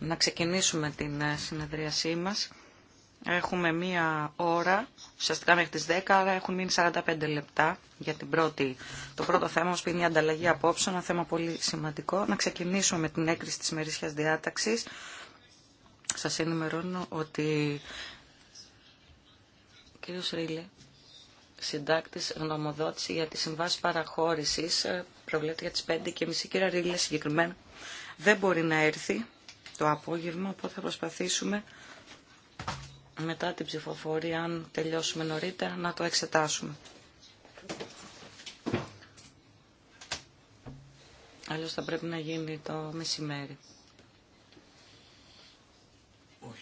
Να ξεκινήσουμε την ε, συνεδρίασή μας. Έχουμε μία ώρα, ουσιαστικά μέχρι τις 10, αλλά έχουν μείνει 45 λεπτά για την πρώτη. Το πρώτο θέμα μας που είναι η ανταλλαγή απόψε, ένα θέμα πολύ σημαντικό. Να ξεκινήσουμε με την έκρηση της μερίσιας διάταξης. Σας ενημερώνω ότι ο κύριος Ρίλε, συντάκτης γνωμοδότηση για τη συμβάση παραχώρησης ε, προβλέπεται για τις 5 και μισή κύρα συγκεκριμένα δεν μπορεί να έρθει το απόγευμα, οπότε θα προσπαθήσουμε μετά την ψηφοφορία, αν τελειώσουμε νωρίτερα, να το εξετάσουμε. Αλλιώς θα πρέπει να γίνει το μεσημέρι.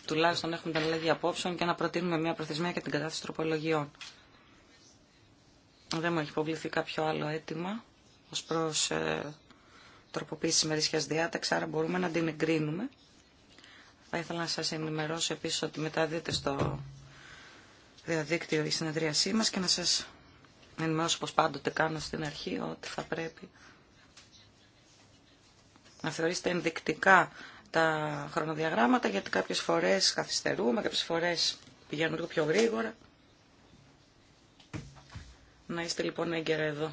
Τουλάχιστον έχουμε την αλλαγή απόψεων και να προτείνουμε μια προθεσμία για την κατάθεση τροπολογιών. Δεν μου έχει υποβληθεί κάποιο άλλο αίτημα ως προς ε, τροποποίηση μερισιάς διάταξη, άρα μπορούμε να την εγκρίνουμε. Θα ήθελα να σα ενημερώσω επίσης ότι μεταδίδεται στο διαδίκτυο η συνεδρίασή μα και να σας ενημερώσω πως πάντοτε κάνω στην αρχή ότι θα πρέπει να θεωρήσετε ενδεικτικά τα χρονοδιαγράμματα γιατί κάποιες φορές καθυστερούμε, κάποιες φορές πηγαίνουν λίγο πιο γρήγορα. Να είστε λοιπόν έγκαιρα εδώ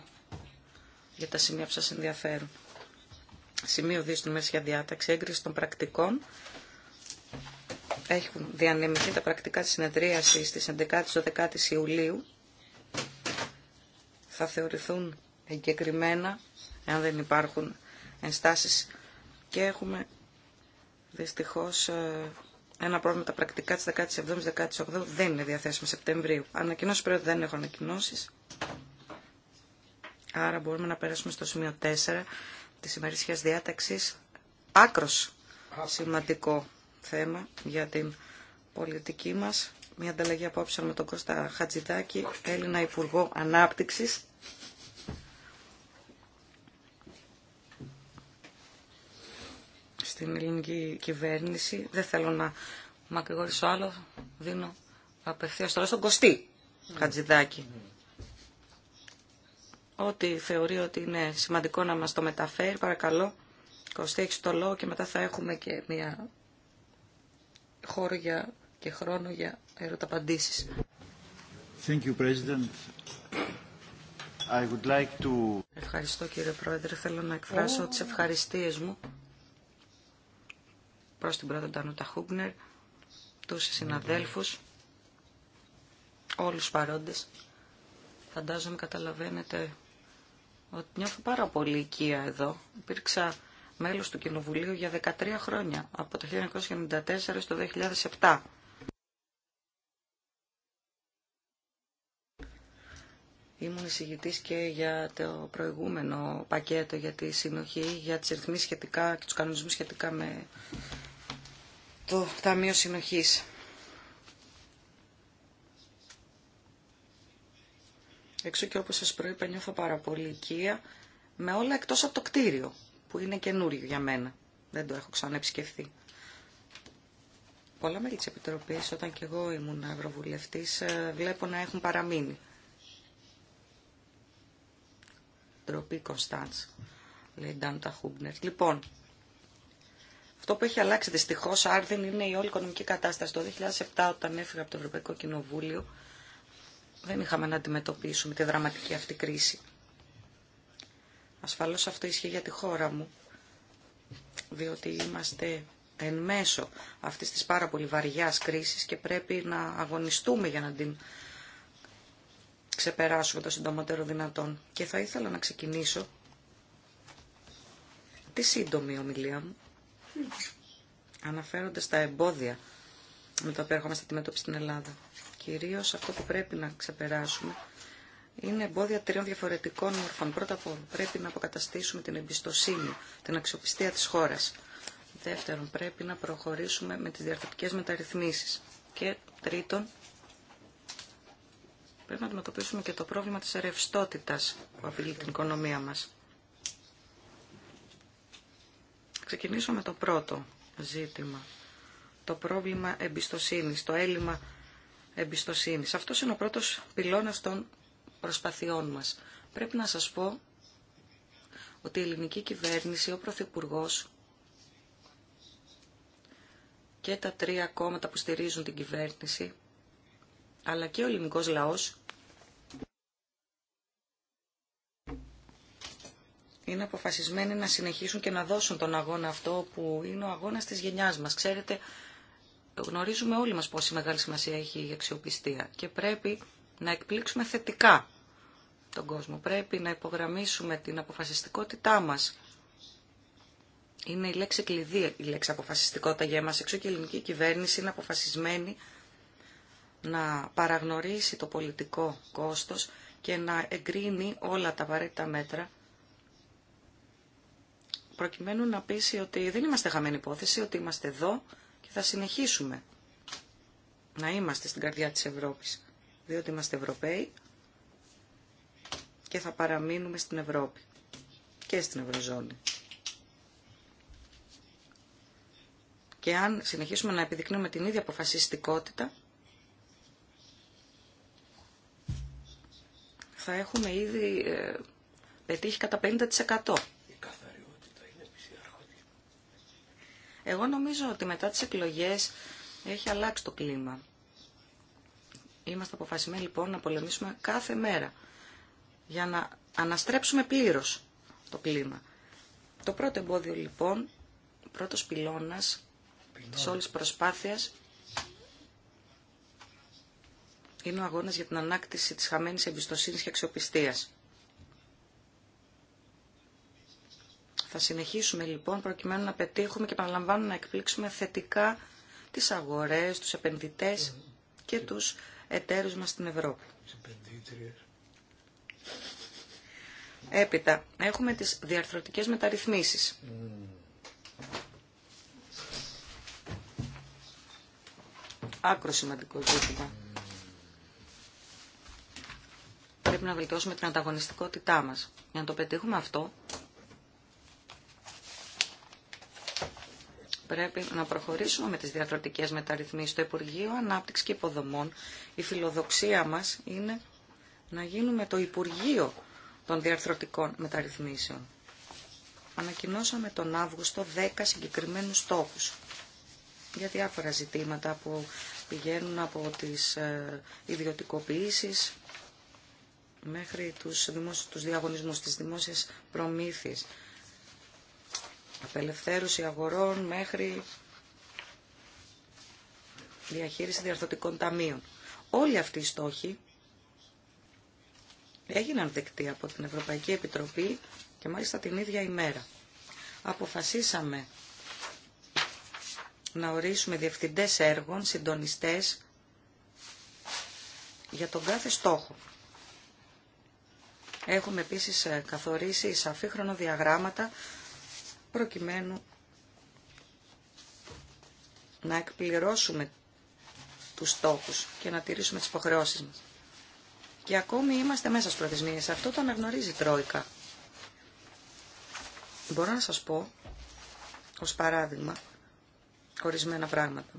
για τα σημεία που σας ενδιαφέρουν. Σημείο 2 στην μέση διάταξη, έγκριση των πρακτικών. Έχουν διανεμηθεί τα πρακτικά της συνεδρίασης στι 11ης-12ης η ιουλιου Θα θεωρηθούν εγκεκριμένα, εάν δεν υπάρχουν ενστάσεις. Και έχουμε δυστυχώς ε, ένα πρόβλημα τα πρακτικά της 17 η 18 ης δεν είναι διαθέσιμα Σεπτεμβρίου. Ανακοινώσει πρέπει δεν έχω ανακοινώσει. Άρα μπορούμε να περάσουμε στο σημείο 4 της ημερήσιας διάταξης. Άκρος σημαντικό θέμα για την πολιτική μας. Μια ανταλλαγή απόψε με τον Κώστα Χατζηδάκη, Έλληνα Υπουργό Ανάπτυξης. Στην ελληνική κυβέρνηση. Δεν θέλω να μακρηγορήσω άλλο. Δίνω απευθείας τώρα στον Κωστή Χατζηδάκη. Ό,τι θεωρεί ότι είναι σημαντικό να μας το μεταφέρει, παρακαλώ, Κωστή, έχεις το λόγο και μετά θα έχουμε και μια χώρο για, και χρόνο για ερωταπαντήσεις. Thank you, President. I would like to... Ευχαριστώ κύριε Πρόεδρε. Θέλω να εκφράσω oh. τις ευχαριστίες μου προς την πρώτη Ντανούτα Χούμπνερ, τους συναδέλφους, όλους παρόντες. Φαντάζομαι καταλαβαίνετε ότι νιώθω πάρα πολύ οικία εδώ. Υπήρξα μέλος του Κοινοβουλίου για 13 χρόνια, από το 1994 στο 2007. Ήμουν εισηγητής και για το προηγούμενο πακέτο για τη συνοχή, για τις ρυθμίσεις σχετικά και τους κανονισμούς σχετικά με το Ταμείο Συνοχής. Έξω και όπως σας προείπα νιώθω πάρα πολύ οικία με όλα εκτός από το κτίριο που είναι καινούριο για μένα. Δεν το έχω ξανά επισκεφθεί. Πολλά μέλη τη επιτροπή όταν και εγώ ήμουν ευρωβουλευτή, ε, βλέπω να έχουν παραμείνει. Τροπή Κωνσταντς, λέει Ντάντα Χούμπνερ. Λοιπόν, αυτό που έχει αλλάξει δυστυχώ, Άρδιν, είναι η όλη οικονομική κατάσταση. Το 2007, όταν έφυγα από το Ευρωπαϊκό Κοινοβούλιο, δεν είχαμε να αντιμετωπίσουμε τη δραματική αυτή κρίση. Ασφαλώς αυτό ισχύει για τη χώρα μου, διότι είμαστε εν μέσω αυτής της πάρα πολύ βαριάς κρίσης και πρέπει να αγωνιστούμε για να την ξεπεράσουμε το συντομότερο δυνατόν. Και θα ήθελα να ξεκινήσω τη σύντομη ομιλία μου, αναφέροντας τα εμπόδια με τα οποία έρχομαστε αντιμετώπιση στην Ελλάδα. Κυρίως αυτό που πρέπει να ξεπεράσουμε είναι εμπόδια τριών διαφορετικών μορφών. Πρώτα απ' όλα πρέπει να αποκαταστήσουμε την εμπιστοσύνη, την αξιοπιστία της χώρας. Δεύτερον, πρέπει να προχωρήσουμε με τις διαρθρωτικές μεταρρυθμίσεις. Και τρίτον, πρέπει να αντιμετωπίσουμε και το πρόβλημα της ρευστότητα που απειλεί την οικονομία μας. Ξεκινήσω με το πρώτο ζήτημα. Το πρόβλημα εμπιστοσύνης, το έλλειμμα εμπιστοσύνης. Αυτός είναι ο πρώτος πυλώνας των προσπαθειών μας. Πρέπει να σας πω ότι η ελληνική κυβέρνηση, ο Πρωθυπουργό και τα τρία κόμματα που στηρίζουν την κυβέρνηση, αλλά και ο ελληνικός λαός, είναι αποφασισμένοι να συνεχίσουν και να δώσουν τον αγώνα αυτό που είναι ο αγώνας της γενιάς μας. Ξέρετε, γνωρίζουμε όλοι μας πόση μεγάλη σημασία έχει η αξιοπιστία και πρέπει να εκπλήξουμε θετικά τον κόσμο. Πρέπει να υπογραμμίσουμε την αποφασιστικότητά μας. Είναι η λέξη κλειδί, η λέξη αποφασιστικότητα για μας. Εξώ και η ελληνική κυβέρνηση είναι αποφασισμένη να παραγνωρίσει το πολιτικό κόστος και να εγκρίνει όλα τα απαραίτητα μέτρα προκειμένου να πείσει ότι δεν είμαστε χαμένη υπόθεση, ότι είμαστε εδώ θα συνεχίσουμε να είμαστε στην καρδιά της Ευρώπης, διότι είμαστε Ευρωπαίοι και θα παραμείνουμε στην Ευρώπη και στην Ευρωζώνη. Και αν συνεχίσουμε να επιδεικνύουμε την ίδια αποφασιστικότητα, θα έχουμε ήδη ε, πετύχει κατά 50%. Εγώ νομίζω ότι μετά τις εκλογές έχει αλλάξει το κλίμα. Είμαστε αποφασισμένοι λοιπόν να πολεμήσουμε κάθε μέρα για να αναστρέψουμε πλήρως το κλίμα. Το πρώτο εμπόδιο λοιπόν, πρώτος πυλώνας της όλης προσπάθειας είναι ο αγώνας για την ανάκτηση της χαμένης εμπιστοσύνης και αξιοπιστίας. Θα συνεχίσουμε λοιπόν προκειμένου να πετύχουμε και παραλαμβάνουμε να εκπλήξουμε θετικά τις αγορές, τους επενδυτές και τους εταίρους μας στην Ευρώπη. Έπειτα, έχουμε τις διαρθρωτικές μεταρρυθμίσεις. Άκρο σημαντικό ζήτημα. Πρέπει να βελτιώσουμε την ανταγωνιστικότητά μας. Για να το πετύχουμε αυτό, πρέπει να προχωρήσουμε με τις διαρθρωτικές μεταρρυθμίσεις στο Υπουργείο Ανάπτυξης και Υποδομών. Η φιλοδοξία μας είναι να γίνουμε το Υπουργείο των Διαρθρωτικών Μεταρρυθμίσεων. Ανακοινώσαμε τον Αύγουστο 10 συγκεκριμένους στόχους για διάφορα ζητήματα που πηγαίνουν από τις ε, ιδιωτικοποιήσεις μέχρι τους, δημόσιους, τους διαγωνισμούς, της δημόσιες απελευθέρωση αγορών μέχρι διαχείριση διαρθωτικών ταμείων. Όλοι αυτοί οι στόχοι έγιναν δεκτοί από την Ευρωπαϊκή Επιτροπή και μάλιστα την ίδια ημέρα. Αποφασίσαμε να ορίσουμε διευθυντές έργων, συντονιστές για τον κάθε στόχο. Έχουμε επίσης καθορίσει σαφή χρονοδιαγράμματα προκειμένου να εκπληρώσουμε τους στόχους και να τηρήσουμε τις υποχρεώσεις μας. Και ακόμη είμαστε μέσα στις προθεσμίες. Αυτό το αναγνωρίζει η Τρόικα. Μπορώ να σας πω, ως παράδειγμα, ορισμένα πράγματα.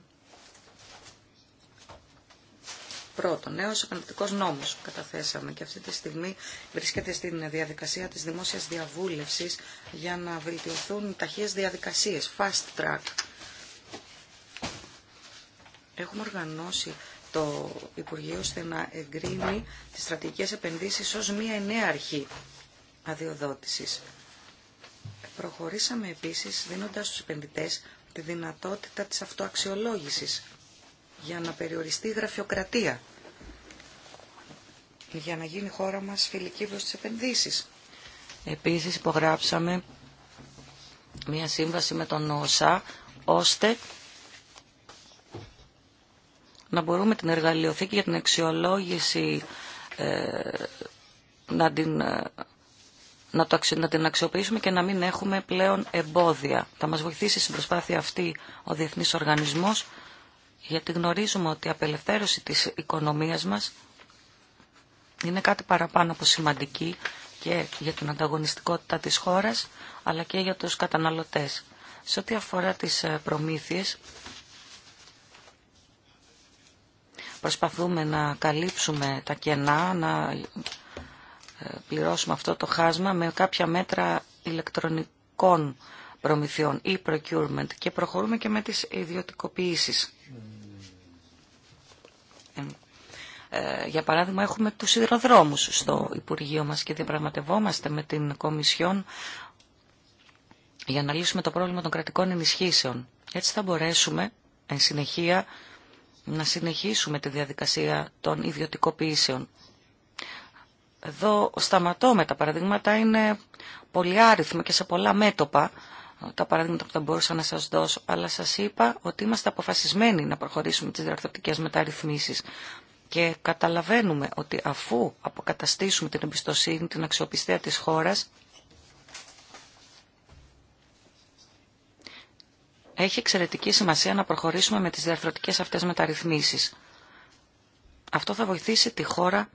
Πρώτον, νέος επαναπτικός νόμος καταθέσαμε και αυτή τη στιγμή βρίσκεται στην διαδικασία της δημόσιας διαβούλευσης για να βελτιωθούν ταχείες διαδικασίες, fast track. Έχουμε οργανώσει το Υπουργείο ώστε να εγκρίνει τις στρατηγικές επενδύσεις ως μία νέα αρχή αδειοδότησης. Προχωρήσαμε επίσης δίνοντας στους επενδυτές τη δυνατότητα της αυτοαξιολόγησης για να περιοριστεί η γραφειοκρατία, για να γίνει η χώρα μας φιλική προς τις επενδύσεις. Επίσης υπογράψαμε μία σύμβαση με τον ΩΣΑ, ώστε να μπορούμε την εργαλειοθήκη για την αξιολόγηση ε, να την ε, να, το, να την αξιοποιήσουμε και να μην έχουμε πλέον εμπόδια. Θα μας βοηθήσει στην προσπάθεια αυτή ο Διεθνής Οργανισμός γιατί γνωρίζουμε ότι η απελευθέρωση της οικονομίας μας είναι κάτι παραπάνω από σημαντική και για την ανταγωνιστικότητα της χώρας, αλλά και για τους καταναλωτές. Σε ό,τι αφορά τις ε, προμήθειες, προσπαθούμε να καλύψουμε τα κενά, να ε, πληρώσουμε αυτό το χάσμα με κάποια μέτρα ηλεκτρονικών προμηθειών ή procurement και προχωρούμε και με τις ιδιωτικοποιήσεις. Ε, για παράδειγμα, έχουμε τους σιδηροδρόμους στο Υπουργείο μας και διαπραγματευόμαστε με την Κομισιόν για να λύσουμε το πρόβλημα των κρατικών ενισχύσεων. Έτσι θα μπορέσουμε, εν συνεχεία, να συνεχίσουμε τη διαδικασία των ιδιωτικοποιήσεων. Εδώ σταματώ με τα παραδείγματα, είναι άριθμοι και σε πολλά μέτωπα τα παραδείγματα που θα μπορούσα να σας δώσω, αλλά σας είπα ότι είμαστε αποφασισμένοι να προχωρήσουμε τις διαρθρωτικές μεταρρυθμίσεις. Και καταλαβαίνουμε ότι αφού αποκαταστήσουμε την εμπιστοσύνη, την αξιοπιστία της χώρας, έχει εξαιρετική σημασία να προχωρήσουμε με τις διαρθρωτικές αυτές μεταρρυθμίσεις. Αυτό θα βοηθήσει τη χώρα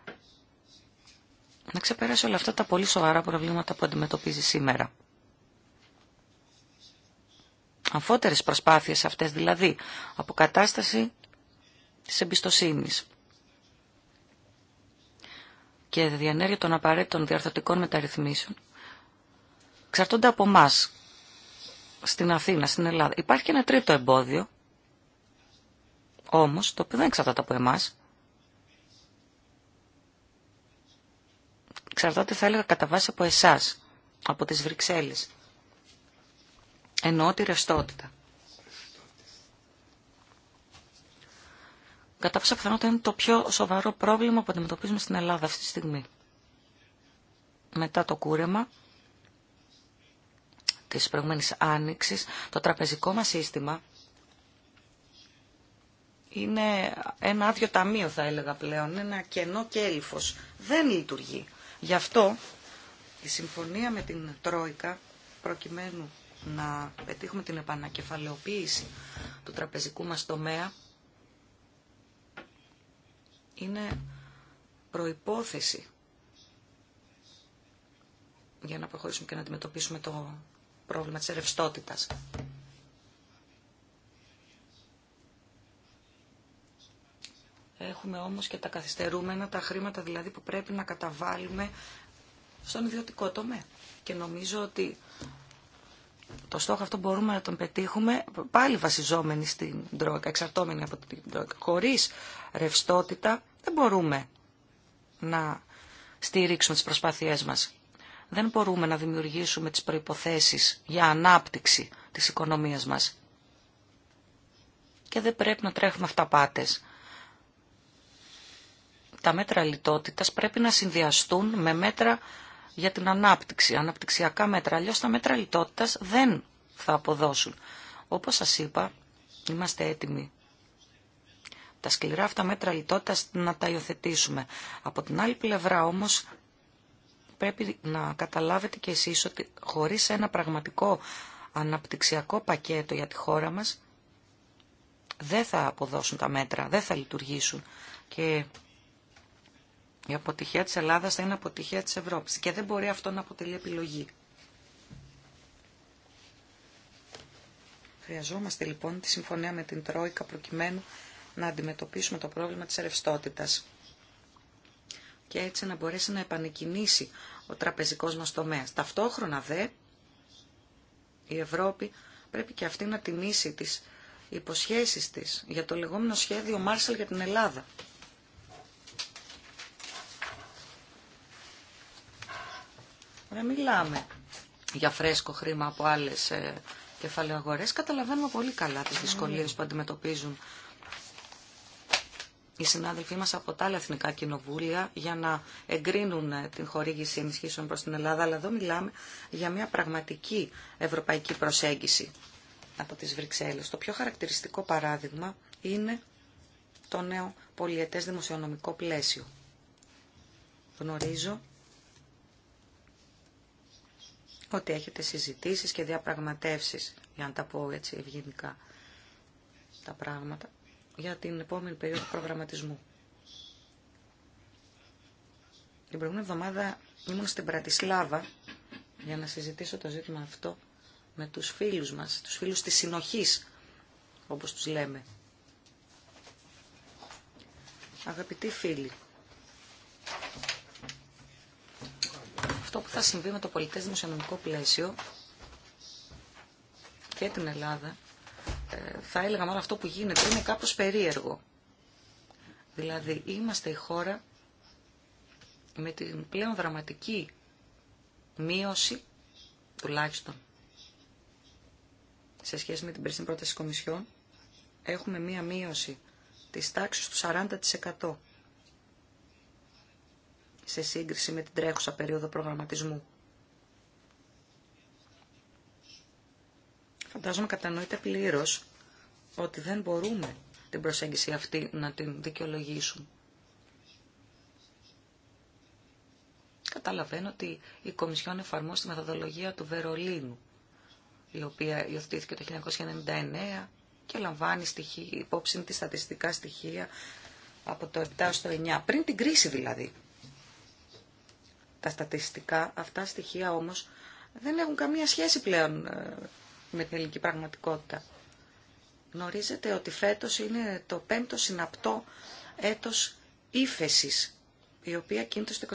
να ξεπεράσει όλα αυτά τα πολύ σοβαρά προβλήματα που αντιμετωπίζει σήμερα. Αμφότερες προσπάθειες αυτές δηλαδή, αποκατάσταση της εμπιστοσύνης και διενέργεια των απαραίτητων διαρθωτικών μεταρρυθμίσεων εξαρτώνται από εμά στην Αθήνα, στην Ελλάδα. Υπάρχει και ένα τρίτο εμπόδιο, όμως, το οποίο δεν εξαρτάται από εμάς. Εξαρτάται, θα έλεγα, κατά βάση από εσάς, από τις Βρυξέλλες. Εννοώ τη ρευστότητα. κατά πάσα πιθανότητα είναι το πιο σοβαρό πρόβλημα που αντιμετωπίζουμε στην Ελλάδα αυτή τη στιγμή. Μετά το κούρεμα της προηγούμενης άνοιξης, το τραπεζικό μας σύστημα είναι ένα άδειο ταμείο θα έλεγα πλέον, ένα κενό κέλυφος. Δεν λειτουργεί. Γι' αυτό η συμφωνία με την Τρόικα προκειμένου να πετύχουμε την επανακεφαλαιοποίηση του τραπεζικού μας τομέα είναι προϋπόθεση για να προχωρήσουμε και να αντιμετωπίσουμε το πρόβλημα της ρευστότητα. Έχουμε όμως και τα καθυστερούμενα, τα χρήματα δηλαδή που πρέπει να καταβάλουμε στον ιδιωτικό τομέα. Και νομίζω ότι το στόχο αυτό μπορούμε να τον πετύχουμε πάλι βασιζόμενοι στην τρόικα, εξαρτώμενοι από την τρόικα. Χωρίς ρευστότητα δεν μπορούμε να στηρίξουμε τις προσπάθειές μας. Δεν μπορούμε να δημιουργήσουμε τις προϋποθέσεις για ανάπτυξη της οικονομίας μας. Και δεν πρέπει να τρέχουμε αυταπάτες. Τα μέτρα λιτότητας πρέπει να συνδυαστούν με μέτρα για την ανάπτυξη, αναπτυξιακά μέτρα. Αλλιώς τα μέτρα λιτότητας δεν θα αποδώσουν. Όπως σας είπα, είμαστε έτοιμοι τα σκληρά αυτά μέτρα λιτότητα να τα υιοθετήσουμε. Από την άλλη πλευρά όμως πρέπει να καταλάβετε κι εσείς ότι χωρίς ένα πραγματικό αναπτυξιακό πακέτο για τη χώρα μας δεν θα αποδώσουν τα μέτρα, δεν θα λειτουργήσουν. Και η αποτυχία της Ελλάδας θα είναι αποτυχία της Ευρώπης και δεν μπορεί αυτό να αποτελεί επιλογή. Χρειαζόμαστε λοιπόν τη συμφωνία με την Τρόικα προκειμένου να αντιμετωπίσουμε το πρόβλημα της ρευστότητα. Και έτσι να μπορέσει να επανεκκινήσει ο τραπεζικός μας τομέας. Ταυτόχρονα δε η Ευρώπη πρέπει και αυτή να τιμήσει τις υποσχέσεις της για το λεγόμενο σχέδιο Μάρσαλ για την Ελλάδα. Δεν μιλάμε για φρέσκο χρήμα από άλλες ε, κεφαλαιοαγορές. Καταλαβαίνουμε πολύ καλά τις ναι. δυσκολίες που αντιμετωπίζουν οι συνάδελφοί μας από τα άλλα εθνικά κοινοβούλια για να εγκρίνουν ε, την χορήγηση ενισχύσεων προς την Ελλάδα, αλλά εδώ μιλάμε για μια πραγματική ευρωπαϊκή προσέγγιση από τις Βρυξέλλες. Το πιο χαρακτηριστικό παράδειγμα είναι το νέο πολιετές δημοσιονομικό πλαίσιο. Γνωρίζω ότι έχετε συζητήσεις και διαπραγματεύσεις, για να τα πω έτσι ευγενικά τα πράγματα για την επόμενη περίοδο προγραμματισμού. Την προηγούμενη εβδομάδα ήμουν στην Πρατισλάβα για να συζητήσω το ζήτημα αυτό με τους φίλους μας, τους φίλους της συνοχής, όπως τους λέμε. Αγαπητοί φίλοι, αυτό που θα συμβεί με το πολιτές δημοσιονομικό πλαίσιο και την Ελλάδα θα έλεγα μάλλον αυτό που γίνεται είναι κάπως περίεργο. Δηλαδή είμαστε η χώρα με την πλέον δραματική μείωση τουλάχιστον σε σχέση με την περσίνη πρόταση κομισιών. έχουμε μία μείωση της τάξης του 40% σε σύγκριση με την τρέχουσα περίοδο προγραμματισμού. Φαντάζομαι κατανοείται πλήρως ότι δεν μπορούμε την προσέγγιση αυτή να την δικαιολογήσουμε. Καταλαβαίνω ότι η Κομισιόν εφαρμόζει τη μεθοδολογία του Βερολίνου, η οποία υιοθετήθηκε το 1999 και λαμβάνει στοιχεία, υπόψη τη στατιστικά στοιχεία από το 7 στο 9, πριν την κρίση δηλαδή. Τα στατιστικά αυτά στοιχεία όμως δεν έχουν καμία σχέση πλέον ε, με την ελληνική πραγματικότητα. Γνωρίζετε ότι φέτος είναι το πέμπτο συναπτό έτος ύφεσης η οποία κινείται στο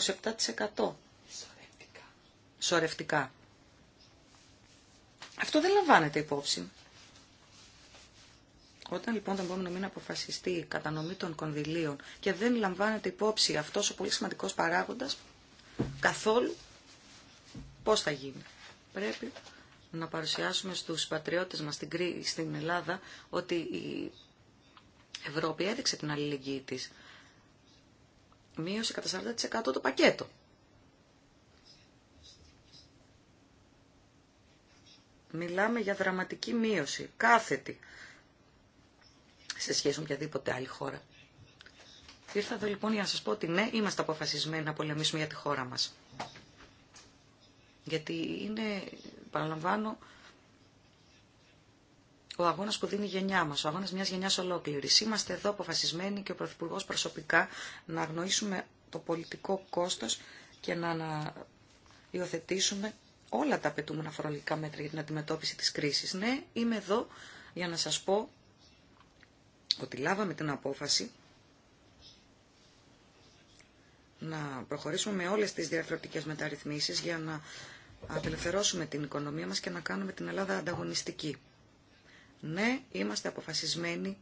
27%. Σορευτικά. Αυτό δεν λαμβάνεται υπόψη. Όταν λοιπόν τον επόμενο μήνα αποφασιστεί η κατανομή των κονδυλίων και δεν λαμβάνεται υπόψη αυτός ο πολύ σημαντικός παράγοντας καθόλου, πώς θα γίνει. Πρέπει να παρουσιάσουμε στους πατριώτες μας στην Ελλάδα ότι η Ευρώπη έδειξε την αλληλεγγύη της. Μείωσε κατά 40% το πακέτο. Μιλάμε για δραματική μείωση, κάθετη, σε σχέση με οποιαδήποτε άλλη χώρα. Ήρθα εδώ λοιπόν για να σας πω ότι ναι, είμαστε αποφασισμένοι να πολεμήσουμε για τη χώρα μας. Γιατί είναι παραλαμβάνω ο αγώνα που δίνει η γενιά μα, ο αγώνα μια γενιά ολόκληρη. Είμαστε εδώ αποφασισμένοι και ο Πρωθυπουργό προσωπικά να αγνοήσουμε το πολιτικό κόστο και να υιοθετήσουμε όλα τα απαιτούμενα φορολογικά μέτρα για την αντιμετώπιση τη κρίση. Ναι, είμαι εδώ για να σα πω ότι λάβαμε την απόφαση να προχωρήσουμε με όλες τις διαφορετικές μεταρρυθμίσεις για να απελευθερώσουμε την οικονομία μας και να κάνουμε την Ελλάδα ανταγωνιστική. Ναι, είμαστε αποφασισμένοι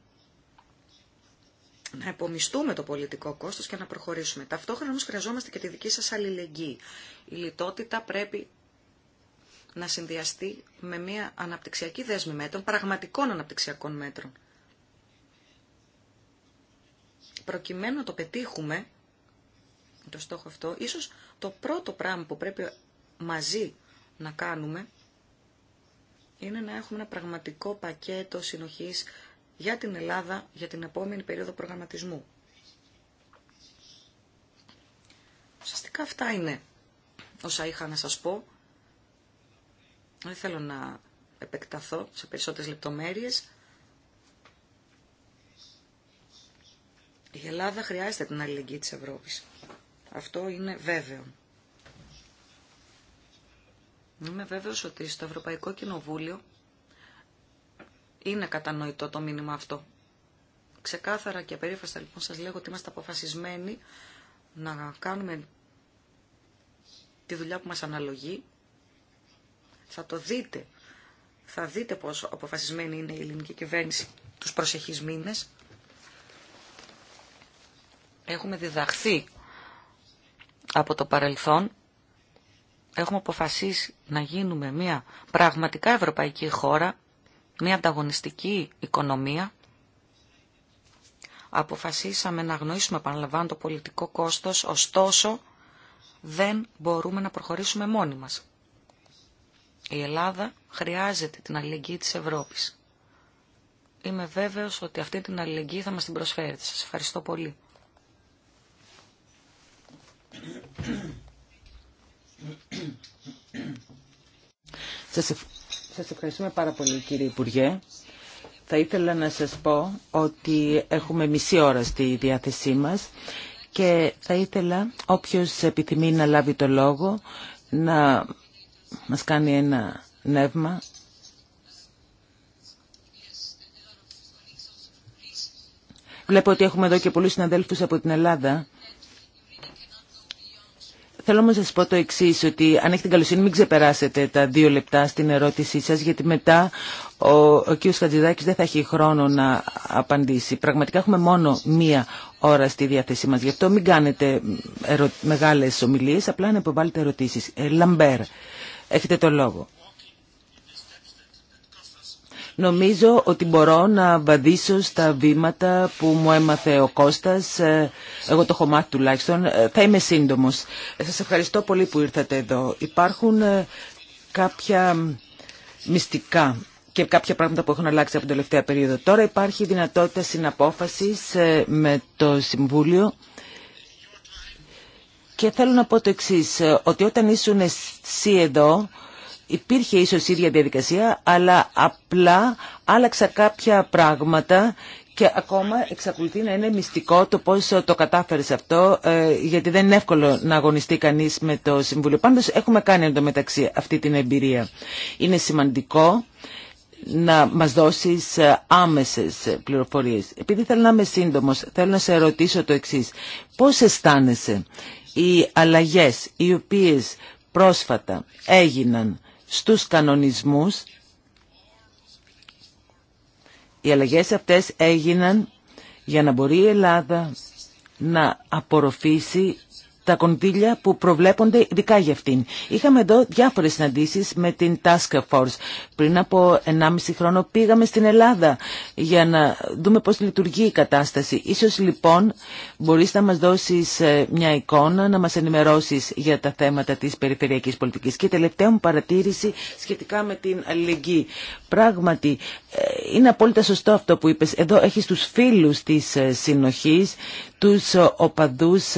να επομιστούμε το πολιτικό κόστος και να προχωρήσουμε. Ταυτόχρονα όμως χρειαζόμαστε και τη δική σας αλληλεγγύη. Η λιτότητα πρέπει να συνδυαστεί με μια αναπτυξιακή δέσμη μέτρων, πραγματικών αναπτυξιακών μέτρων. Προκειμένου να το πετύχουμε, το στόχο αυτό, ίσως το πρώτο πράγμα που πρέπει μαζί να κάνουμε είναι να έχουμε ένα πραγματικό πακέτο συνοχής για την Ελλάδα για την επόμενη περίοδο προγραμματισμού. Ουσιαστικά αυτά είναι όσα είχα να σας πω. Δεν θέλω να επεκταθώ σε περισσότερες λεπτομέρειες. Η Ελλάδα χρειάζεται την αλληλεγγύη της Ευρώπης. Αυτό είναι βέβαιο. Είμαι βέβαιος ότι στο Ευρωπαϊκό Κοινοβούλιο είναι κατανοητό το μήνυμα αυτό. Ξεκάθαρα και περίφαστα λοιπόν σας λέγω ότι είμαστε αποφασισμένοι να κάνουμε τη δουλειά που μας αναλογεί. Θα το δείτε. Θα δείτε πόσο αποφασισμένη είναι η ελληνική κυβέρνηση τους προσεχείς μήνες. Έχουμε διδαχθεί από το παρελθόν έχουμε αποφασίσει να γίνουμε μια πραγματικά ευρωπαϊκή χώρα, μια ανταγωνιστική οικονομία. Αποφασίσαμε να γνωρίσουμε επαναλαμβάνω, το πολιτικό κόστος, ωστόσο δεν μπορούμε να προχωρήσουμε μόνοι μας. Η Ελλάδα χρειάζεται την αλληλεγγύη της Ευρώπης. Είμαι βέβαιος ότι αυτή την αλληλεγγύη θα μας την προσφέρετε. Σας ευχαριστώ πολύ. Σας ευχαριστούμε πάρα πολύ κύριε Υπουργέ. Θα ήθελα να σας πω ότι έχουμε μισή ώρα στη διάθεσή μας και θα ήθελα όποιος επιθυμεί να λάβει το λόγο να μας κάνει ένα νεύμα. Βλέπω ότι έχουμε εδώ και πολλούς συναδέλφους από την Ελλάδα Θέλω να σας πω το εξή ότι αν έχετε καλοσύνη μην ξεπεράσετε τα δύο λεπτά στην ερώτησή σας, γιατί μετά ο, ο κ. Χατζηδάκης δεν θα έχει χρόνο να απαντήσει. Πραγματικά έχουμε μόνο μία ώρα στη διάθεσή μας. Γι' αυτό μην κάνετε ερω... μεγάλες ομιλίες, απλά να υποβάλλετε ερωτήσεις. Ε, Λαμπέρ, έχετε το λόγο. Νομίζω ότι μπορώ να βαδίσω στα βήματα που μου έμαθε ο Κώστας, ε, εγώ το έχω μάθει τουλάχιστον. Ε, θα είμαι σύντομος. Ε, σας ευχαριστώ πολύ που ήρθατε εδώ. Υπάρχουν κάποια μυστικά και κάποια πράγματα που έχουν αλλάξει από την τελευταία περίοδο. Τώρα υπάρχει δυνατότητα συναπόφασης με το Συμβούλιο και θέλω να πω το εξής, ότι όταν ήσουν εσύ εδώ υπήρχε ίσως η ίδια διαδικασία, αλλά απλά άλλαξα κάποια πράγματα και ακόμα εξακολουθεί να είναι μυστικό το πώς το κατάφερες αυτό, ε, γιατί δεν είναι εύκολο να αγωνιστεί κανείς με το Συμβούλιο. Πάντως έχουμε κάνει εντωμεταξύ αυτή την εμπειρία. Είναι σημαντικό να μας δώσεις ε, άμεσες πληροφορίες. Επειδή θέλω να είμαι σύντομος, θέλω να σε ρωτήσω το εξής. Πώς αισθάνεσαι οι αλλαγές οι οποίες πρόσφατα έγιναν στους κανονισμούς. Οι αλλαγές αυτές έγιναν για να μπορεί η Ελλάδα να απορροφήσει τα κονδύλια που προβλέπονται ειδικά για αυτήν. Είχαμε εδώ διάφορες συναντήσεις με την Task Force. Πριν από 1,5 χρόνο πήγαμε στην Ελλάδα για να δούμε πώς λειτουργεί η κατάσταση. Ίσως λοιπόν μπορείς να μας δώσεις ε, μια εικόνα, να μας ενημερώσεις για τα θέματα της περιφερειακής πολιτικής. Και τελευταία μου παρατήρηση σχετικά με την αλληλεγγύη. Πράγματι, ε, είναι απόλυτα σωστό αυτό που είπες. Εδώ έχεις τους φίλους της ε, συνοχής, τους οπαδούς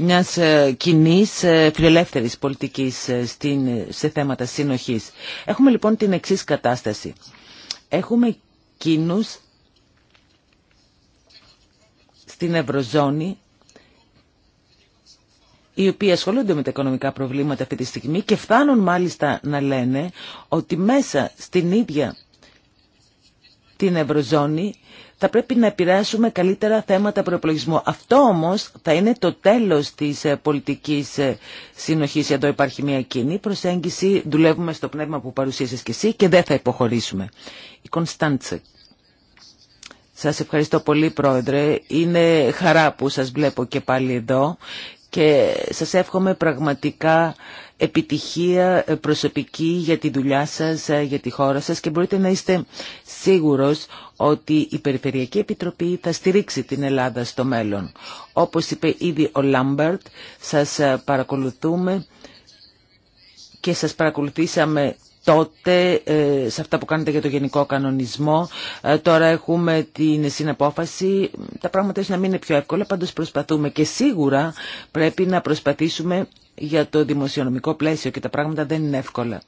μιας ε, κοινής ε, φιλελεύθερης πολιτικής ε, σε θέματα συνοχής. Έχουμε λοιπόν την εξής κατάσταση. Έχουμε κοινούς στην Ευρωζώνη οι οποίοι ασχολούνται με τα οικονομικά προβλήματα αυτή τη στιγμή και φτάνουν μάλιστα να λένε ότι μέσα στην ίδια την Ευρωζώνη θα πρέπει να επηρεάσουμε καλύτερα θέματα προπολογισμού. Αυτό όμως θα είναι το τέλος της ε, πολιτικής ε, συνοχής. Εδώ υπάρχει μια κοινή προσέγγιση. Δουλεύουμε στο πνεύμα που παρουσίασες και εσύ και δεν θα υποχωρήσουμε. Η Κωνσταντσε. Σας ευχαριστώ πολύ Πρόεδρε. Είναι χαρά που σας βλέπω και πάλι εδώ και σας εύχομαι πραγματικά επιτυχία ε, προσωπική για τη δουλειά σας, για τη χώρα σας και μπορείτε να είστε σίγουρος ότι η Περιφερειακή Επιτροπή θα στηρίξει την Ελλάδα στο μέλλον. Όπως είπε ήδη ο Λάμπερτ, σας ε, παρακολουθούμε και σας παρακολουθήσαμε τότε ε, σε αυτά που κάνετε για το γενικό κανονισμό. Ε, τώρα έχουμε την συναπόφαση. Τα πράγματα ίσως να μην είναι πιο εύκολα, πάντως προσπαθούμε και σίγουρα πρέπει να προσπαθήσουμε για το δημοσιονομικό πλαίσιο και τα πράγματα δεν είναι εύκολα.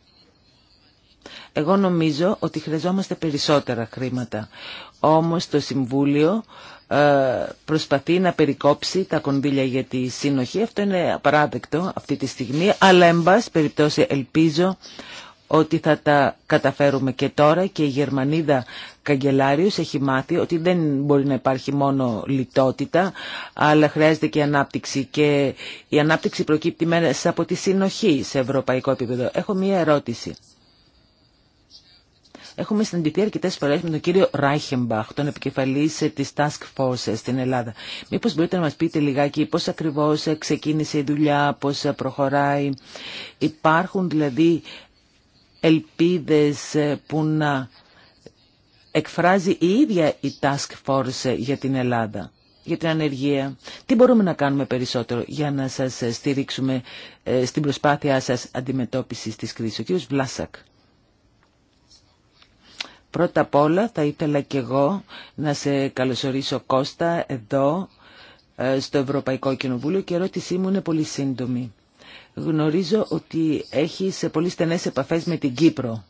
Εγώ νομίζω ότι χρειαζόμαστε περισσότερα χρήματα. Όμως το Συμβούλιο ε, προσπαθεί να περικόψει τα κονδύλια για τη σύνοχη. Αυτό είναι απαράδεκτο αυτή τη στιγμή, αλλά εν πάση περιπτώσει ελπίζω ότι θα τα καταφέρουμε και τώρα και η Γερμανίδα Καγκελάριος έχει μάθει ότι δεν μπορεί να υπάρχει μόνο λιτότητα αλλά χρειάζεται και ανάπτυξη και η ανάπτυξη προκύπτει μέσα από τη συνοχή σε ευρωπαϊκό επίπεδο. Έχω μία ερώτηση. Έχουμε συναντηθεί αρκετέ φορέ με τον κύριο Ράιχεμπαχ, τον επικεφαλή τη Task Force στην Ελλάδα. Μήπω μπορείτε να μα πείτε λιγάκι πώ ακριβώ ξεκίνησε η δουλειά, πώ προχωράει. Υπάρχουν δηλαδή ελπίδε που να εκφράζει η ίδια η Task Force για την Ελλάδα για την ανεργία. Τι μπορούμε να κάνουμε περισσότερο για να σας στηρίξουμε ε, στην προσπάθειά σας αντιμετώπισης της κρίσης. Ο κύριο Βλάσακ. Πρώτα απ' όλα θα ήθελα και εγώ να σε καλωσορίσω Κώστα εδώ ε, στο Ευρωπαϊκό Κοινοβούλιο και η ερώτησή μου είναι πολύ σύντομη. Γνωρίζω ότι έχεις πολύ στενές επαφές με την Κύπρο.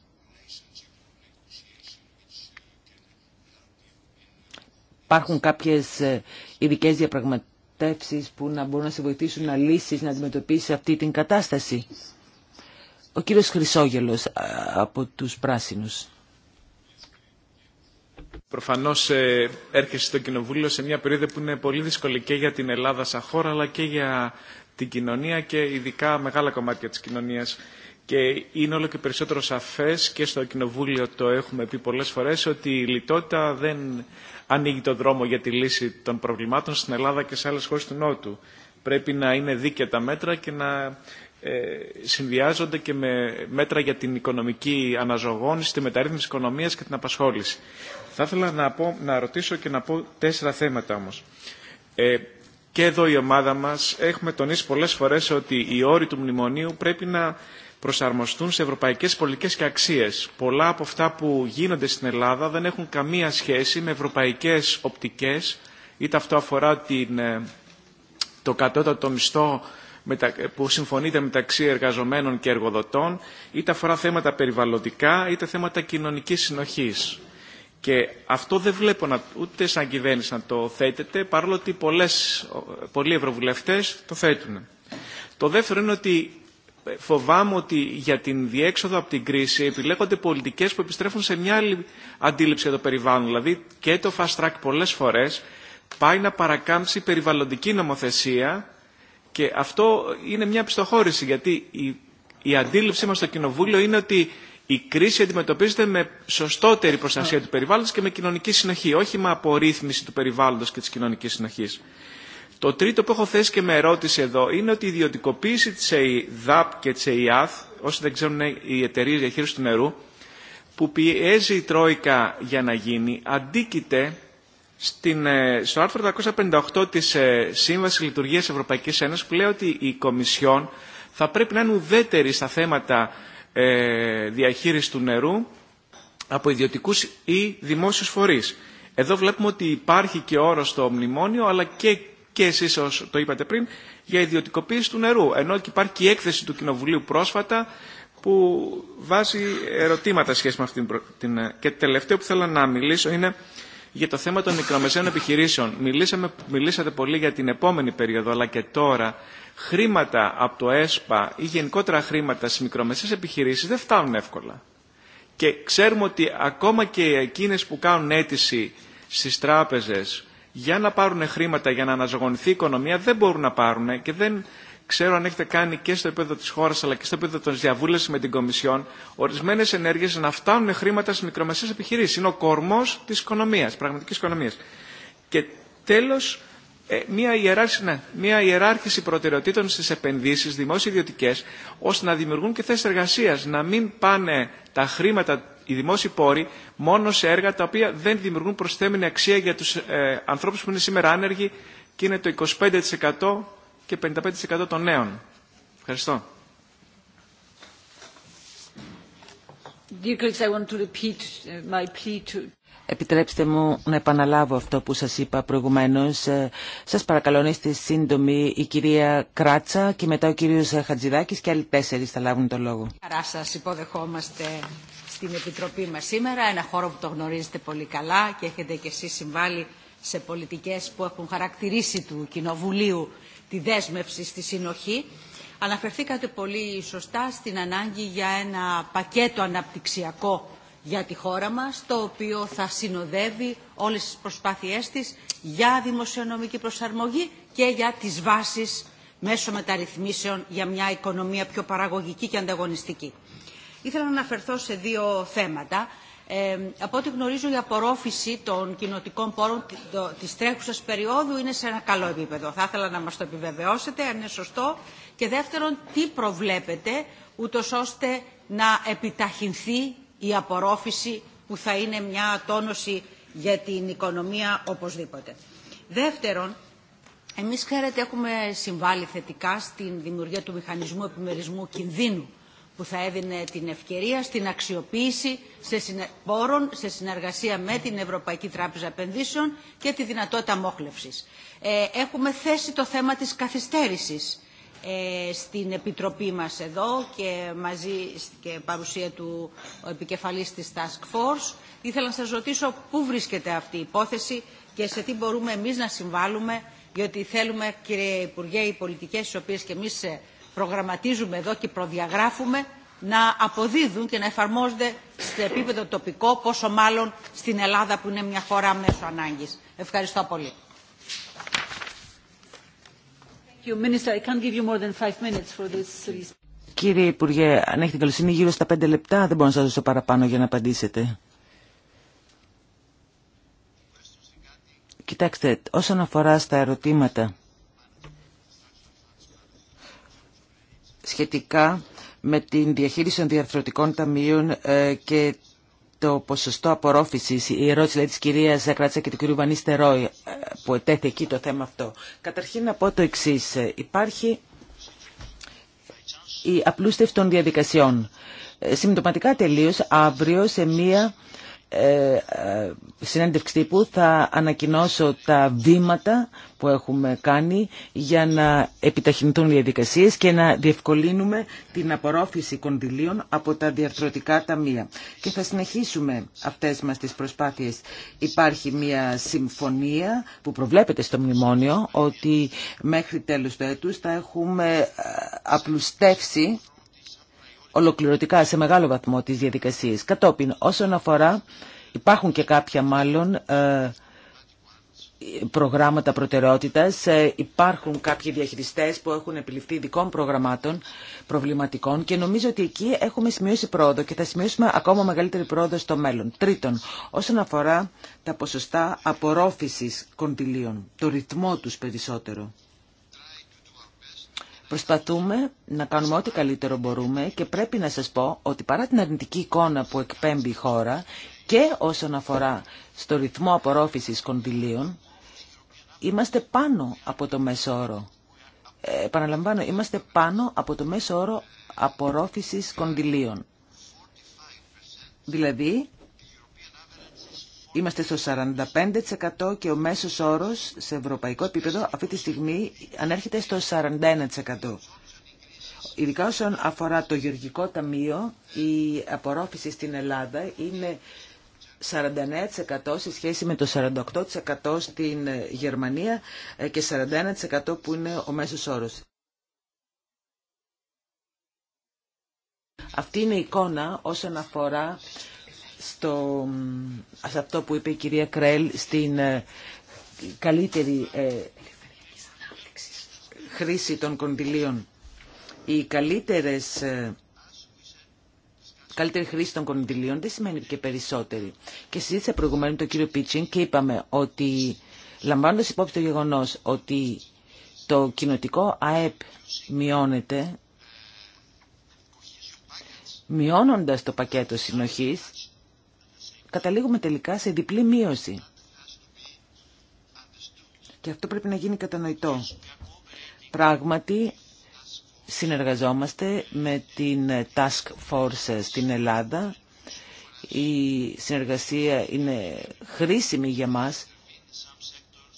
Υπάρχουν κάποιες ε, ειδικέ διαπραγματεύσεις που να μπορούν να σε βοηθήσουν να λύσεις, να αντιμετωπίσεις αυτή την κατάσταση. Ο κύριος Χρυσόγελος από τους Πράσινους. Προφανώ ε, έρχεσαι στο Κοινοβούλιο σε μια περίοδο που είναι πολύ δύσκολη και για την Ελλάδα σαν χώρα αλλά και για την κοινωνία και ειδικά μεγάλα κομμάτια τη κοινωνία. Και είναι όλο και περισσότερο σαφέ και στο Κοινοβούλιο το έχουμε πει πολλέ φορέ, ότι η λιτότητα δεν ανοίγει τον δρόμο για τη λύση των προβλημάτων στην Ελλάδα και σε άλλε χώρε του Νότου. Πρέπει να είναι δίκαια τα μέτρα και να ε, συνδυάζονται και με μέτρα για την οικονομική αναζωογόνηση, τη μεταρρύθμιση οικονομία και την απασχόληση. Θα ήθελα να, πω, να ρωτήσω και να πω τέσσερα θέματα όμως. Ε, και εδώ η ομάδα μας έχουμε τονίσει πολλές φορές ότι οι όροι του μνημονίου πρέπει να προσαρμοστούν σε ευρωπαϊκές πολιτικές και αξίες. Πολλά από αυτά που γίνονται στην Ελλάδα δεν έχουν καμία σχέση με ευρωπαϊκές οπτικές, είτε αυτό αφορά την, ε, το κατώτατο μισθό που συμφωνείται μεταξύ εργαζομένων και εργοδοτών, είτε αφορά θέματα περιβαλλοντικά, είτε θέματα κοινωνικής συνοχής. Και αυτό δεν βλέπω ούτε σαν κυβέρνηση να το θέτεται, παρόλο ότι πολλές, πολλοί ευρωβουλευτές το θέτουν. Το δεύτερο είναι ότι ε, φοβάμαι ότι για την διέξοδο από την κρίση επιλέγονται πολιτικές που επιστρέφουν σε μια άλλη αντίληψη για το περιβάλλον. Δηλαδή και το fast track πολλές φορές πάει να παρακάμψει περιβαλλοντική νομοθεσία και αυτό είναι μια πιστοχώρηση γιατί η, η αντίληψή μας στο Κοινοβούλιο είναι ότι η κρίση αντιμετωπίζεται με σωστότερη προστασία του περιβάλλοντος και με κοινωνική συνοχή, όχι με απορρίθμιση του περιβάλλοντος και της κοινωνικής συνοχής. Το τρίτο που έχω θέσει και με ερώτηση εδώ είναι ότι η ιδιωτικοποίηση της ΕΙΔΑΠ ΕΕ, και της ΕΙΑΘ, ΕΕ, όσοι δεν ξέρουν οι εταιρείε διαχείριση του νερού, που πιέζει η Τρόικα για να γίνει, αντίκειται στην, ε, στο άρθρο 258 της ε, Σύμβασης Λειτουργίας Ευρωπαϊκής Ένωσης που λέει ότι η Κομισιόν θα πρέπει να είναι ουδέτερη στα θέματα ε, διαχείριση του νερού από ιδιωτικούς ή δημόσιους φορείς. Εδώ βλέπουμε ότι υπάρχει και όρο στο μνημόνιο, αλλά και, και εσείς το είπατε πριν, για ιδιωτικοποίηση του νερού. Ενώ υπάρχει και η έκθεση του Κοινοβουλίου πρόσφατα, που βάζει ερωτήματα σχέση με αυτήν την... Ε, και τελευταίο που θέλω να μιλήσω είναι για το θέμα των μικρομεσαίων επιχειρήσεων. Μιλήσαμε, μιλήσατε πολύ για την επόμενη περίοδο, αλλά και τώρα χρήματα από το ΕΣΠΑ ή γενικότερα χρήματα στις μικρομεσαίες επιχειρήσεις δεν φτάνουν εύκολα. Και ξέρουμε ότι ακόμα και εκείνες που κάνουν αίτηση στις τράπεζες για να πάρουν χρήματα, για να αναζωογονηθεί η οικονομία, δεν μπορούν να πάρουν και δεν ξέρω αν έχετε κάνει και στο επίπεδο τη χώρα αλλά και στο επίπεδο των διαβούλευση με την Κομισιόν, ορισμένε ενέργειε να φτάνουν χρήματα στι μικρομεσαίε επιχειρήσει. Είναι ο κορμό τη οικονομία, πραγματική οικονομία. Και τέλο, ε, μια, ιεράρχηση, ναι, μια ιεράρχηση προτεραιοτήτων στις επενδύσεις δημόσιο-ιδιωτικές ώστε να δημιουργούν και θέσει εργασία, να μην πάνε τα χρήματα, οι δημόσιοι πόροι, μόνο σε έργα τα οποία δεν δημιουργούν προσθέμενη αξία για του ε, που είναι σήμερα άνεργοι και είναι το 25% και 55% των νέων. Ευχαριστώ. Uh, Επιτρέψτε μου να επαναλάβω αυτό που σας είπα προηγουμένως. Ε, σας παρακαλώ να είστε σύντομοι η κυρία Κράτσα και μετά ο κύριος Χατζηδάκης και άλλοι τέσσερις θα λάβουν το λόγο. Καρά σας υποδεχόμαστε στην Επιτροπή μας σήμερα, ένα χώρο που το γνωρίζετε πολύ καλά και έχετε και εσείς συμβάλει σε πολιτικές που έχουν χαρακτηρίσει του Κοινοβουλίου τη δέσμευση στη συνοχή. Αναφερθήκατε πολύ σωστά στην ανάγκη για ένα πακέτο αναπτυξιακό για τη χώρα μας, το οποίο θα συνοδεύει όλες τις προσπάθειές της για δημοσιονομική προσαρμογή και για τις βάσεις μέσω μεταρρυθμίσεων για μια οικονομία πιο παραγωγική και ανταγωνιστική. Ήθελα να αναφερθώ σε δύο θέματα από ό,τι γνωρίζω η απορρόφηση των κοινοτικών πόρων της τρέχουσας περίοδου είναι σε ένα καλό επίπεδο. Θα ήθελα να μας το επιβεβαιώσετε αν είναι σωστό. Και δεύτερον, τι προβλέπετε ούτω ώστε να επιταχυνθεί η απορρόφηση που θα είναι μια τόνωση για την οικονομία οπωσδήποτε. Δεύτερον, εμείς ξέρετε έχουμε συμβάλει θετικά στην δημιουργία του μηχανισμού επιμερισμού κινδύνου που θα έδινε την ευκαιρία στην αξιοποίηση σε πόρων σε συνεργασία με την Ευρωπαϊκή Τράπεζα Επενδύσεων και τη δυνατότητα μόχλευσης. Ε, έχουμε θέσει το θέμα της καθυστέρησης ε, στην Επιτροπή μας εδώ και μαζί και παρουσία του ο επικεφαλής της Task Force. Ήθελα να σας ρωτήσω πού βρίσκεται αυτή η υπόθεση και σε τι μπορούμε εμείς να συμβάλλουμε, γιατί θέλουμε, κύριε Υπουργέ, οι πολιτικές οι οποίες και εμείς ε, προγραμματίζουμε εδώ και προδιαγράφουμε να αποδίδουν και να εφαρμόζονται σε επίπεδο τοπικό, πόσο μάλλον στην Ελλάδα που είναι μια χώρα μέσω ανάγκης. Ευχαριστώ πολύ. Κύριε Υπουργέ, αν έχετε καλοσύνη γύρω στα πέντε λεπτά, δεν μπορώ να σας δώσω παραπάνω για να απαντήσετε. Κοιτάξτε, όσον αφορά στα ερωτήματα σχετικά με την διαχείριση των διαρθρωτικών ταμείων ε, και το ποσοστό απορρόφησης, η ερώτηση δηλαδή, της κυρίας Ζακράτσα και του κυρίου Ρόι ε, που ετέθη εκεί το θέμα αυτό. Καταρχήν να πω το εξή. Ε, υπάρχει η απλούστευση των διαδικασιών. Συμπτωματικά τελείως αύριο σε μία ε, ε, συνέντευξη τύπου θα ανακοινώσω τα βήματα που έχουμε κάνει για να επιταχυνθούν οι διαδικασίες και να διευκολύνουμε την απορρόφηση κονδυλίων από τα διαρθρωτικά ταμεία. Και θα συνεχίσουμε αυτές μας τις προσπάθειες. Υπάρχει μια συμφωνία που προβλέπεται στο μνημόνιο ότι μέχρι τέλος του έτους θα έχουμε ε, απλουστεύσει ολοκληρωτικά σε μεγάλο βαθμό τις διαδικασίες. Κατόπιν, όσον αφορά, υπάρχουν και κάποια μάλλον ε, προγράμματα προτεραιότητας, ε, υπάρχουν κάποιοι διαχειριστές που έχουν επιληφθεί ειδικών προγραμμάτων προβληματικών και νομίζω ότι εκεί έχουμε σημειώσει πρόοδο και θα σημειώσουμε ακόμα μεγαλύτερη πρόοδο στο μέλλον. Τρίτον, όσον αφορά τα ποσοστά απορρόφησης κοντιλίων, το ρυθμό τους περισσότερο. Προσπαθούμε να κάνουμε ό,τι καλύτερο μπορούμε και πρέπει να σας πω ότι παρά την αρνητική εικόνα που εκπέμπει η χώρα και όσον αφορά στο ρυθμό απορρόφησης κονδυλίων, είμαστε πάνω από το μέσο όρο. Ε, είμαστε πάνω από το μέσο όρο απορρόφησης κονδυλίων. Δηλαδή, Είμαστε στο 45% και ο μέσος όρος σε ευρωπαϊκό επίπεδο αυτή τη στιγμή ανέρχεται στο 41%. Ειδικά όσον αφορά το γεωργικό ταμείο, η απορρόφηση στην Ελλάδα είναι 49% σε σχέση με το 48% στην Γερμανία ε, και 41% που είναι ο μέσος όρος. Αυτή είναι η εικόνα όσον αφορά στο, σε αυτό που είπε η κυρία Κρέλ στην ε, καλύτερη ε, χρήση των κονδυλίων. Η καλύτερες, ε, καλύτερη χρήση των κονδυλίων δεν σημαίνει και περισσότερη. Και συζήτησα με τον κύριο Πίτσιν και είπαμε ότι λαμβάνοντας υπόψη το γεγονός ότι το κοινοτικό ΑΕΠ μειώνεται, μειώνοντας το πακέτο συνοχής, καταλήγουμε τελικά σε διπλή μείωση. Και αυτό πρέπει να γίνει κατανοητό. Πράγματι, συνεργαζόμαστε με την Task Force στην Ελλάδα. Η συνεργασία είναι χρήσιμη για μας.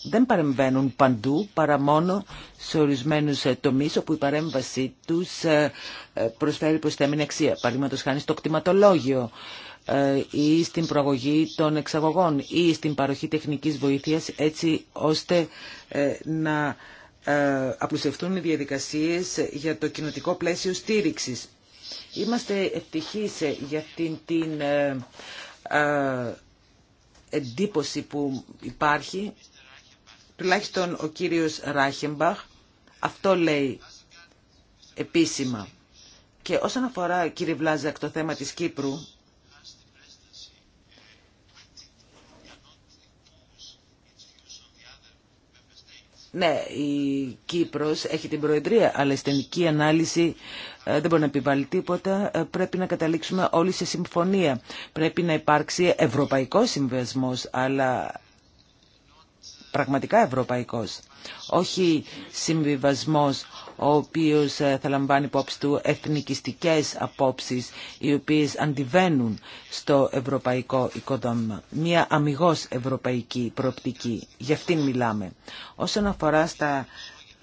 Δεν παρεμβαίνουν παντού, παρά μόνο σε ορισμένους ε, τομείς όπου η παρέμβασή τους ε, ε, προσφέρει προσθέμενη αξία. Παραδείγματος χάνει στο κτηματολόγιο ε, ή στην προαγωγή των εξαγωγών ή στην παροχή τεχνικής βοήθειας έτσι ώστε ε, να ε, απλουσευτούν οι διαδικασίες για το κοινοτικό πλαίσιο στήριξης. Είμαστε ευτυχείς για την την εντύπωση που υπάρχει, τουλάχιστον ο κύριος Ράχεμπαχ, αυτό λέει επίσημα. Και όσον αφορά, κύριε Βλάζακ, το θέμα της Κύπρου, Ναι, η Κύπρος έχει την Προεδρία, αλλά η στενική ανάλυση ε, δεν μπορεί να επιβάλλει τίποτα. Ε, πρέπει να καταλήξουμε όλοι σε συμφωνία. Πρέπει να υπάρξει ευρωπαϊκός συμβεσμός, αλλά πραγματικά ευρωπαϊκός. Όχι συμβιβασμός ο οποίος ε, θα λαμβάνει υπόψη του εθνικιστικές απόψεις οι οποίες αντιβαίνουν στο ευρωπαϊκό οικοδόμημα. Μία αμυγός ευρωπαϊκή προοπτική. Γι' αυτήν μιλάμε. Όσον αφορά στα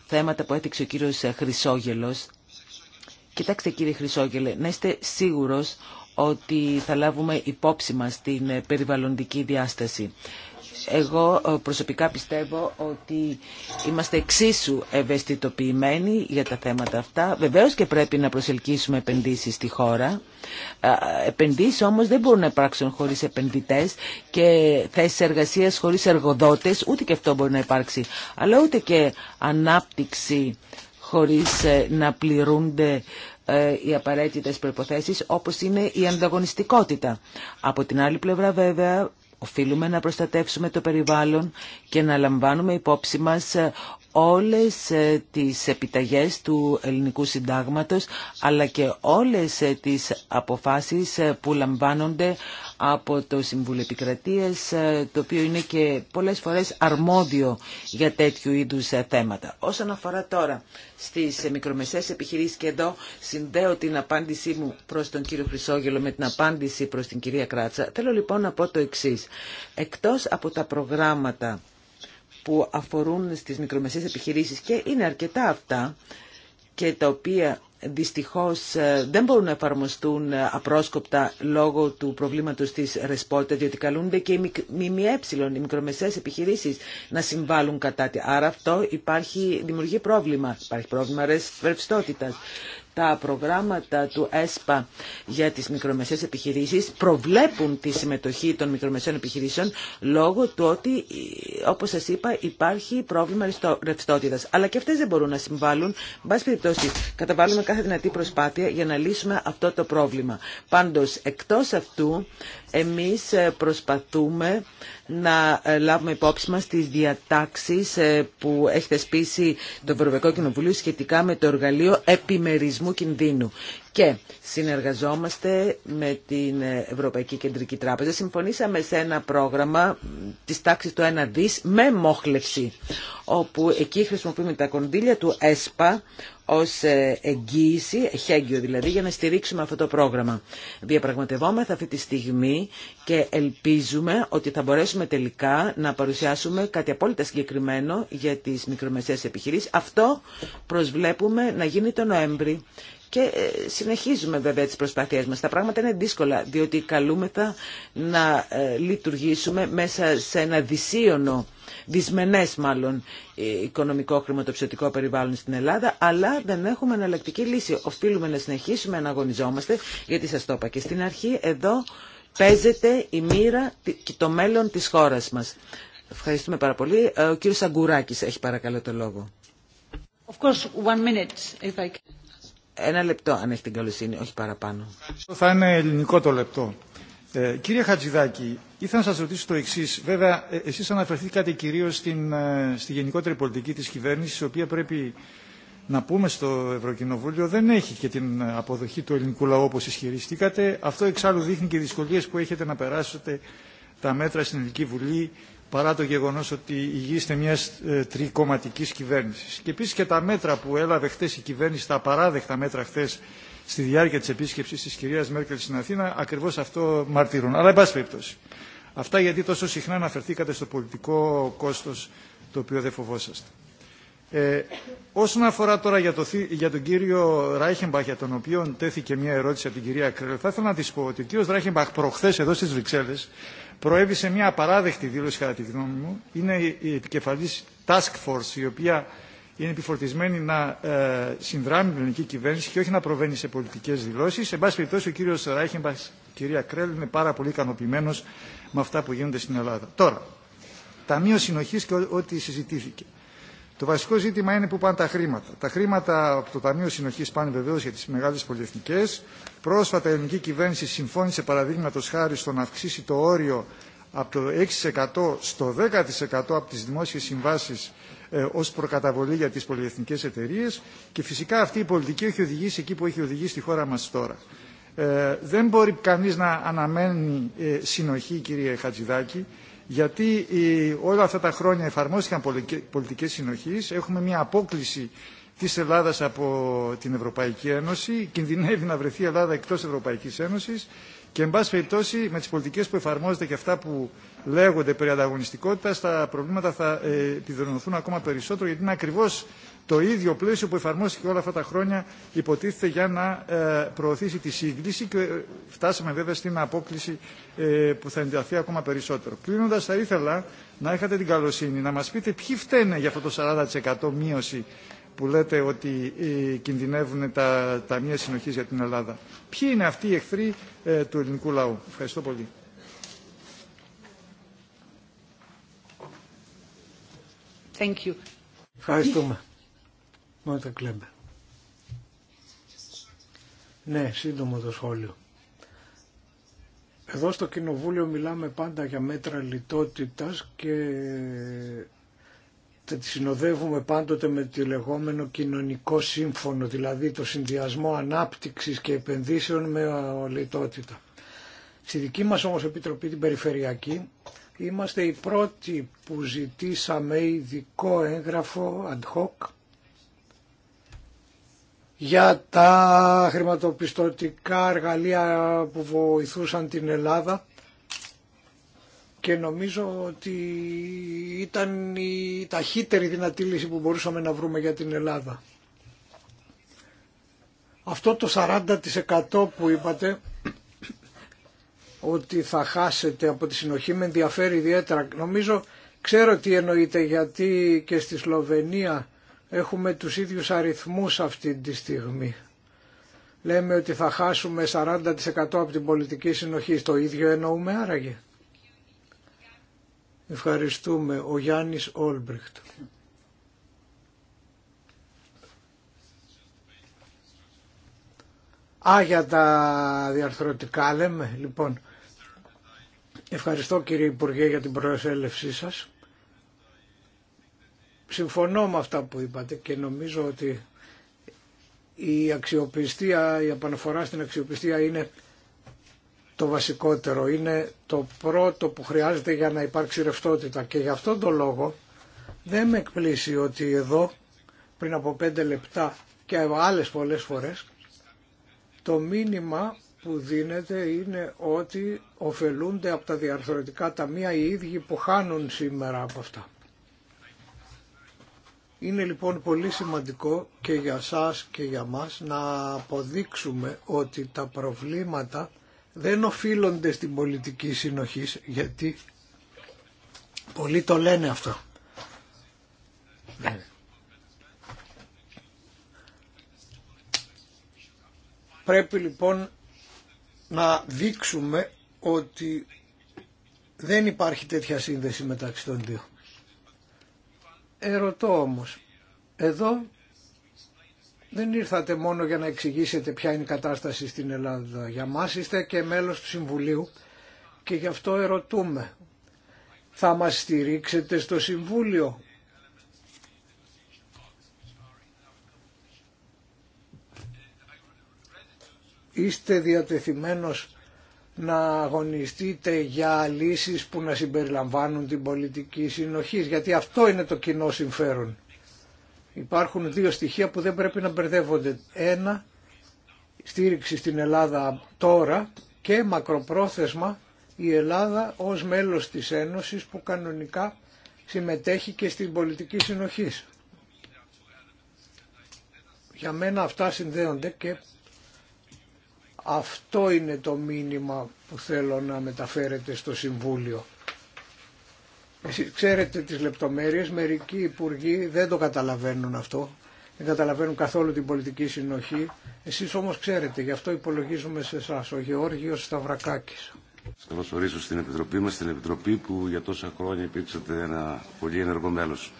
θέματα που έδειξε ο κύριος ε, Χρυσόγελος, κοιτάξτε κύριε Χρυσόγελε, να είστε σίγουρος ότι θα λάβουμε υπόψη μας την ε, περιβαλλοντική διάσταση. Εγώ ε, προσωπικά πιστεύω ότι είμαστε εξίσου ευαισθητοποιημένοι για τα θέματα αυτά. Βεβαίως και πρέπει να προσελκύσουμε επενδύσεις στη χώρα. Επενδύσεις όμως δεν μπορούν να υπάρξουν χωρίς επενδυτές και θέσεις εργασίας χωρίς εργοδότες. Ούτε και αυτό μπορεί να υπάρξει. Αλλά ούτε και ανάπτυξη χωρίς ε, να πληρούνται ε, οι απαραίτητες προϋποθέσεις όπως είναι η ανταγωνιστικότητα. Από την άλλη πλευρά βέβαια Οφείλουμε να προστατεύσουμε το περιβάλλον και να λαμβάνουμε υπόψη μας ε, όλες ε, τις επιταγές του ελληνικού συντάγματος αλλά και όλες ε, τις αποφάσεις ε, που λαμβάνονται από το Συμβούλιο Επικρατείας το οποίο είναι και πολλές φορές αρμόδιο για τέτοιου είδους θέματα. Όσον αφορά τώρα στις μικρομεσαίες επιχειρήσεις και εδώ συνδέω την απάντησή μου προς τον κύριο Χρυσόγελο με την απάντηση προς την κυρία Κράτσα θέλω λοιπόν να πω το εξής. Εκτός από τα προγράμματα που αφορούν στις μικρομεσαίες επιχειρήσεις και είναι αρκετά αυτά και τα οποία δυστυχώς ε, δεν μπορούν να εφαρμοστούν ε, απρόσκοπτα λόγω του προβλήματος της ρεσπότητα, διότι καλούνται και οι ΜΜΕ, οι μικρομεσαίες επιχειρήσεις, να συμβάλλουν κατά τη. Άρα αυτό υπάρχει, δημιουργεί πρόβλημα. Υπάρχει πρόβλημα ρευστότητας τα προγράμματα του ΕΣΠΑ για τις μικρομεσαίες επιχειρήσεις προβλέπουν τη συμμετοχή των μικρομεσαίων επιχειρήσεων λόγω του ότι, όπως σας είπα, υπάρχει πρόβλημα ρευστότητας. Αλλά και αυτές δεν μπορούν να συμβάλλουν. Μπας περιπτώσει, καταβάλουμε κάθε δυνατή προσπάθεια για να λύσουμε αυτό το πρόβλημα. Πάντως, εκτός αυτού, εμείς ε, προσπαθούμε να ε, λάβουμε υπόψη μας τις διατάξεις ε, που έχει θεσπίσει το Ευρωπαϊκό Κοινοβουλίο σχετικά με το εργαλείο επιμερισμού κινδύνου και συνεργαζόμαστε με την Ευρωπαϊκή Κεντρική Τράπεζα. Συμφωνήσαμε σε ένα πρόγραμμα της τάξης του 1 δις με μόχλευση, όπου εκεί χρησιμοποιούμε τα κονδύλια του ΕΣΠΑ ως ε, εγγύηση, χέγγιο δηλαδή, για να στηρίξουμε αυτό το πρόγραμμα. Διαπραγματευόμεθα αυτή τη στιγμή και ελπίζουμε ότι θα μπορέσουμε τελικά να παρουσιάσουμε κάτι απόλυτα συγκεκριμένο για τις μικρομεσαίες επιχειρήσεις. Αυτό προσβλέπουμε να γίνει το Νοέμβρη και ε, συνεχίζουμε βέβαια τις προσπάθειές μας. Τα πράγματα είναι δύσκολα, διότι καλούμεθα να ε, λειτουργήσουμε μέσα σε ένα δυσίωνο, δυσμενές μάλλον, ε, οικονομικό χρηματοψηφιακό περιβάλλον στην Ελλάδα, αλλά δεν έχουμε εναλλακτική λύση. Οφείλουμε να συνεχίσουμε να αγωνιζόμαστε, γιατί σας το είπα και στην αρχή, εδώ παίζεται η μοίρα και το μέλλον της χώρας μας. Ευχαριστούμε πάρα πολύ. Ο κύριος Αγκουράκης έχει παρακαλώ το λόγο. Of course, one minute, if I ένα λεπτό αν έχει την καλοσύνη, όχι παραπάνω. Θα είναι ελληνικό το λεπτό. Ε, κύριε Χατζηδάκη, ήθελα να σα ρωτήσω το εξή. Βέβαια, ε, εσείς αναφερθήκατε κυρίω στην, ε, στη γενικότερη πολιτική της κυβέρνηση, η οποία πρέπει να πούμε στο Ευρωκοινοβούλιο δεν έχει και την αποδοχή του ελληνικού λαού όπω ισχυριστήκατε. Αυτό εξάλλου δείχνει και οι που έχετε να περάσετε τα μέτρα στην Ελληνική Βουλή παρά το γεγονός ότι ηγείστε μιας ε, τρικομματικής κυβέρνησης. Και επίσης και τα μέτρα που έλαβε χτες η κυβέρνηση, τα απαράδεκτα μέτρα χτες στη διάρκεια της επίσκεψης της κυρίας Μέρκελ στην Αθήνα, ακριβώς αυτό μαρτύρουν. Αλλά εν πάση περιπτώσει. Αυτά γιατί τόσο συχνά αναφερθήκατε στο πολιτικό κόστος το οποίο δεν φοβόσαστε. Ε, όσον αφορά τώρα για, το, για τον κύριο Ράιχεμπαχ, για τον οποίο τέθηκε μια ερώτηση από την κυρία Κρέλ, θα ήθελα να τη πω ότι ο κύριο Ράιχενμπαχ προχθέ εδώ στι Βρυξέλλε Προέβησε σε μια απαράδεκτη δήλωση κατά τη γνώμη μου. Είναι η επικεφαλής task force η οποία είναι επιφορτισμένη να ε, συνδράμει την ελληνική κυβέρνηση και όχι να προβαίνει σε πολιτικέ δηλώσει. Σε πάση περιπτώσει, ο κύριο η κυρία Κρέλ, είναι πάρα πολύ ικανοποιημένο με αυτά που γίνονται στην Ελλάδα. Τώρα, Ταμείο Συνοχή και ό,τι συζητήθηκε. Το βασικό ζήτημα είναι που πάνε τα χρήματα. Τα χρήματα από το Ταμείο Συνοχή πάνε βεβαίω για τι μεγάλε πολυεθνικέ. Πρόσφατα η ελληνική κυβέρνηση συμφώνησε παραδείγματο χάρη στο να αυξήσει το όριο από το 6% στο 10% από τι δημόσιε συμβάσει ε, ως προκαταβολή για τι πολυεθνικές εταιρείε και φυσικά αυτή η πολιτική έχει οδηγήσει εκεί που έχει οδηγήσει τη χώρα μα τώρα. Ε, δεν μπορεί κανεί να αναμένει ε, συνοχή, κύριε Χατζηδάκη γιατί ε, όλα αυτά τα χρόνια εφαρμόστηκαν πολιτικές συνοχής, έχουμε μια απόκληση της Ελλάδας από την Ευρωπαϊκή Ένωση, κινδυνεύει να βρεθεί η Ελλάδα εκτός Ευρωπαϊκής Ένωσης και εν πάση περιπτώσει με τις πολιτικές που εφαρμόζονται και αυτά που λέγονται περί ανταγωνιστικότητας τα προβλήματα θα ε, επιδρονωθούν ακόμα περισσότερο γιατί είναι ακριβώς το ίδιο πλαίσιο που εφαρμόστηκε όλα αυτά τα χρόνια υποτίθεται για να ε, προωθήσει τη σύγκληση και ε, φτάσαμε βέβαια στην απόκληση ε, που θα ενταθεί ακόμα περισσότερο. Κλείνοντα, θα ήθελα να είχατε την καλοσύνη να μα πείτε ποιοι φταίνε για αυτό το 40% μείωση που λέτε ότι κινδυνεύουν τα ταμεία συνοχής για την Ελλάδα. Ποιοι είναι αυτοί οι εχθροί του ελληνικού λαού. Ευχαριστώ πολύ. Ευχαριστούμε. Κλέμπε. Ναι, σύντομο το σχόλιο. Εδώ στο Κοινοβούλιο μιλάμε πάντα για μέτρα λιτότητας και τα συνοδεύουμε πάντοτε με τη λεγόμενο κοινωνικό σύμφωνο, δηλαδή το συνδυασμό ανάπτυξης και επενδύσεων με λιτότητα. Στη δική μας όμως Επιτροπή την Περιφερειακή είμαστε οι πρώτοι που ζητήσαμε ειδικό έγγραφο ad hoc για τα χρηματοπιστωτικά εργαλεία που βοηθούσαν την Ελλάδα και νομίζω ότι ήταν η ταχύτερη δυνατή λύση που μπορούσαμε να βρούμε για την Ελλάδα. Αυτό το 40% που είπατε ότι θα χάσετε από τη συνοχή με ενδιαφέρει ιδιαίτερα. Νομίζω, ξέρω τι εννοείται γιατί και στη Σλοβενία έχουμε τους ίδιους αριθμούς αυτή τη στιγμή. Λέμε ότι θα χάσουμε 40% από την πολιτική συνοχή. Το ίδιο εννοούμε άραγε. Ευχαριστούμε. Ο Γιάννης Όλμπριχτ. Α, για τα διαρθρωτικά λέμε. Λοιπόν, ευχαριστώ κύριε Υπουργέ για την προεσέλευσή σας συμφωνώ με αυτά που είπατε και νομίζω ότι η αξιοπιστία, η επαναφορά στην αξιοπιστία είναι το βασικότερο, είναι το πρώτο που χρειάζεται για να υπάρξει ρευστότητα και γι' αυτόν τον λόγο δεν με εκπλήσει ότι εδώ πριν από πέντε λεπτά και άλλες πολλές φορές το μήνυμα που δίνεται είναι ότι ωφελούνται από τα διαρθρωτικά ταμεία οι ίδιοι που χάνουν σήμερα από αυτά. Είναι λοιπόν πολύ σημαντικό και για σας και για μας να αποδείξουμε ότι τα προβλήματα δεν οφείλονται στην πολιτική συνοχή γιατί πολλοί το λένε αυτό. Ναι. Πρέπει λοιπόν να δείξουμε ότι δεν υπάρχει τέτοια σύνδεση μεταξύ των δύο. Ερωτώ όμως, εδώ δεν ήρθατε μόνο για να εξηγήσετε ποια είναι η κατάσταση στην Ελλάδα. Για μας είστε και μέλος του Συμβουλίου και γι' αυτό ερωτούμε. Θα μας στηρίξετε στο Συμβούλιο. Είστε διατεθειμένος να αγωνιστείτε για λύσεις που να συμπεριλαμβάνουν την πολιτική συνοχή, γιατί αυτό είναι το κοινό συμφέρον. Υπάρχουν δύο στοιχεία που δεν πρέπει να μπερδεύονται. Ένα, στήριξη στην Ελλάδα τώρα και μακροπρόθεσμα η Ελλάδα ως μέλος της Ένωσης που κανονικά συμμετέχει και στην πολιτική συνοχή. Για μένα αυτά συνδέονται και αυτό είναι το μήνυμα που θέλω να μεταφέρετε στο Συμβούλιο. Εσείς ξέρετε τις λεπτομέρειες, μερικοί υπουργοί δεν το καταλαβαίνουν αυτό, δεν καταλαβαίνουν καθόλου την πολιτική συνοχή. Εσείς όμως ξέρετε, γι' αυτό υπολογίζουμε σε εσά, ο Γεώργιος Σταυρακάκης. Σας καλωσορίσω στην Επιτροπή μας, στην Επιτροπή που για τόσα χρόνια υπήρξατε ένα πολύ ενεργό μέλος.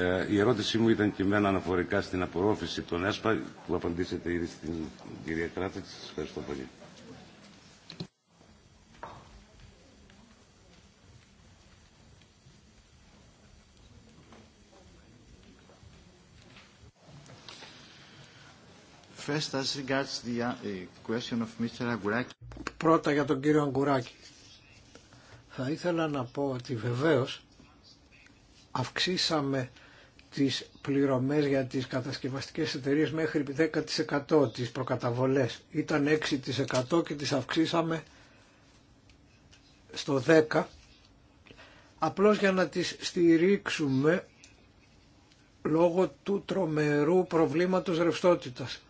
Ε, η ερώτησή μου ήταν και εμένα αναφορικά στην απορρόφηση των ΕΣΠΑ που απαντήσετε ήδη στην κυρία Κράτη. Σας ευχαριστώ πολύ. regards uh, the question of Mr. Πρώτα για τον κύριο Αγκουράκη. Θα ήθελα να πω ότι βεβαίως αυξήσαμε τις πληρωμές για τις κατασκευαστικές εταιρείες μέχρι 10% τις προκαταβολές. Ήταν 6% και τις αυξήσαμε στο 10% απλώς για να τις στηρίξουμε λόγω του τρομερού προβλήματος ρευστότητας.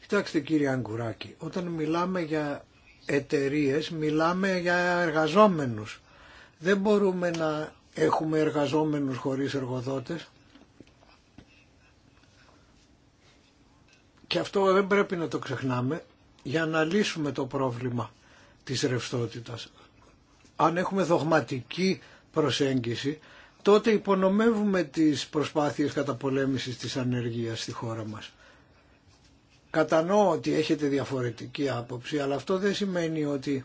Κοιτάξτε κύριε Αγκουράκη, όταν μιλάμε για εταιρείε, μιλάμε για εργαζόμενους. Δεν μπορούμε να έχουμε εργαζόμενους χωρίς εργοδότες. Και αυτό δεν πρέπει να το ξεχνάμε για να λύσουμε το πρόβλημα της ρευστότητας. Αν έχουμε δογματική προσέγγιση, τότε υπονομεύουμε τις προσπάθειες καταπολέμησης της ανεργίας στη χώρα μας. Κατανοώ ότι έχετε διαφορετική άποψη, αλλά αυτό δεν σημαίνει ότι,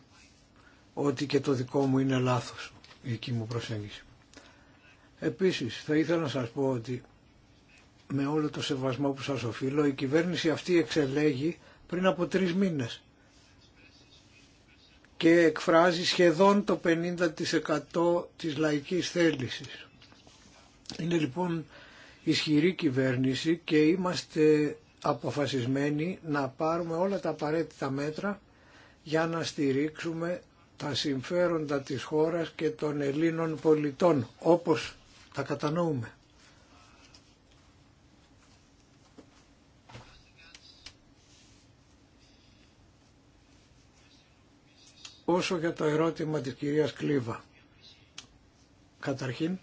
ότι και το δικό μου είναι λάθος, η εκεί μου προσέγγιση. Επίσης, θα ήθελα να σας πω ότι με όλο το σεβασμό που σας οφείλω, η κυβέρνηση αυτή εξελέγει πριν από τρεις μήνες και εκφράζει σχεδόν το 50% της λαϊκής θέλησης. Είναι λοιπόν ισχυρή κυβέρνηση και είμαστε αποφασισμένοι να πάρουμε όλα τα απαραίτητα μέτρα για να στηρίξουμε τα συμφέροντα της χώρας και των Ελλήνων πολιτών, όπως τα κατανοούμε. Όσο για το ερώτημα της κυρίας Κλίβα. Καταρχήν,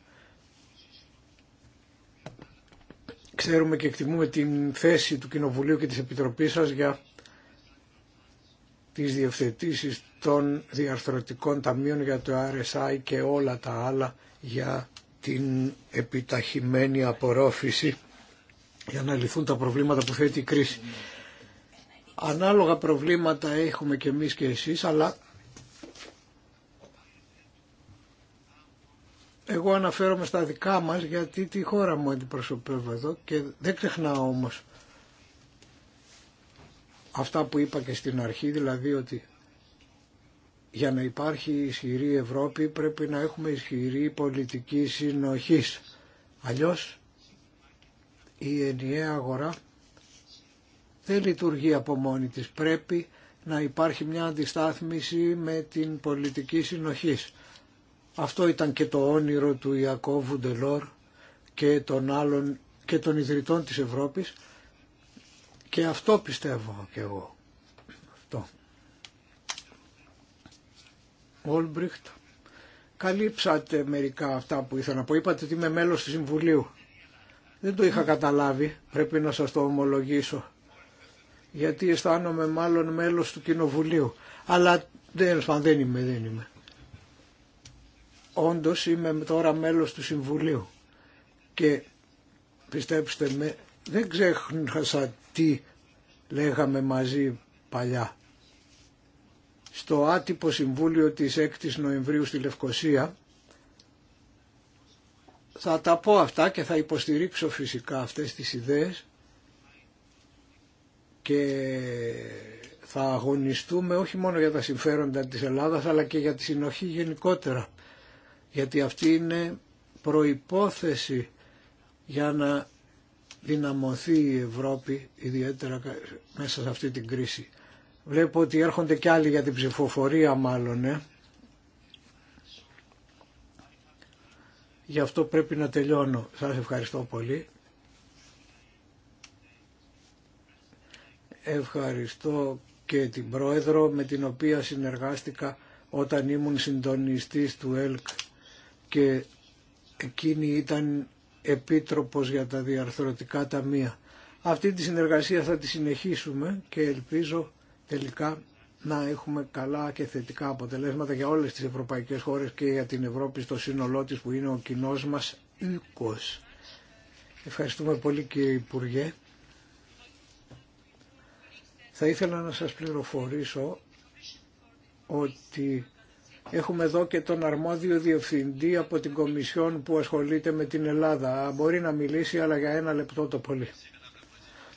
ξέρουμε και εκτιμούμε την θέση του Κοινοβουλίου και της Επιτροπής σας για τις διευθετήσεις των διαρθρωτικών ταμείων για το RSI και όλα τα άλλα για την επιταχυμένη απορρόφηση για να λυθούν τα προβλήματα που θέτει η κρίση. Ανάλογα προβλήματα έχουμε και εμείς και εσείς, αλλά Εγώ αναφέρομαι στα δικά μας γιατί τη χώρα μου αντιπροσωπεύω εδώ και δεν ξεχνάω όμως αυτά που είπα και στην αρχή, δηλαδή ότι για να υπάρχει ισχυρή Ευρώπη πρέπει να έχουμε ισχυρή πολιτική συνοχής. Αλλιώς η ενιαία αγορά δεν λειτουργεί από μόνη της. Πρέπει να υπάρχει μια αντιστάθμιση με την πολιτική συνοχής. Αυτό ήταν και το όνειρο του Ιακώβου Ντελόρ και των άλλων και των ιδρυτών της Ευρώπης και αυτό πιστεύω και εγώ. Αυτό. Όλμπριχτ. Καλύψατε μερικά αυτά που ήθελα να πω. Είπατε ότι είμαι μέλος του Συμβουλίου. Δεν το είχα καταλάβει, πρέπει να σας το ομολογήσω. Γιατί αισθάνομαι μάλλον μέλος του Κοινοβουλίου. Αλλά δεν, δεν είμαι, δεν είμαι όντως είμαι τώρα μέλος του Συμβουλίου και πιστέψτε με δεν ξέχασα τι λέγαμε μαζί παλιά. Στο άτυπο Συμβούλιο της 6ης Νοεμβρίου στη Λευκοσία θα τα πω αυτά και θα υποστηρίξω φυσικά αυτές τις ιδέες και θα αγωνιστούμε όχι μόνο για τα συμφέροντα της Ελλάδας αλλά και για τη συνοχή γενικότερα γιατί αυτή είναι προϋπόθεση για να δυναμωθεί η Ευρώπη ιδιαίτερα μέσα σε αυτή την κρίση. Βλέπω ότι έρχονται και άλλοι για την ψηφοφορία μάλλον. Ε. Γι' αυτό πρέπει να τελειώνω. Σας ευχαριστώ πολύ. Ευχαριστώ και την Πρόεδρο με την οποία συνεργάστηκα όταν ήμουν συντονιστής του ΕΛΚ και εκείνη ήταν επίτροπος για τα διαρθρωτικά ταμεία. Αυτή τη συνεργασία θα τη συνεχίσουμε και ελπίζω τελικά να έχουμε καλά και θετικά αποτελέσματα για όλες τις ευρωπαϊκές χώρες και για την Ευρώπη στο σύνολό της που είναι ο κοινό μας οίκος. Ευχαριστούμε πολύ κύριε Υπουργέ. Θα ήθελα να σας πληροφορήσω ότι Έχουμε εδώ και τον αρμόδιο διευθυντή από την Κομισιόν που ασχολείται με την Ελλάδα. Μπορεί να μιλήσει αλλά για ένα λεπτό το πολύ.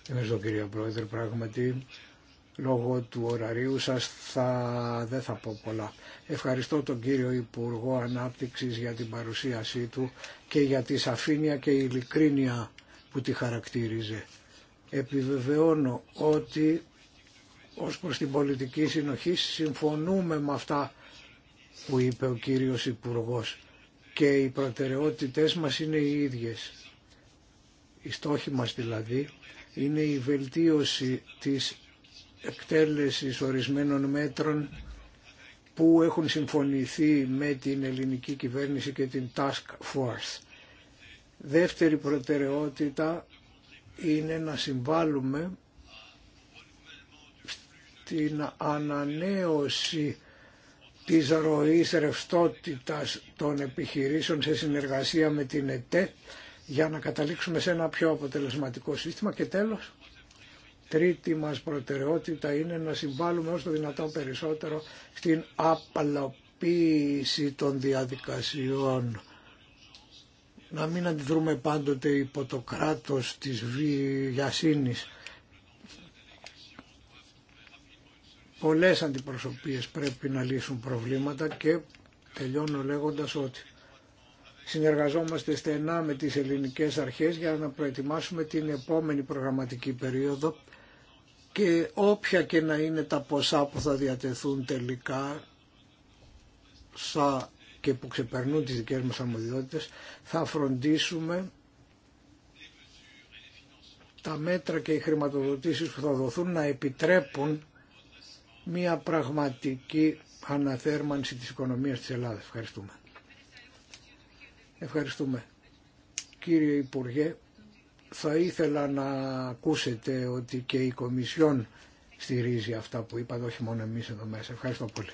Ευχαριστώ κύριε Πρόεδρε, πράγματι λόγω του ωραρίου σας θα, δεν θα πω πολλά. Ευχαριστώ τον κύριο Υπουργό Ανάπτυξης για την παρουσίασή του και για τη σαφήνεια και ειλικρίνεια που τη χαρακτήριζε. Επιβεβαιώνω ότι ως προς την πολιτική συνοχή συμφωνούμε με αυτά που είπε ο κύριος Υπουργός και οι προτεραιότητες μας είναι οι ίδιες. Η στόχη μας δηλαδή είναι η βελτίωση της εκτέλεσης ορισμένων μέτρων που έχουν συμφωνηθεί με την ελληνική κυβέρνηση και την Task Force. Δεύτερη προτεραιότητα είναι να συμβάλλουμε στην ανανέωση της ροής ρευστότητας των επιχειρήσεων σε συνεργασία με την ΕΤΕ για να καταλήξουμε σε ένα πιο αποτελεσματικό σύστημα και τέλος τρίτη μας προτεραιότητα είναι να συμβάλλουμε όσο δυνατόν περισσότερο στην απαλοποίηση των διαδικασιών να μην αντιδρούμε πάντοτε υπό το κράτος της βιασύνης Πολλές αντιπροσωπείες πρέπει να λύσουν προβλήματα και τελειώνω λέγοντας ότι συνεργαζόμαστε στενά με τις ελληνικές αρχές για να προετοιμάσουμε την επόμενη προγραμματική περίοδο και όποια και να είναι τα ποσά που θα διατεθούν τελικά σα και που ξεπερνούν τις δικές μας αρμοδιότητες θα φροντίσουμε τα μέτρα και οι χρηματοδοτήσεις που θα δοθούν να επιτρέπουν μια πραγματική αναθέρμανση της οικονομίας της Ελλάδας. Ευχαριστούμε. Ευχαριστούμε. Κύριε Υπουργέ, θα ήθελα να ακούσετε ότι και η Κομισιόν στηρίζει αυτά που είπατε, όχι μόνο εμείς εδώ μέσα. Ευχαριστώ πολύ.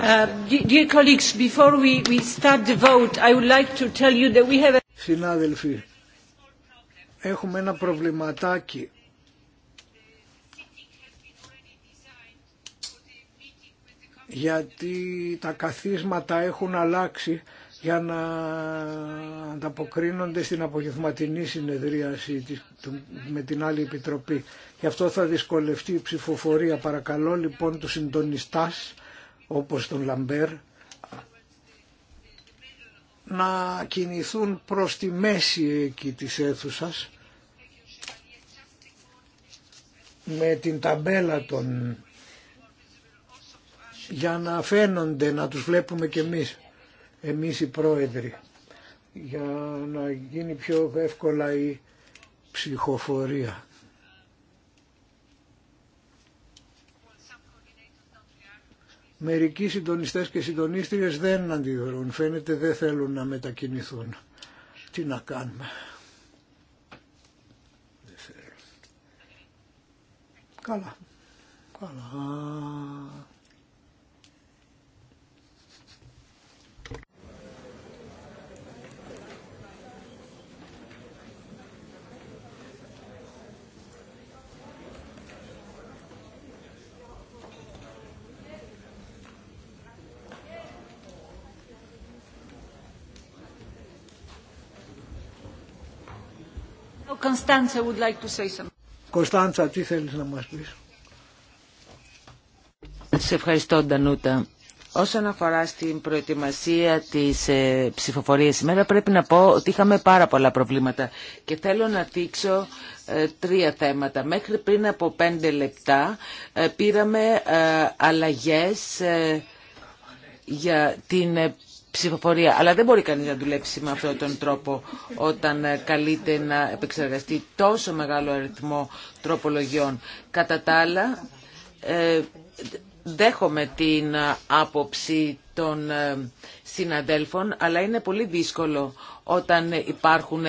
Ε, Συνάδελφοι, έχουμε ένα προβληματάκι. Γιατί τα καθίσματα έχουν αλλάξει για να ανταποκρίνονται στην απογευματινή συνεδρίαση με την άλλη επιτροπή. Γι' αυτό θα δυσκολευτεί η ψηφοφορία. Παρακαλώ λοιπόν τους συντονιστάς όπως τον Λαμπέρ να κινηθούν προς τη μέση εκεί της αίθουσας με την ταμπέλα των για να φαίνονται, να τους βλέπουμε κι εμείς, εμείς οι πρόεδροι, για να γίνει πιο εύκολα η ψυχοφορία. Μερικοί συντονιστές και συντονίστριες δεν αντιδρούν. Φαίνεται δεν θέλουν να μετακινηθούν. Τι να κάνουμε. Δεν Καλά. Καλά. Constanza would like to say something. Κωνσταντσα, τι θέλεις να μας πεις. Σε ευχαριστώ, Ντανούτα. Όσον αφορά στην προετοιμασία της ε, ψηφοφορίας σήμερα πρέπει να πω ότι είχαμε πάρα πολλά προβλήματα και θέλω να δείξω ε, τρία θέματα. Μέχρι πριν από πέντε λεπτά ε, πήραμε ε, αλλαγές για την ψηφοφορία. Αλλά δεν μπορεί κανείς να δουλέψει με αυτόν τον τρόπο όταν ε, καλείται να επεξεργαστεί τόσο μεγάλο αριθμό τροπολογιών. Κατά τα άλλα, ε, δέχομαι την ε, άποψη των συναδέλφων, αλλά είναι πολύ δύσκολο όταν υπάρχουν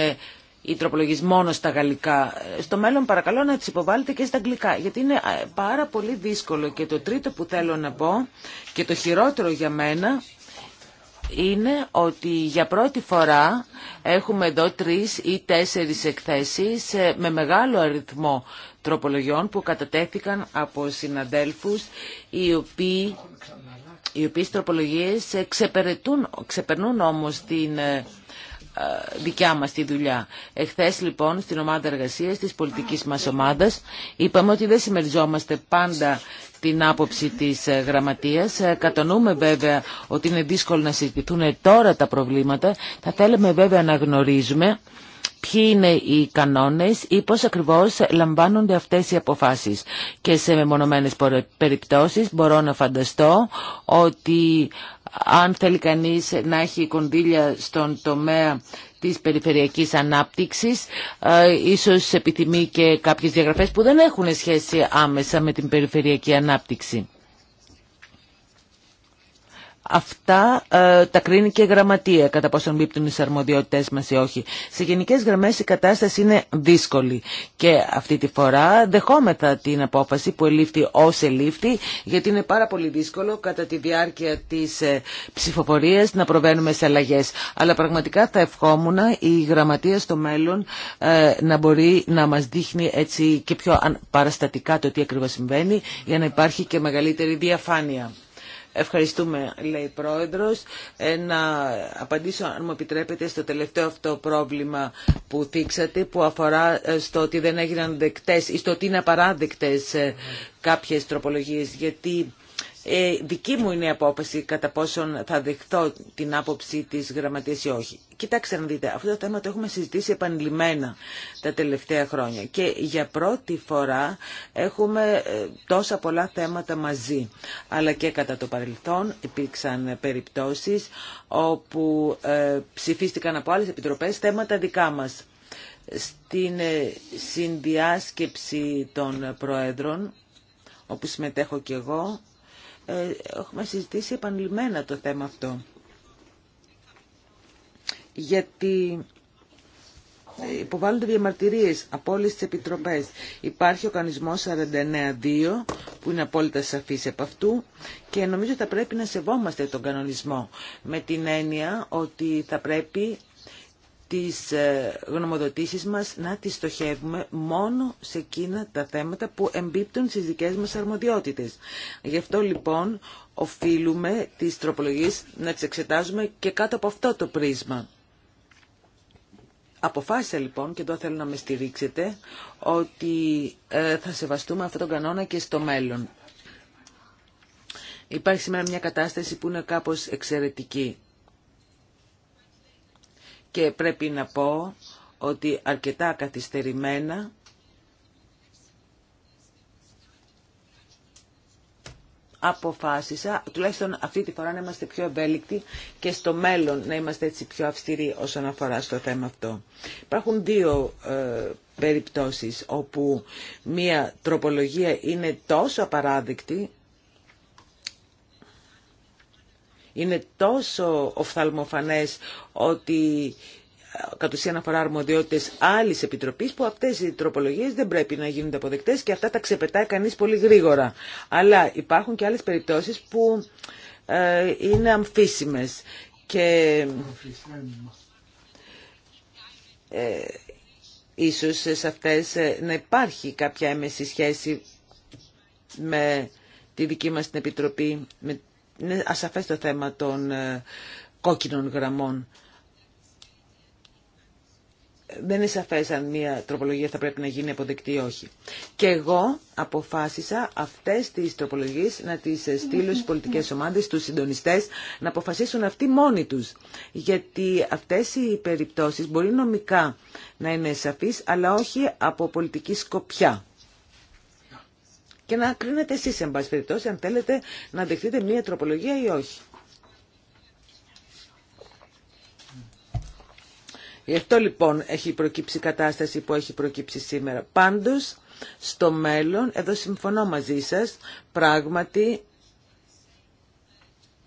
οι τροπολογίες μόνο στα γαλλικά. Στο μέλλον παρακαλώ να τις υποβάλλετε και στα αγγλικά, γιατί είναι πάρα πολύ δύσκολο. Και το τρίτο που θέλω να πω και το χειρότερο για μένα είναι ότι για πρώτη φορά έχουμε εδώ τρεις ή τέσσερις εκθέσεις ε, με μεγάλο αριθμό τροπολογιών που κατατέθηκαν από συναδέλφους οι οποίοι οι οποίες τροπολογίες ε, ξεπερνούν όμως την ε, δικιά μας τη δουλειά. Εχθές λοιπόν στην ομάδα εργασίας της πολιτικής μας ομάδας είπαμε ότι δεν συμμεριζόμαστε πάντα την άποψη της ε, γραμματείας. Ε, Κατονούμε βέβαια ότι είναι δύσκολο να συζητηθούν τώρα τα προβλήματα. Θα θέλαμε βέβαια να γνωρίζουμε ποιοι είναι οι κανόνες ή πώς ακριβώς λαμβάνονται αυτές οι αποφάσεις. Και σε μεμονωμένες περιπτώσεις μπορώ να φανταστώ ότι αν θέλει κανείς να έχει κονδύλια στον τομέα της περιφερειακής ανάπτυξης, ε, ίσως επιθυμεί και κάποιες διαγραφές που δεν έχουν σχέση άμεσα με την περιφερειακή ανάπτυξη. Αυτά ε, τα κρίνει και η γραμματεία κατά πόσον μπίπτουν οι αρμοδιότητε μα ή όχι. Σε γενικέ γραμμέ, η οχι σε γενικε γραμμε η κατασταση δύσκολη και αυτή τη φορά δεχόμεθα την απόφαση που ελήφθη ω ελήφθη γιατί είναι πάρα πολύ δύσκολο κατά τη διάρκεια της ε, να προβαίνουμε σε αλλαγέ. Αλλά πραγματικά θα ευχόμουν η γραμματεία στο μέλλον ε, να μπορεί να μα δείχνει έτσι και πιο παραστατικά το τι ακριβώ συμβαίνει για να υπάρχει και μεγαλύτερη διαφάνεια. Ευχαριστούμε, λέει Πρόεδρος. Ε, να απαντήσω, αν μου επιτρέπετε, στο τελευταίο αυτό πρόβλημα που θίξατε, που αφορά ε, στο ότι δεν έγιναν δεκτές ή στο ότι είναι απαράδεκτες ε, κάποιες τροπολογίες, γιατί... Ε, δική μου είναι η απόφαση τροπολογιες γιατι δικη μου πόσον θα δεχτώ την άποψη της γραμματείας ή όχι. Κοιτάξτε να δείτε, αυτό το θέμα το έχουμε συζητήσει επανειλημμένα τα τελευταία χρόνια και για πρώτη φορά έχουμε ε, τόσα πολλά θέματα μαζί. Αλλά και κατά το παρελθόν υπήρξαν περιπτώσεις όπου ε, ψηφίστηκαν από άλλες επιτροπές θέματα δικά μας. Στην ε, συνδιάσκεψη των Προέδρων, όπου συμμετέχω και εγώ, έχουμε συζητήσει επανειλημμένα το θέμα αυτό γιατί υποβάλλονται διαμαρτυρίες από όλε τι επιτροπές. Υπάρχει ο κανονισμός 49.2 που είναι απόλυτα σαφής από αυτού και νομίζω θα πρέπει να σεβόμαστε τον κανονισμό με την έννοια ότι θα πρέπει τις ε, γνωμοδοτήσεις μας να τις στοχεύουμε μόνο σε εκείνα τα θέματα που εμπίπτουν στις δικές μας αρμοδιότητες. Γι' αυτό λοιπόν οφείλουμε τις τροπολογίες να τις εξετάζουμε και κάτω από αυτό το πρίσμα. Αποφάσισα λοιπόν, και εδώ θέλω να με στηρίξετε, ότι ε, θα σεβαστούμε αυτόν τον κανόνα και στο μέλλον. Υπάρχει σήμερα μια κατάσταση που είναι κάπως εξαιρετική. Και πρέπει να πω ότι αρκετά καθυστερημένα αποφάσισα, τουλάχιστον αυτή τη φορά να είμαστε πιο ευέλικτοι και στο μέλλον να είμαστε έτσι πιο αυστηροί όσον αφορά στο θέμα αυτό. Υπάρχουν δύο ε, περιπτώσεις όπου μία τροπολογία είναι τόσο απαράδεκτη, είναι τόσο οφθαλμοφανές ότι κατ' ουσίαν αφορά αρμοδιότητε άλλη επιτροπής που αυτέ οι τροπολογίε δεν πρέπει να γίνονται αποδεκτές και αυτά τα ξεπετάει κανείς πολύ γρήγορα. Αλλά υπάρχουν και άλλες περιπτώσεις που ε, είναι αμφίσιμες και ε, ίσως σε αυτές ε, να υπάρχει κάποια έμεση σχέση με τη δική μας την Επιτροπή. Είναι ασαφές το θέμα των κόκκινων γραμμών δεν είναι σαφέ αν μια τροπολογία θα πρέπει να γίνει αποδεκτή ή όχι. Και εγώ αποφάσισα αυτές τι τροπολογίε να τις στείλω στι πολιτικές ομάδε, στου συντονιστέ, να αποφασίσουν αυτοί μόνοι τους. Γιατί αυτές οι περιπτώσει μπορεί νομικά να είναι σαφείς, αλλά όχι από πολιτική σκοπιά. Και να κρίνετε εσεί εν πάση περιπτώσει, αν θέλετε να δεχτείτε μια τροπολογία ή όχι. Γι' αυτό λοιπόν έχει προκύψει η κατάσταση που έχει προκύψει σήμερα. Πάντως, στο μέλλον, εδώ συμφωνώ μαζί σας, πράγματι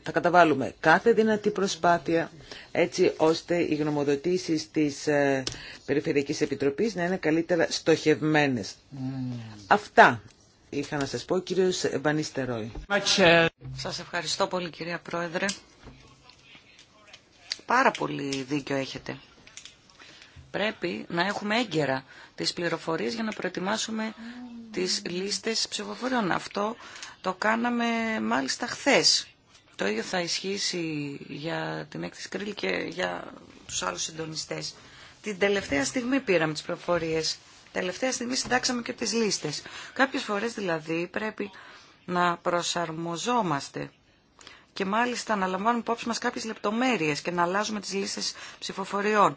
θα καταβάλουμε κάθε δυνατή προσπάθεια έτσι ώστε οι γνωμοδοτήσεις της ε, Περιφερειακής Επιτροπής να είναι καλύτερα στοχευμένες. Mm. Αυτά είχα να σας πω, κύριος Βανίστεροι. Σας ευχαριστώ πολύ κυρία Πρόεδρε. Πάρα πολύ δίκιο έχετε πρέπει να έχουμε έγκαιρα τις πληροφορίες για να προετοιμάσουμε τις λίστες ψηφοφοριών. Αυτό το κάναμε μάλιστα χθες. Το ίδιο θα ισχύσει για την έκθεση Κρίλ και για τους άλλους συντονιστές. Την τελευταία στιγμή πήραμε τις Την Τελευταία στιγμή συντάξαμε και τις λίστες. Κάποιες φορές δηλαδή πρέπει να προσαρμοζόμαστε και μάλιστα να λαμβάνουμε υπόψη μας κάποιες λεπτομέρειες και να αλλάζουμε τις λίστες ψηφοφοριών.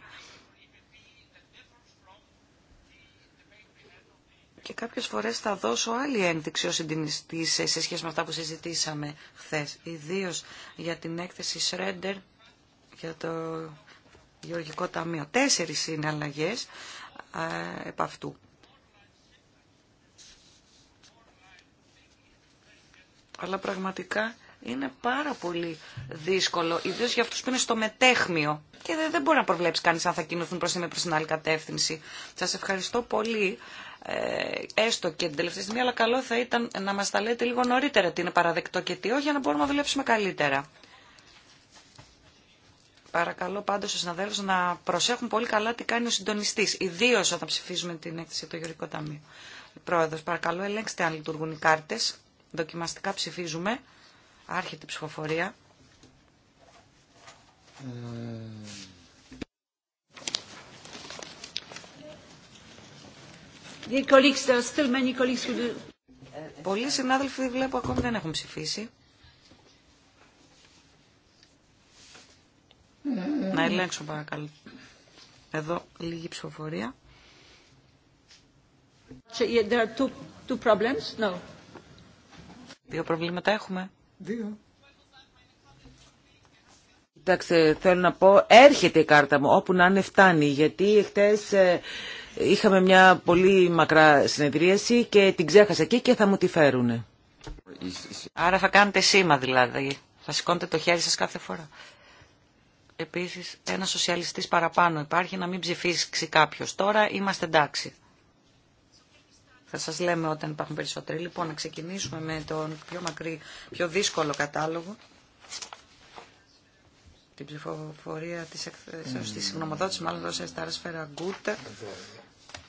και κάποιες φορές θα δώσω άλλη ένδειξη ως συντηνιστής σε σχέση με αυτά που συζητήσαμε χθες, ιδίως για την έκθεση Σρέντερ για το Γεωργικό Ταμείο. Τέσσερις είναι αλλαγές α, επ' αυτού. Αλλά πραγματικά είναι πάρα πολύ δύσκολο, ιδίω για αυτού που είναι στο μετέχμιο. Και δεν, δεν μπορεί να προβλέψει κανεί αν θα κινηθούν προ την προς την άλλη κατεύθυνση. Σα ευχαριστώ πολύ. Ε, έστω και την τελευταία στιγμή, αλλά καλό θα ήταν να μα τα λέτε λίγο νωρίτερα τι είναι παραδεκτό και τι όχι, για να μπορούμε να δουλέψουμε καλύτερα. Παρακαλώ πάντω του συναδέλφου να προσέχουν πολύ καλά τι κάνει ο συντονιστή, ιδίω όταν ψηφίζουμε την έκθεση του Γεωργικό Ταμείο. Πρόεδρο, παρακαλώ ελέγξτε αν λειτουργούν οι κάρτε. Δοκιμαστικά ψηφίζουμε. Άρχεται η ψηφοφορία. Πολλοί συνάδελφοι βλέπω ακόμη δεν έχουν ψηφίσει. Να ελέγξω παρακαλώ. Εδώ λίγη ψηφοφορία. Δύο προβλήματα έχουμε. Δύο. Κοιτάξτε, θέλω να πω, έρχεται η κάρτα μου, όπου να είναι φτάνει, γιατί χτες ε, είχαμε μια πολύ μακρά συνεδρίαση και την ξέχασα εκεί και θα μου τη φέρουνε. Άρα θα κάνετε σήμα δηλαδή, θα σηκώνετε το χέρι σας κάθε φορά. Επίσης, ένα σοσιαλιστής παραπάνω υπάρχει να μην ψηφίσει κάποιος. Τώρα είμαστε εντάξει. Θα σας λέμε όταν υπάρχουν περισσότεροι. Λοιπόν, να ξεκινήσουμε με τον πιο μακρύ, πιο δύσκολο κατάλογο. Την ψηφοφορία της, εκθέσεως, της μάλλον δώσε στα άρασφαιρα γκούτα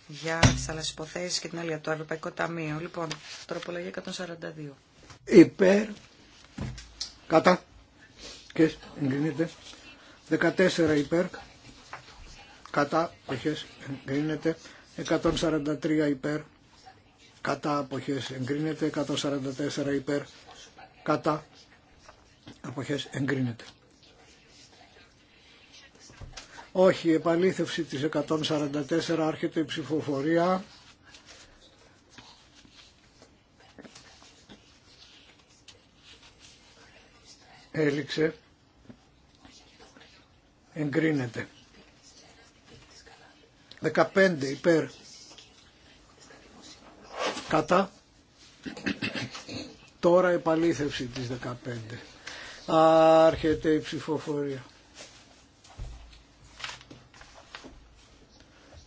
για τις άλλες υποθέσεις και την άλλη για το Ευρωπαϊκό Ταμείο. Λοιπόν, τροπολογία 142. Υπέρ, κατά και εγκρίνεται. 14 υπέρ, κατά, εγκρίνεται. 143 υπέρ, κατά αποχές εγκρίνεται 144 υπέρ κατά αποχές εγκρίνεται όχι επαλήθευση της 144 άρχεται η ψηφοφορία έληξε εγκρίνεται 15 υπέρ Κατά. Τώρα επαλήθευση της 15. Άρχεται η ψηφοφορία.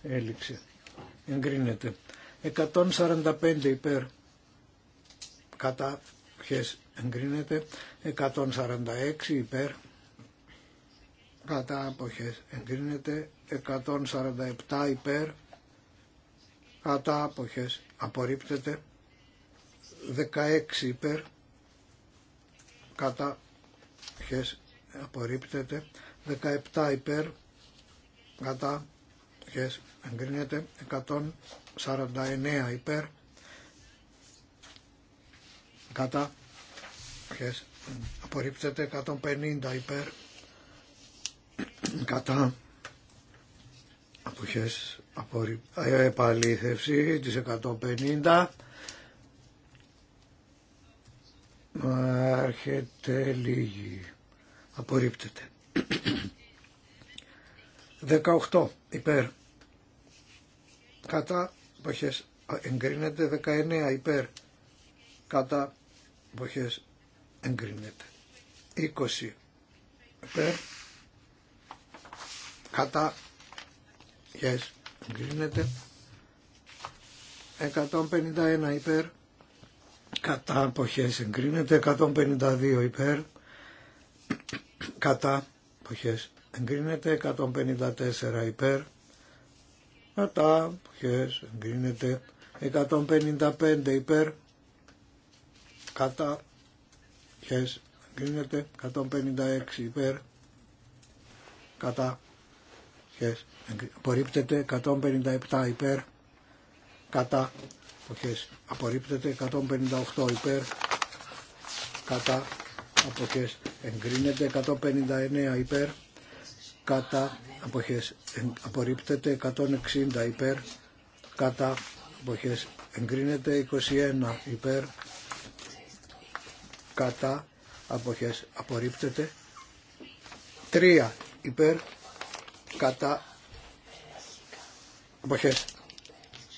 Έληξε. Εγκρίνεται. 145 υπέρ. Κατά. Ποιες εγκρίνεται 146 υπέρ κατά αποχές εγκρίνεται 147 υπέρ κατά αποχές απορρίπτεται 16 υπέρ κατά χές απορρίπτεται 17 υπέρ κατά χές εγκρίνεται 149 υπέρ κατά χές απορρίπτεται 150 υπέρ κατά αποχές ε, επαλήθευση της 150. Άρχεται λίγη. Απορρίπτεται. 18 υπέρ. Κατά εποχές εγκρίνεται. 19 υπέρ. Κατά εποχές εγκρίνεται. 20 υπέρ. Κατά yes Εγκρίνεται. 151 υπέρ. Κατά ποχές εγκρίνεται. 152 υπέρ. Κατά ποχές εγκρίνεται. 154 υπέρ. Κατά ποχές εγκρίνεται. 155 υπέρ. Κατά ποχές εγκρίνεται. 156 υπέρ. Κατά αποχές απορρίπτεται 157 υπέρ κατά αποχές απορρίπτεται 158 υπέρ κατά αποχές εγκρίνεται 159 υπέρ κατά αποχές απορρίπτεται 160 υπέρ κατά αποχές εγκρίνεται 21 υπέρ κατά αποχές απορρίπτεται 3 υπέρ κατά αποχές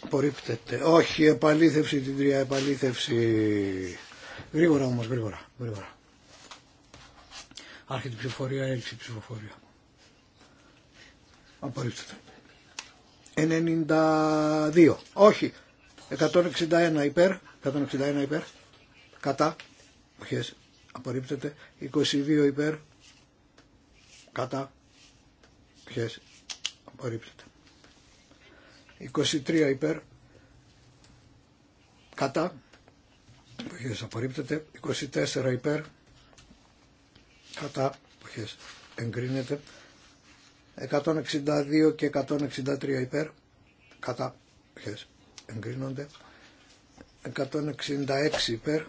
απορρίπτεται όχι επαλήθευση την τρία επαλήθευση γρήγορα όμως γρήγορα γρήγορα άρχεται η ψηφοφορία έλξη η ψηφοφορία απορρίπτεται 92 όχι 161 υπέρ 161 υπέρ κατά αποχές απορρίπτεται 22 υπέρ κατά Αποχές. Απορρίπτεται. 23 υπέρ. Κατά. Αποχές. Απορρίπτεται. 24 υπέρ. Κατά. Εγκρίνεται. 162 και 163 υπέρ. Κατά. Αποχές. Εγκρίνονται. 166 υπέρ.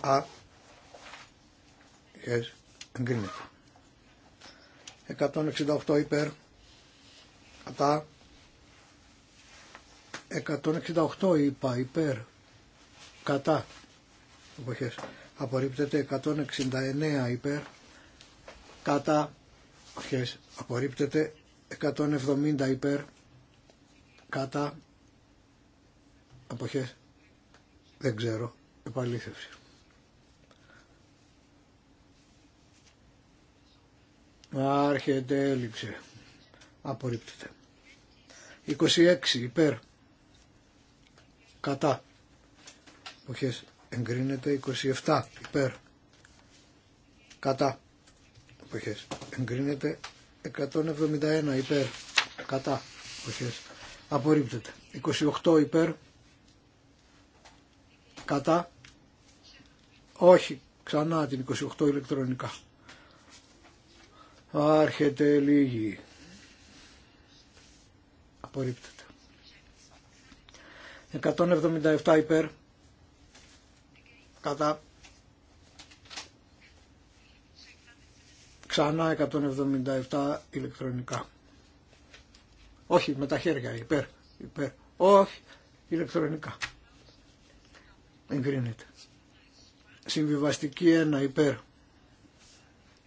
Α. Yes. Εγκρίνεται. 168 υπέρ κατά 168 είπα υπέρ κατά εποχές απορρίπτεται 169 υπέρ κατά εποχές απορρίπτεται 170 υπέρ κατά εποχές δεν ξέρω επαλήθευση Άρχεται, έλλειψη. Απορρίπτεται. 26 υπέρ. Κατά. Όχι εγκρίνεται. 27 υπέρ. Κατά. Οποχές εγκρίνεται. 171 υπέρ. Κατά. Εποχές απορρίπτεται. 28 υπέρ. Κατά. Όχι. Ξανά την 28 ηλεκτρονικά. Άρχεται λίγη. Απορρίπτεται. 177 υπέρ. Κατά. Ξανά 177 ηλεκτρονικά. Όχι, με τα χέρια, υπέρ, υπέρ. Όχι, ηλεκτρονικά. Εγκρίνεται. Συμβιβαστική ενα υπέρ.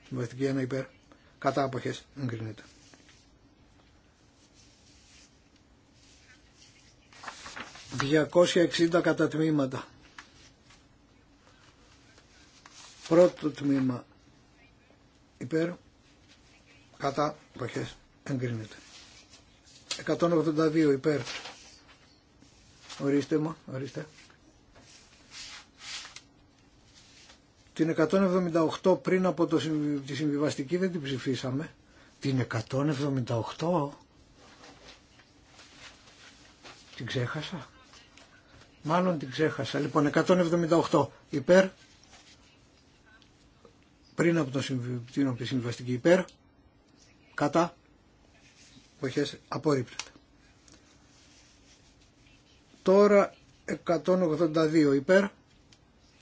Συμβιβαστική ενα υπέρ κατά αποχές εγκρίνεται. 260 κατά τμήματα. Πρώτο τμήμα υπέρ, κατά αποχές εγκρίνεται. 182 υπέρ. Ορίστε μου, ορίστε. Την 178 πριν από το, τη συμβιβαστική δεν την ψηφίσαμε. Την 178 την ξέχασα. Μάλλον την ξέχασα. Λοιπόν, 178 υπέρ πριν από, το, την, τη συμβιβαστική υπέρ κατά απορρίπτεται. Τώρα 182 υπέρ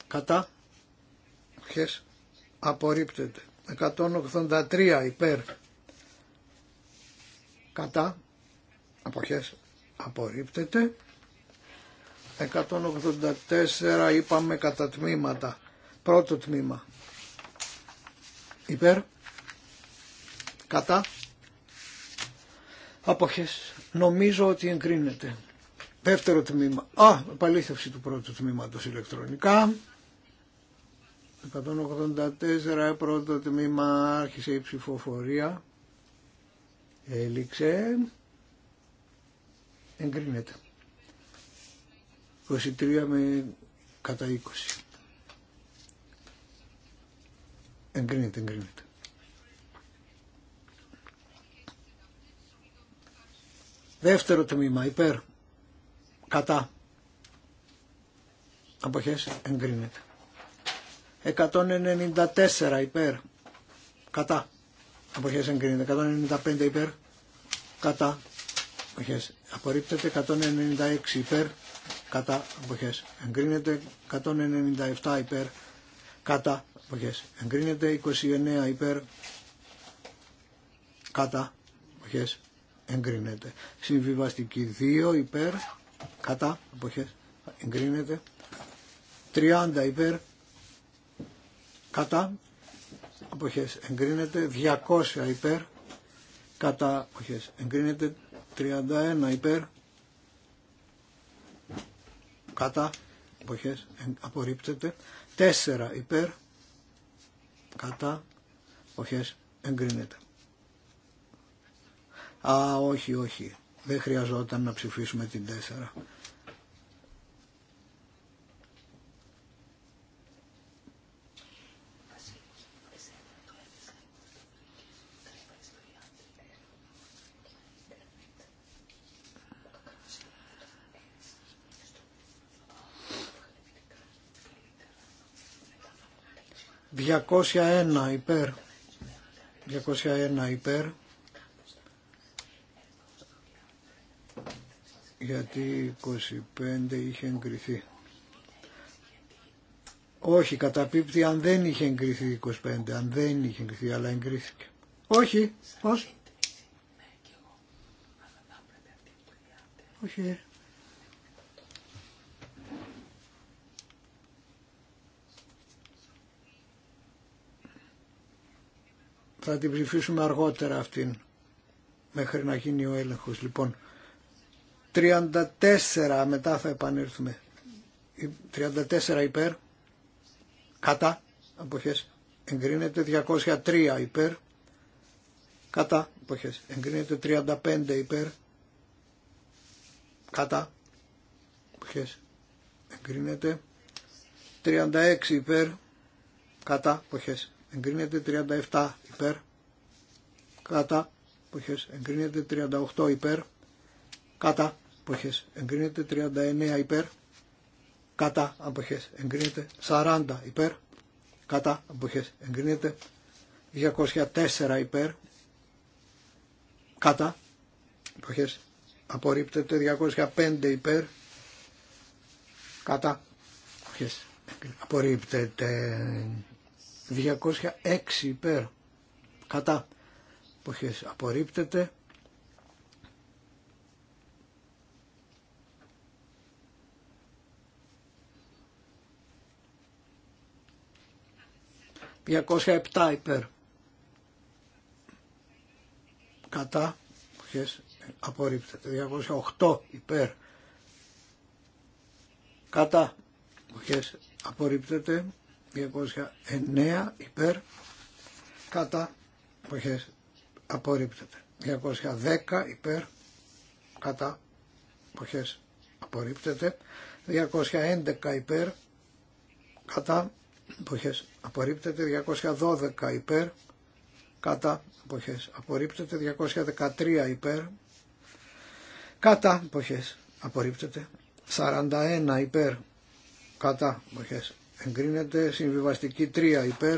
κατά αποχές απορρίπτεται 183 υπέρ κατά αποχές απορρίπτεται 184 είπαμε κατά τμήματα πρώτο τμήμα υπέρ κατά αποχές νομίζω ότι εγκρίνεται δεύτερο τμήμα α επαλήθευση του πρώτου τμήματος ηλεκτρονικά 184 πρώτο τμήμα άρχισε η ψηφοφορία. Έληξε. Εγκρίνεται. 23 με κατά 20. Εγκρίνεται, εγκρίνεται. Δεύτερο τμήμα, υπέρ, κατά. Αποχές εγκρίνεται. 194 υπέρ. Κατά. Αποχές εγκρίνεται. 195 υπέρ. Κατά. Αποχές. Απορρίπτεται. 196 υπέρ. Κατά. Αποχές. Εγκρίνεται. 197 υπέρ. Κατά. Αποχές. Εγκρίνεται. 29 υπέρ. Κατά. Αποχές. Εγκρίνεται. Συμβιβαστική 2 υπέρ. Κατά. Αποχές. Εγκρίνεται. 30 υπέρ κατά αποχές εγκρίνεται 200 υπέρ κατά εποχές εγκρίνεται 31 υπέρ κατά αποχές απορρίπτεται 4 υπέρ κατά εποχές εγκρίνεται Α, όχι, όχι. Δεν χρειαζόταν να ψηφίσουμε την 4. 201 υπέρ. 201 υπέρ. Γιατί 25 είχε εγκριθεί. Όχι, καταπίπτει αν δεν είχε εγκριθεί 25, αν δεν είχε εγκριθεί, αλλά εγκρίθηκε. Όχι, πώς. Όχι. Ε. Θα την ψηφίσουμε αργότερα αυτήν, μέχρι να γίνει ο έλεγχος. Λοιπόν, 34 μετά θα επανέλθουμε. 34 υπέρ, κατά, αποχές, εγκρίνεται 203 υπέρ, κατά, αποχές, εγκρίνεται 35 υπέρ, κατά, αποχές, εγκρίνεται 36 υπέρ, κατά, αποχές, εγκρίνεται 37 υπέρ, κατά ποχές εγκρίνεται 38 υπέρ, κατά ποχές εγκρίνεται 39 υπέρ, κατά αποχές εγκρίνεται 40 υπέρ, κατά αποχές εγκρίνεται 204 υπέρ, κατά εποχές απορρίπτεται 205 υπέρ, κατά εποχές απορρίπτεται 206 υπέρ κατά εποχές απορρίπτεται ...207 υπέρ. Κατά. Ποιες απορρίπτεται. 208 υπέρ. Κατά. Ποιες απορρίπτεται. 209 υπέρ κατά είχε απορρίπτεται. 210 υπέρ κατά είχε απορρίπτεται. 211 υπέρ κατά είχε απορρίπτεται. 212 υπέρ κατά είχε απορρίπτεται. 213 υπέρ κατά είχε απορρίπτεται. 41 υπέρ κατά είχε εγκρίνεται συμβιβαστική 3 υπέρ.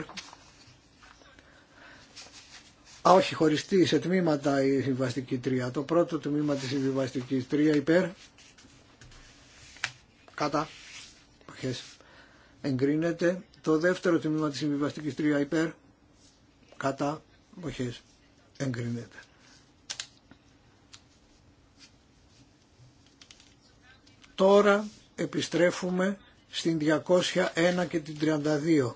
Α, όχι, χωριστεί σε τμήματα η συμβιβαστική 3. Το πρώτο τμήμα της συμβιβαστικής 3 υπέρ. Κατά. χές Εγκρίνεται. Το δεύτερο τμήμα της συμβιβαστικής 3 υπέρ. Κατά. Παχές. Εγκρίνεται. Τώρα επιστρέφουμε στην 201 και την 32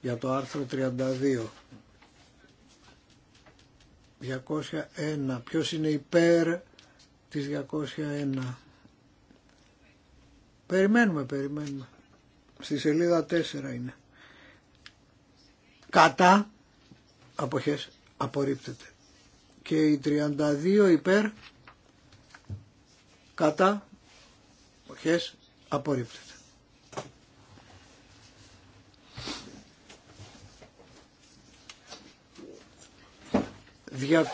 για το άρθρο 32. 201. Ποιος είναι υπέρ της 201. Περιμένουμε, περιμένουμε. Στη σελίδα 4 είναι. Κατά αποχές απορρίπτεται. Και η 32 υπέρ κατά απορρίπτεται. ...214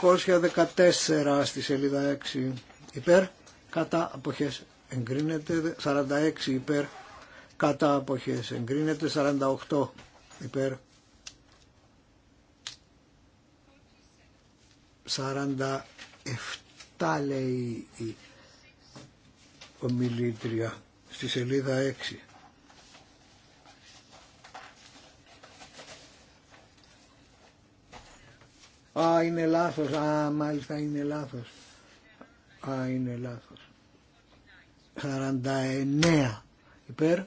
στη σελίδα 6 υπέρ, κατά αποχές εγκρίνεται, 46 υπέρ, κατά αποχές εγκρίνεται, 48 υπέρ, 47 λέει ομιλήτρια στη σελίδα 6. Α, είναι λάθος. Α, μάλιστα είναι λάθος. Α, είναι λάθος. 49 υπέρ.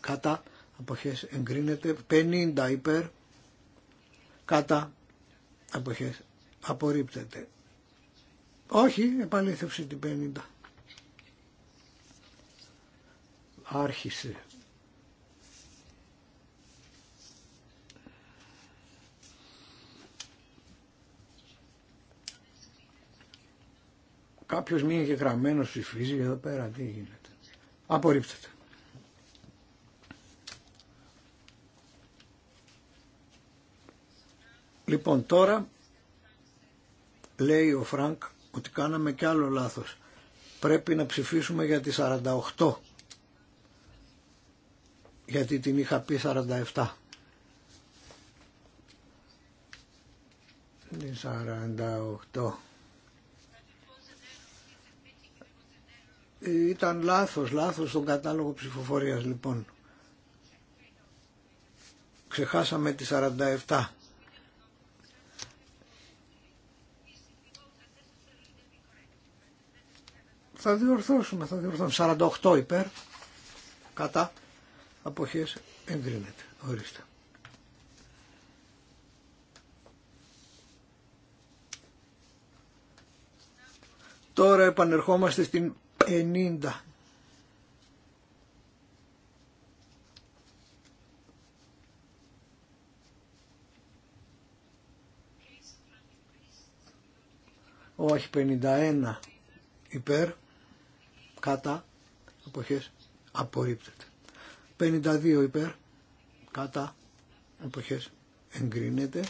Κατά. Αποχές εγκρίνεται. 50 υπέρ. Κατά. Αποχές. Απορρίπτεται. Όχι, επαλήθευση την 50. άρχισε. Κάποιος γραμμένος στη ψηφίζει εδώ πέρα, τι γίνεται. Απορρίπτεται. Λοιπόν τώρα λέει ο Φρανκ ότι κάναμε κι άλλο λάθος. Πρέπει να ψηφίσουμε για τη 48 γιατί την είχα πει 47. Την 48. Ήταν λάθος, λάθος στον κατάλογο ψηφοφορίας λοιπόν. Ξεχάσαμε τη 47. Θα διορθώσουμε, θα διορθώσουμε. 48 υπέρ, κατά αποχές εγκρίνεται. Ορίστε. Τώρα επανερχόμαστε στην 90. όχι 51 υπέρ κατά αποχές απορρίπτεται 52 υπέρ κατά εποχές εγκρίνεται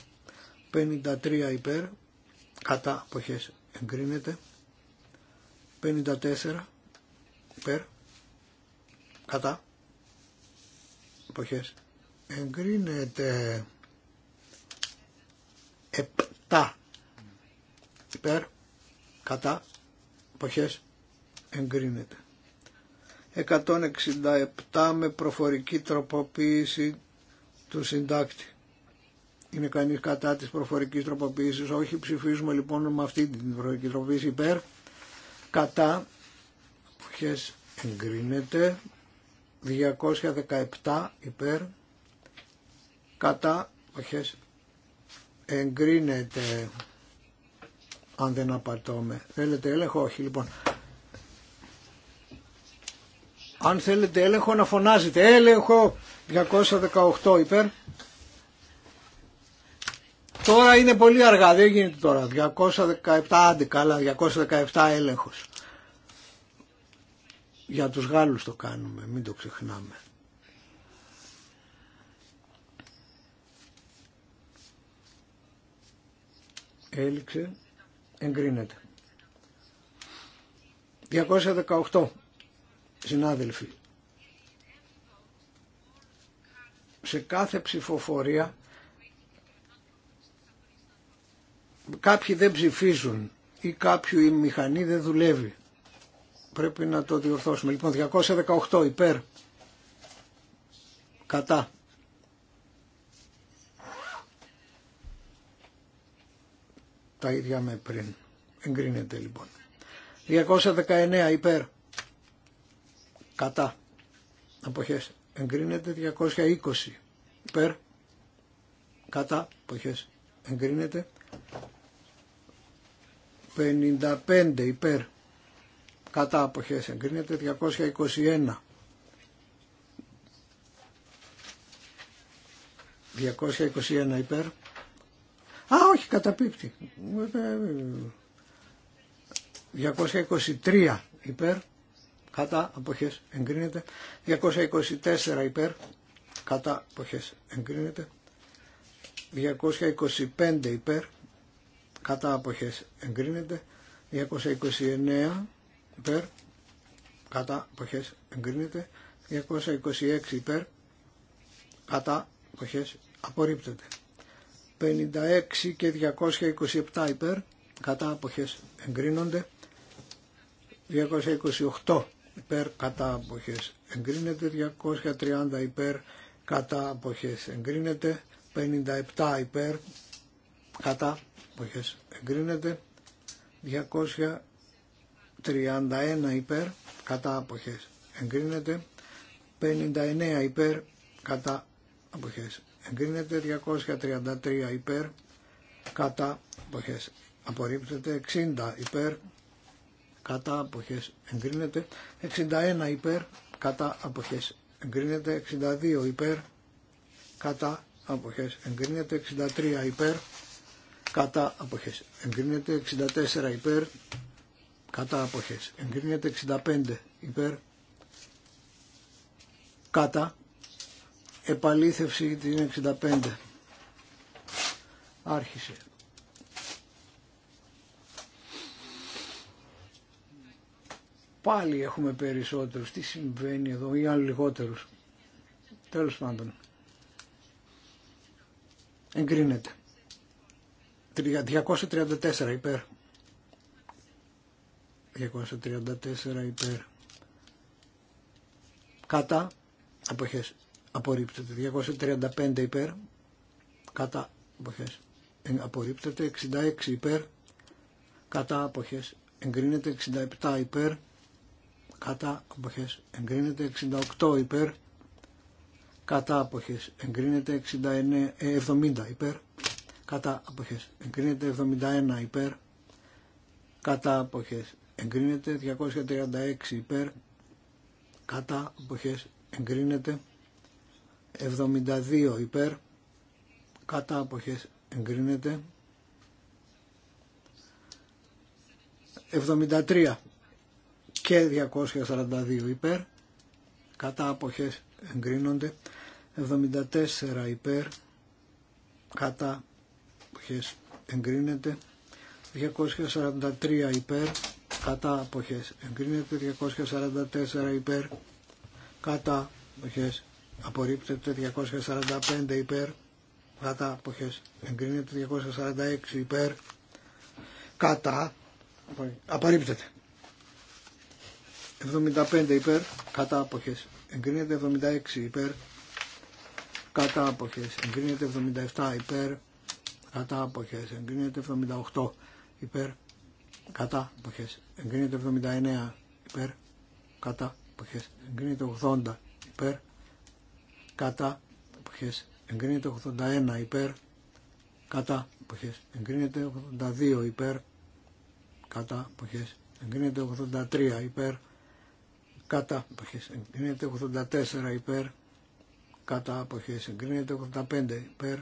53 υπέρ κατά εποχές εγκρίνεται 54 υπέρ κατά εποχές εγκρίνεται 7 υπέρ κατά εποχές εγκρίνεται 167 με προφορική τροποποίηση του συντάκτη. Είναι κανείς κατά της προφορικής τροποποίησης. Όχι ψηφίζουμε λοιπόν με αυτή την προφορική τροποποίηση υπέρ. Κατά. Ποιες εγκρίνεται. 217 υπέρ. Κατά. Ποιες εγκρίνεται. Αν δεν απατώμε. Θέλετε έλεγχο. Όχι λοιπόν. Αν θέλετε έλεγχο να φωνάζετε. Έλεγχο 218 υπέρ. Τώρα είναι πολύ αργά, δεν γίνεται τώρα. 217, άντε καλά, 217 έλεγχος. Για τους Γάλλους το κάνουμε, μην το ξεχνάμε. Έληξε, εγκρίνεται. 218 συνάδελφοι, σε κάθε ψηφοφορία κάποιοι δεν ψηφίζουν ή κάποιου η μηχανή δεν δουλεύει. Πρέπει να το διορθώσουμε. Λοιπόν, 218 υπέρ. Κατά. Τα ίδια με πριν. Εγκρίνεται λοιπόν. 219 υπέρ κατά αποχές εγκρίνεται 220 υπέρ κατά αποχές εγκρίνεται 55 υπέρ κατά αποχές εγκρίνεται 221 221 υπέρ α όχι καταπίπτει 223 ε, ε, ε. υπέρ κατά αποχές εγκρίνεται 224 υπέρ κατά αποχές εγκρίνεται 225 υπέρ κατά αποχές εγκρίνεται 229 υπέρ κατά αποχές εγκρίνεται 226 υπέρ κατά αποχές απορρίπτεται 56 και 227 υπέρ κατά αποχές εγκρίνονται 228 υπέρ κατά αποχές εγκρίνεται 230 υπέρ κατά αποχές εγκρίνεται 57 υπέρ κατά αποχές εγκρίνεται 231 υπέρ κατά αποχές εγκρίνεται 59 υπέρ κατά αποχές εγκρίνεται 233 υπέρ κατά αποχές απορρίπτεται 60 υπέρ κατά αποχές εγκρίνεται 61 υπέρ κατά αποχές εγκρίνεται 62 υπέρ κατά αποχές εγκρίνεται 63 υπέρ κατά αποχές εγκρίνεται 64 υπέρ κατά αποχές εγκρίνεται 65 υπέρ κατά επαλήθευση την 65 άρχισε Πάλι έχουμε περισσότερους. Τι συμβαίνει εδώ ή άλλοι λιγότερους. Τέλος πάντων. Εγκρίνεται. 234 υπέρ. 234 υπέρ. Κατά. Αποχές. Απορρίπτεται. 235 υπέρ. Κατά. Αποχές. Απορρίπτεται. 66 υπέρ. Κατά. Αποχές. Εγκρίνεται. 67 υπέρ κατά αποχές εγκρίνεται 68 υπέρ κατά αποχές εγκρίνεται 69, 70 ε, υπέρ κατά αποχές εγκρίνεται 71 υπέρ κατά αποχές εγκρίνεται 236 υπέρ κατά αποχές εγκρίνεται 72 υπέρ κατά αποχές εγκρίνεται 73 και 242 υπέρ, κατά αποχές εγκρίνονται, 74 υπέρ, κατά αποχές εγκρίνεται, 243 υπέρ, κατά αποχές εγκρίνεται, 244 υπέρ, κατά αποχές απορρίπτεται, 245 υπέρ, κατά αποχές εγκρίνεται, 246 υπέρ, κατά απορρίπτεται. 75 υπέρ κατά αποχές εγκρίνεται 76 υπέρ κατά αποχές εγκρίνεται 77 υπέρ κατά αποχές εγκρίνεται 78 υπέρ κατά αποχές εγκρίνεται 79 υπέρ κατά αποχές εγκρίνεται 80 υπέρ κατά αποχές εγκρίνεται 81 υπέρ κατά αποχές εγκρίνεται 82 υπέρ κατά αποχές εγκρίνεται 83 υπέρ κατά αποχές εγκρίνεται 84 υπέρ κατά αποχές εγκρίνεται 85 υπέρ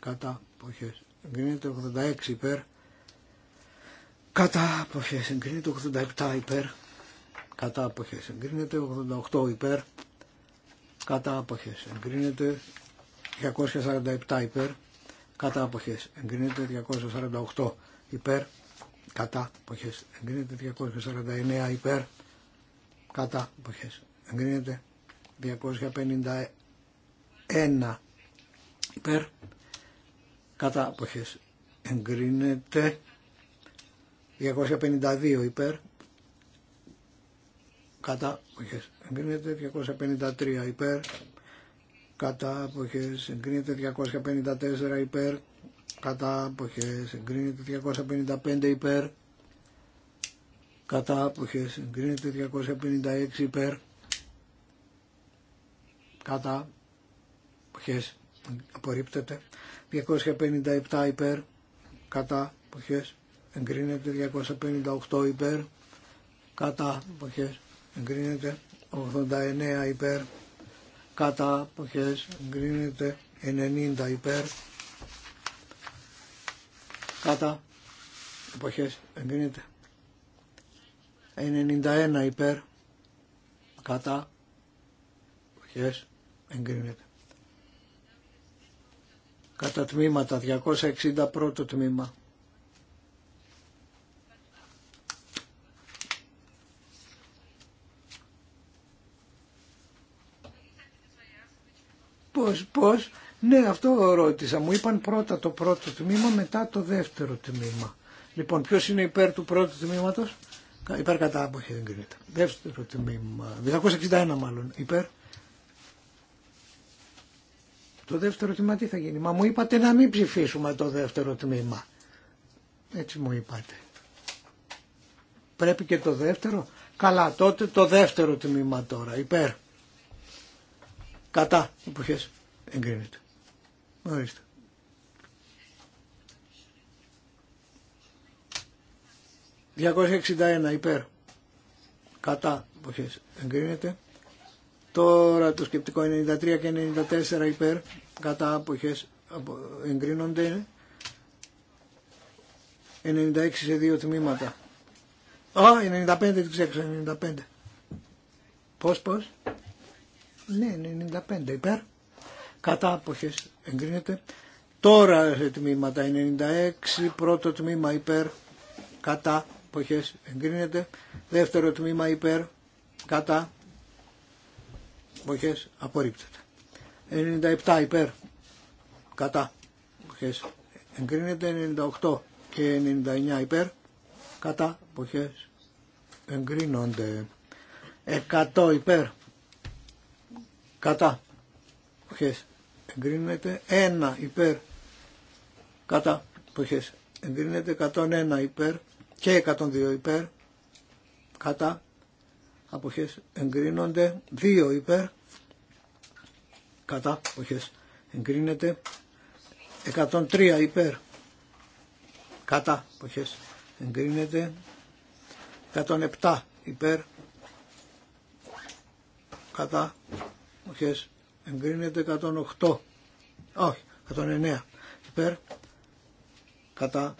κατά αποχές εγκρίνεται 86 υπέρ κατά αποχές εγκρίνεται 87 υπέρ κατά αποχές εγκρίνεται 88 υπέρ κατά αποχές εγκρίνεται 247 υπέρ κατά αποχές εγκρίνεται 248 υπέρ κατά αποχές εγκρίνεται 249 υπέρ κατά εποχές εγκρίνεται 251 υπέρ κατά εποχές εγκρίνεται 252 υπέρ κατά εποχές εγκρίνεται 253 υπέρ κατά εποχές εγκρίνεται 254 υπέρ κατά εποχές εγκρίνεται 255 υπέρ κατά αποχές εγκρίνεται 256 υπέρ κατά αποχές απορρίπτεται 257 υπέρ κατά αποχές εγκρίνεται 258 υπέρ κατά αποχές εγκρίνεται 89 υπέρ κατά αποχές εγκρίνεται 90 υπέρ κατά εποχές εγκρίνεται 91 υπέρ κατά εποχές εγκρίνεται. Κατά τμήματα 260 πρώτο τμήμα. Πώς, πώς, ναι αυτό ρώτησα. Μου είπαν πρώτα το πρώτο τμήμα μετά το δεύτερο τμήμα. Λοιπόν ποιος είναι υπέρ του πρώτου τμήματος. Υπέρ κατά αποχή δεν κρίνεται. Δεύτερο τμήμα. 261 μάλλον. Υπέρ. Το δεύτερο τμήμα τι θα γίνει. Μα μου είπατε να μην ψηφίσουμε το δεύτερο τμήμα. Έτσι μου είπατε. Πρέπει και το δεύτερο. Καλά, τότε το δεύτερο τμήμα τώρα. Υπέρ. Κατά. Εποχές. Εγκρίνεται. Ορίστε. 261 υπέρ. Κατά. Εποχές. Εγκρίνεται. Τώρα το σκεπτικό 93 και 94 υπέρ. Κατά. Εποχές. Εγκρίνονται. 96 σε δύο τμήματα. Α, 95 δεν ξέχασα. 95. Πώς, πώς. Ναι, 95 υπέρ. Κατά αποχές εγκρίνεται. Τώρα σε τμήματα 96, πρώτο τμήμα υπέρ, κατά εποχές εγκρίνεται. Δεύτερο τμήμα υπέρ, κατά, εποχές απορρίπτεται. 97 υπέρ, κατά, εποχές εγκρίνεται. 98 και 99 υπέρ, κατά, εποχές εγκρίνονται. 100 υπέρ, κατά, εποχές εγκρίνεται. 1 υπέρ, κατά, εποχές εγκρίνεται. 101 υπέρ, και 102 υπέρ κατά αποχές εγκρίνονται 2 υπέρ κατά αποχές εγκρίνεται 103 υπέρ κατά αποχές εγκρίνεται 107 υπέρ κατά αποχές εγκρίνεται 108 όχι 109 υπέρ κατά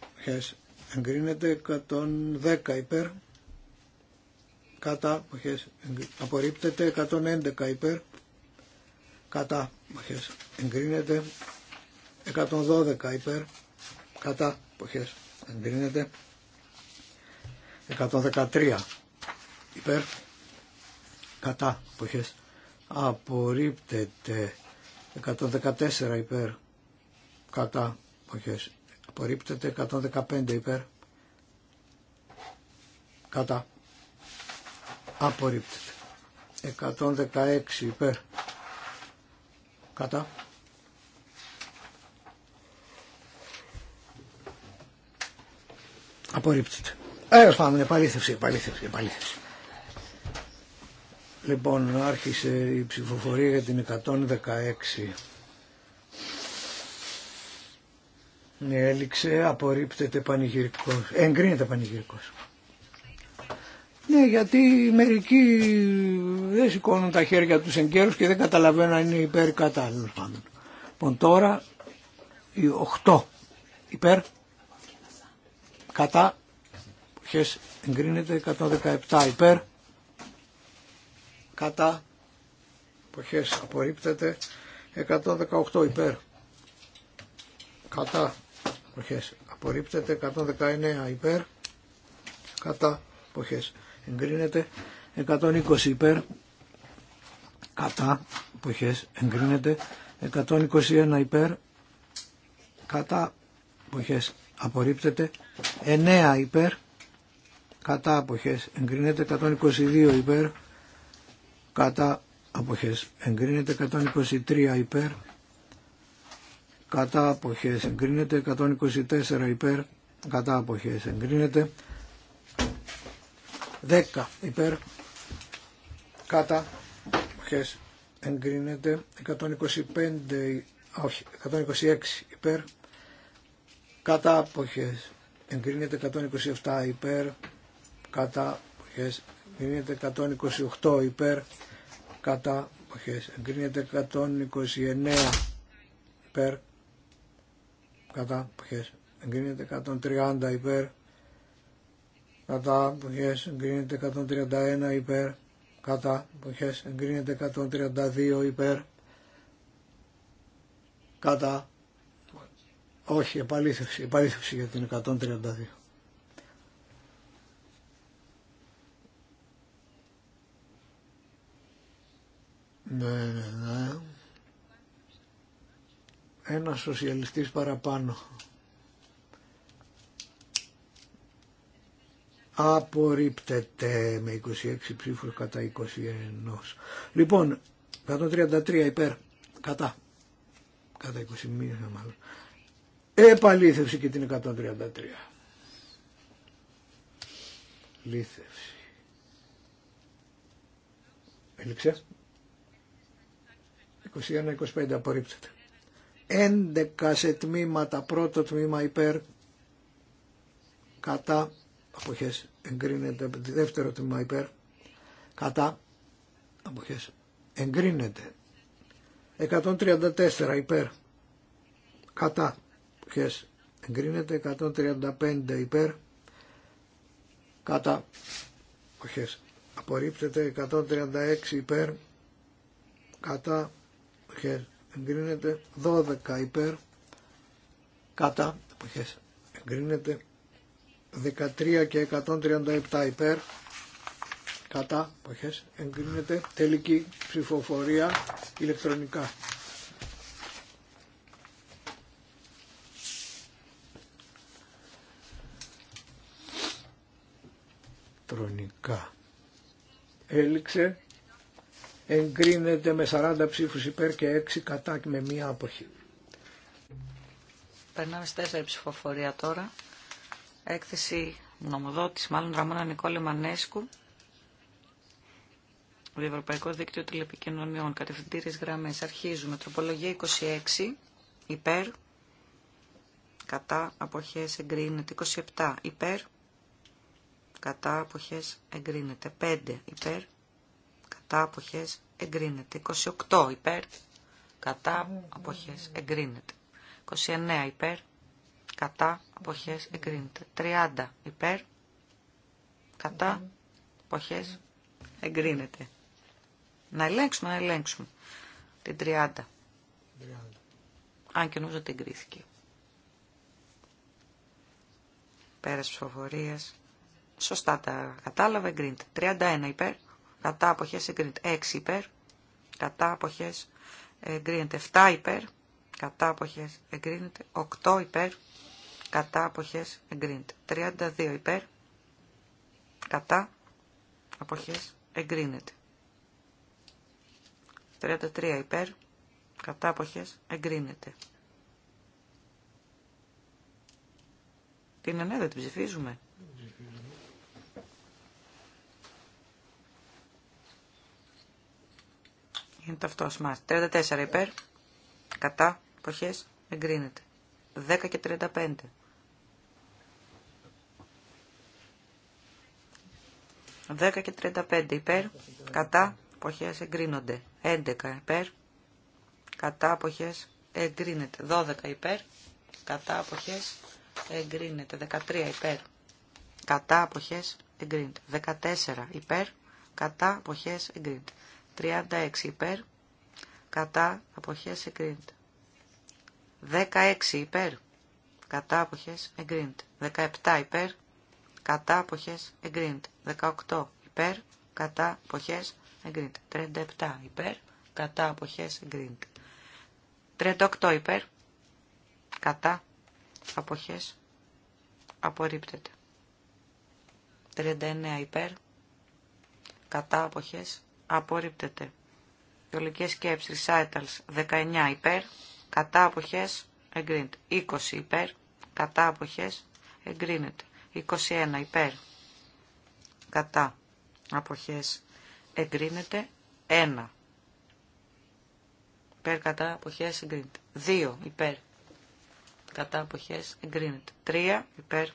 αποχές εγκρίνεται 110 υπέρ κατά απορρίπτεται 111 υπέρ κατά εγκρίνεται 112 υπέρ κατά αποχές εγκρίνεται 113 υπέρ κατά αποχές απορρίπτεται 114 υπέρ κατά Απορρίπτεται 115 υπέρ. Κατά. Απορρίπτεται. 116 υπέρ. Κατά. Απορρίπτεται. Ε, πάμε, επαλήθευση, επαλήθευση, επαλήθευση. Λοιπόν, άρχισε η ψηφοφορία για την 116. Ναι, Έληξε, απορρίπτεται πανηγυρικός. Εγκρίνεται πανηγυρικός. Ναι, γιατί μερικοί δεν σηκώνουν τα χέρια τους εγκαίρους και δεν καταλαβαίνουν αν είναι υπέρ ή κατά. Λοιπόν, τώρα οι 8 υπέρ, κατά, έχεις εγκρίνεται, 117 υπέρ, κατά, εποχές απορρίπτεται 118 υπέρ κατά εποχές. απορρίπτεται 119 υπέρ κατά εποχές. εγκρίνεται 120 υπέρ κατά εποχές. εγκρίνεται 121 υπέρ κατά εποχές. απορρίπτεται 9 υπέρ κατά εποχές. εγκρίνεται 122 υπέρ κατά εποχές. εγκρίνεται 123 υπέρ κατά αποχές εγκρίνεται 124 υπέρ κατά αποχές εγκρίνεται 10 υπέρ κατά αποχές εγκρίνεται 125 όχι 126 υπέρ κατά αποχές εγκρίνεται 127 υπέρ κατά αποχές εγκρίνεται 128 υπέρ κατά αποχές εγκρίνεται 129 υπέρ κατά αποχές εγκρίνεται 130 υπέρ κατά αποχές εγκρίνεται 131 υπέρ κατά αποχές εγκρίνεται 132 υπέρ κατά όχι επαλήθευση, επαλήθευση για την 132 ναι, ναι, ναι. Ένα σοσιαλιστής παραπάνω. Απορρίπτεται με 26 ψήφους κατά 21. Λοιπόν, 133 υπέρ, κατά. Κατά 21 μάλλον. Επαλήθευση και την 133. Λήθευση. Έληξε. 21-25 απορρίπτεται. 11 σε τμήματα, πρώτο τμήμα υπέρ, κατά, αποχές εγκρίνεται, δεύτερο τμήμα υπέρ, κατά, αποχές εγκρίνεται. 134 υπέρ, κατά, αποχές εγκρίνεται, 135 υπέρ, κατά, αποχές απορρίπτεται, 136 υπέρ, κατά, αποχές εγκρίνεται 12 υπέρ κατά εποχές εγκρίνεται 13 και 137 υπέρ κατά εποχές εγκρίνεται τελική ψηφοφορία ηλεκτρονικά ηλεκτρονικά έληξε εγκρίνεται με 40 ψήφους υπέρ και 6 κατά και με μία αποχή. Περνάμε στη τέσσερα ψηφοφορία τώρα. Έκθεση νομοδότης, μάλλον Ραμώνα Νικόλε Μανέσκου. Ευρωπαϊκό Δίκτυο Τηλεπικοινωνιών, κατευθυντήριες γραμμές. Αρχίζουμε. Τροπολογία 26, υπέρ. Κατά αποχές εγκρίνεται. 27, υπέρ. Κατά αποχές εγκρίνεται. 5, υπέρ κατά αποχές εγκρίνεται. 28 υπέρ, κατά αποχές εγκρίνεται. 29 υπέρ, κατά αποχές εγκρίνεται. 30 υπέρ, κατά αποχές εγκρίνεται. Να ελέγξουμε, να ελέγξουμε την 30. 30. Αν και νομίζω ότι εγκρίθηκε. Πέρας ψηφοφορίας. Σωστά τα κατάλαβα, εγκρίνεται. 31 υπέρ, κατά αποχές εγκρίνεται 6 υπέρ, κατά αποχές εγκρίνεται 7 υπέρ, κατά αποχές εγκρίνεται 8 υπέρ, κατά αποχές εγκρίνεται 32 υπέρ, κατά αποχές εγκρίνεται 33 υπέρ, κατά αποχές εγκρίνεται. Την ενέδα την ψηφίζουμε. είναι αυτό smart. 34 υπέρ, κατά, εποχές, εγκρίνεται. 10 και 35. 10 και 35 υπέρ, κατά, εποχές εγκρίνονται. 11 υπέρ, κατά, εποχές εγκρίνεται. 12 υπέρ, κατά, εποχές εγκρίνεται. 13 υπέρ, κατά, εποχές εγκρίνεται. 14 υπέρ, κατά, εποχές εγκρίνεται. 36 υπέρ, κατά αποχές εγκρίνεται. 16 υπέρ, κατά αποχές εγκρίνεται. 17 υπέρ, κατά αποχές εγκρίνεται. 18 υπέρ, κατά αποχές εγκρίνεται. 37 υπέρ, κατά αποχές εγκρίνεται. 38 υπέρ, κατά αποχές απορρίπτεται. 39 υπέρ, κατά αποχές απορρίπτεται. Ιολικές σκέψεις, recitals, 19 υπέρ, κατά αποχές, εγκρίνεται. 20 υπέρ, κατά αποχές, εγκρίνεται. 21 υπέρ, κατά αποχές, εγκρίνεται. 1 υπέρ, κατά αποχές, εγκρίνεται. 2 υπέρ, κατά αποχές, εγκρίνεται. 3 υπέρ,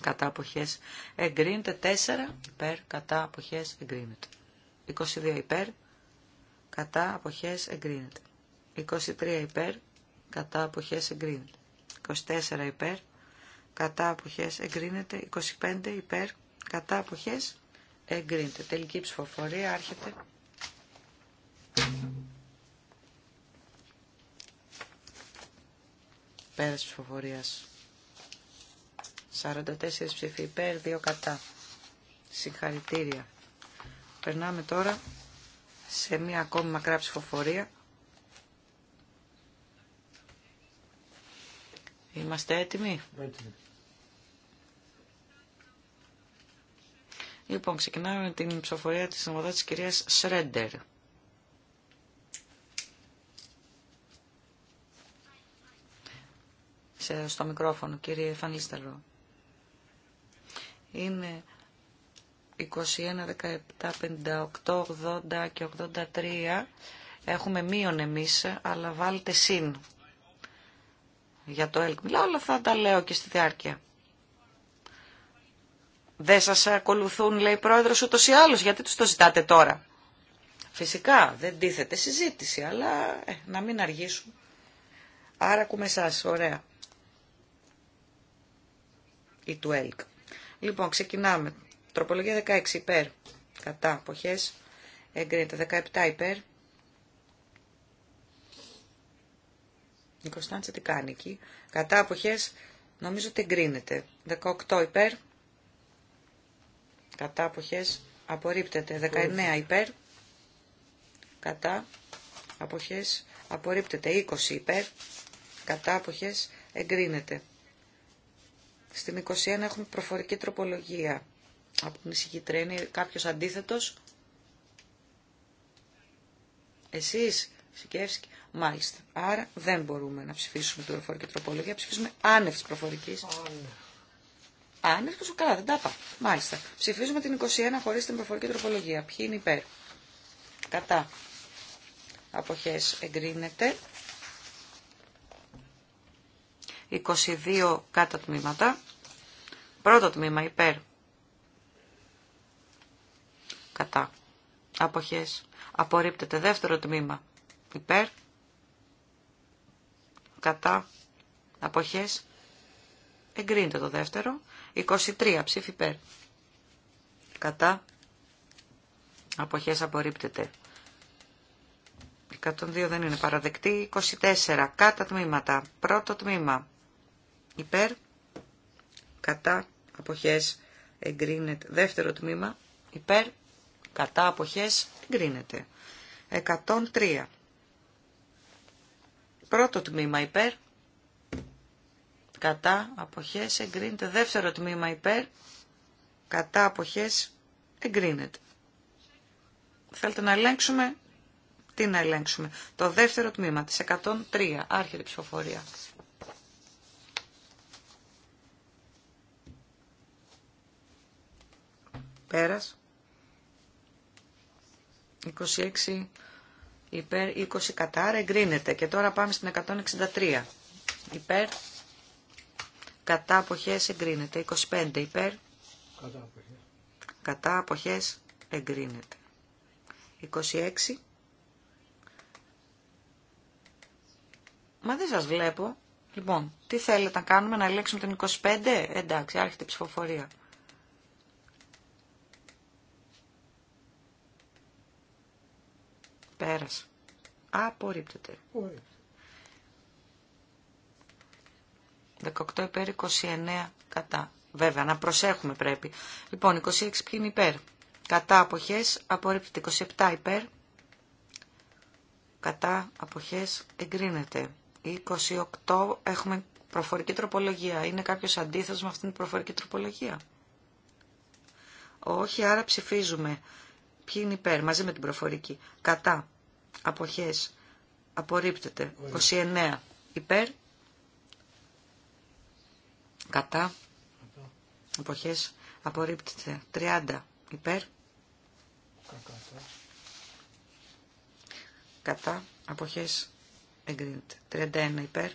κατά αποχές εγκρίνεται, 4 υπέρ κατά αποχές εγκρίνεται. 22 υπέρ, κατά αποχές εγκρίνεται. 23 υπέρ, κατά αποχές εγκρίνεται. 24 υπέρ, κατά αποχές εγκρίνεται. 25 υπέρ, κατά αποχές εγκρίνεται. Τελική ψηφοφορία άρχεται. Πέρας ψηφοφορίας. 44 ψηφοί υπέρ, 2 κατά. Συγχαρητήρια. Περνάμε τώρα σε μία ακόμη μακρά ψηφοφορία. Είμαστε έτοιμοι. έτοιμοι. Λοιπόν, ξεκινάμε με την ψηφοφορία της νομοδότης της κυρίας Σρέντερ. Στο μικρόφωνο, κύριε Φανλίσταλο. Είναι 21, 17, 58, 80 και 83 έχουμε μείον εμείς, αλλά βάλτε συν για το ΕΛΚ. Μιλάω, αλλά θα τα λέω και στη διάρκεια. Δεν σας ακολουθούν, λέει η πρόεδρος, ούτως ή άλλως, γιατί τους το ζητάτε τώρα. Φυσικά, δεν τίθεται συζήτηση, αλλά ε, να μην αργήσουν. Άρα ακούμε εσάς, ωραία. Ή του ΕΛΚ. Λοιπόν, ξεκινάμε. Τροπολογία 16 υπέρ. Κατά αποχές εγκρίνεται. 17 υπέρ. Η Κωνσταντσα τι κάνει εκεί. Κατά αποχές νομίζω ότι εγκρίνεται. 18 υπέρ. Κατά αποχές απορρίπτεται. 19 υπέρ. Κατά αποχές απορρίπτεται. 20 υπέρ. Κατά αποχές εγκρίνεται. Στην 21 έχουμε προφορική τροπολογία από την ησυχή Είναι κάποιος αντίθετος. Εσείς, Σικεύσκη, μάλιστα. Άρα δεν μπορούμε να ψηφίσουμε την προφορική τροπολογία, ψηφίσουμε άνευ της προφορικής. Άνευ, σου καλά, δεν τα είπα. Μάλιστα. Ψηφίζουμε την 21 χωρίς την προφορική τροπολογία. Ποιοι είναι υπέρ. Κατά. Αποχές εγκρίνεται. 22 κάτω τμήματα. Πρώτο τμήμα υπέρ κατά, αποχές, απορρίπτεται. Δεύτερο τμήμα, υπέρ, κατά, αποχές, εγκρίνεται το δεύτερο. 23 ψήφι υπέρ, κατά, αποχές, απορρίπτεται. 102 δεν είναι παραδεκτή. 24 κατά τμήματα. Πρώτο τμήμα υπέρ, κατά, αποχές, εγκρίνεται. Δεύτερο τμήμα υπέρ, κατά αποχές εγκρίνεται. 103. Πρώτο τμήμα υπέρ, κατά αποχές εγκρίνεται. Δεύτερο τμήμα υπέρ, κατά αποχές εγκρίνεται. Θέλετε να ελέγξουμε, τι να ελέγξουμε. Το δεύτερο τμήμα της 103, άρχεται ψηφοφορία. Πέρας. 26 υπέρ 20 κατά, άρα εγκρίνεται. Και τώρα πάμε στην 163. Υπέρ, κατά αποχές εγκρίνεται. 25 υπέρ, κατά αποχές, εγκρίνεται. 26. Μα δεν σας βλέπω. Λοιπόν, τι θέλετε να κάνουμε, να ελέγξουμε τον 25. Εντάξει, άρχεται η ψηφοφορία. Πέρασε. Απορρίπτεται. 18 υπέρ, 29 κατά. Βέβαια, να προσέχουμε πρέπει. Λοιπόν, 26 ποιοι είναι υπέρ. Κατά αποχές, απορρίπτεται. 27 υπέρ. Κατά αποχές, εγκρίνεται. 28 έχουμε προφορική τροπολογία. Είναι κάποιος αντίθετος με αυτήν την προφορική τροπολογία. Όχι, άρα ψηφίζουμε. Ποιοι είναι υπέρ, μαζί με την προφορική. Κατά αποχές απορρίπτεται 29 υπέρ κατά αποχές απορρίπτεται 30 υπέρ κατά αποχές εγκρίνεται 31 υπέρ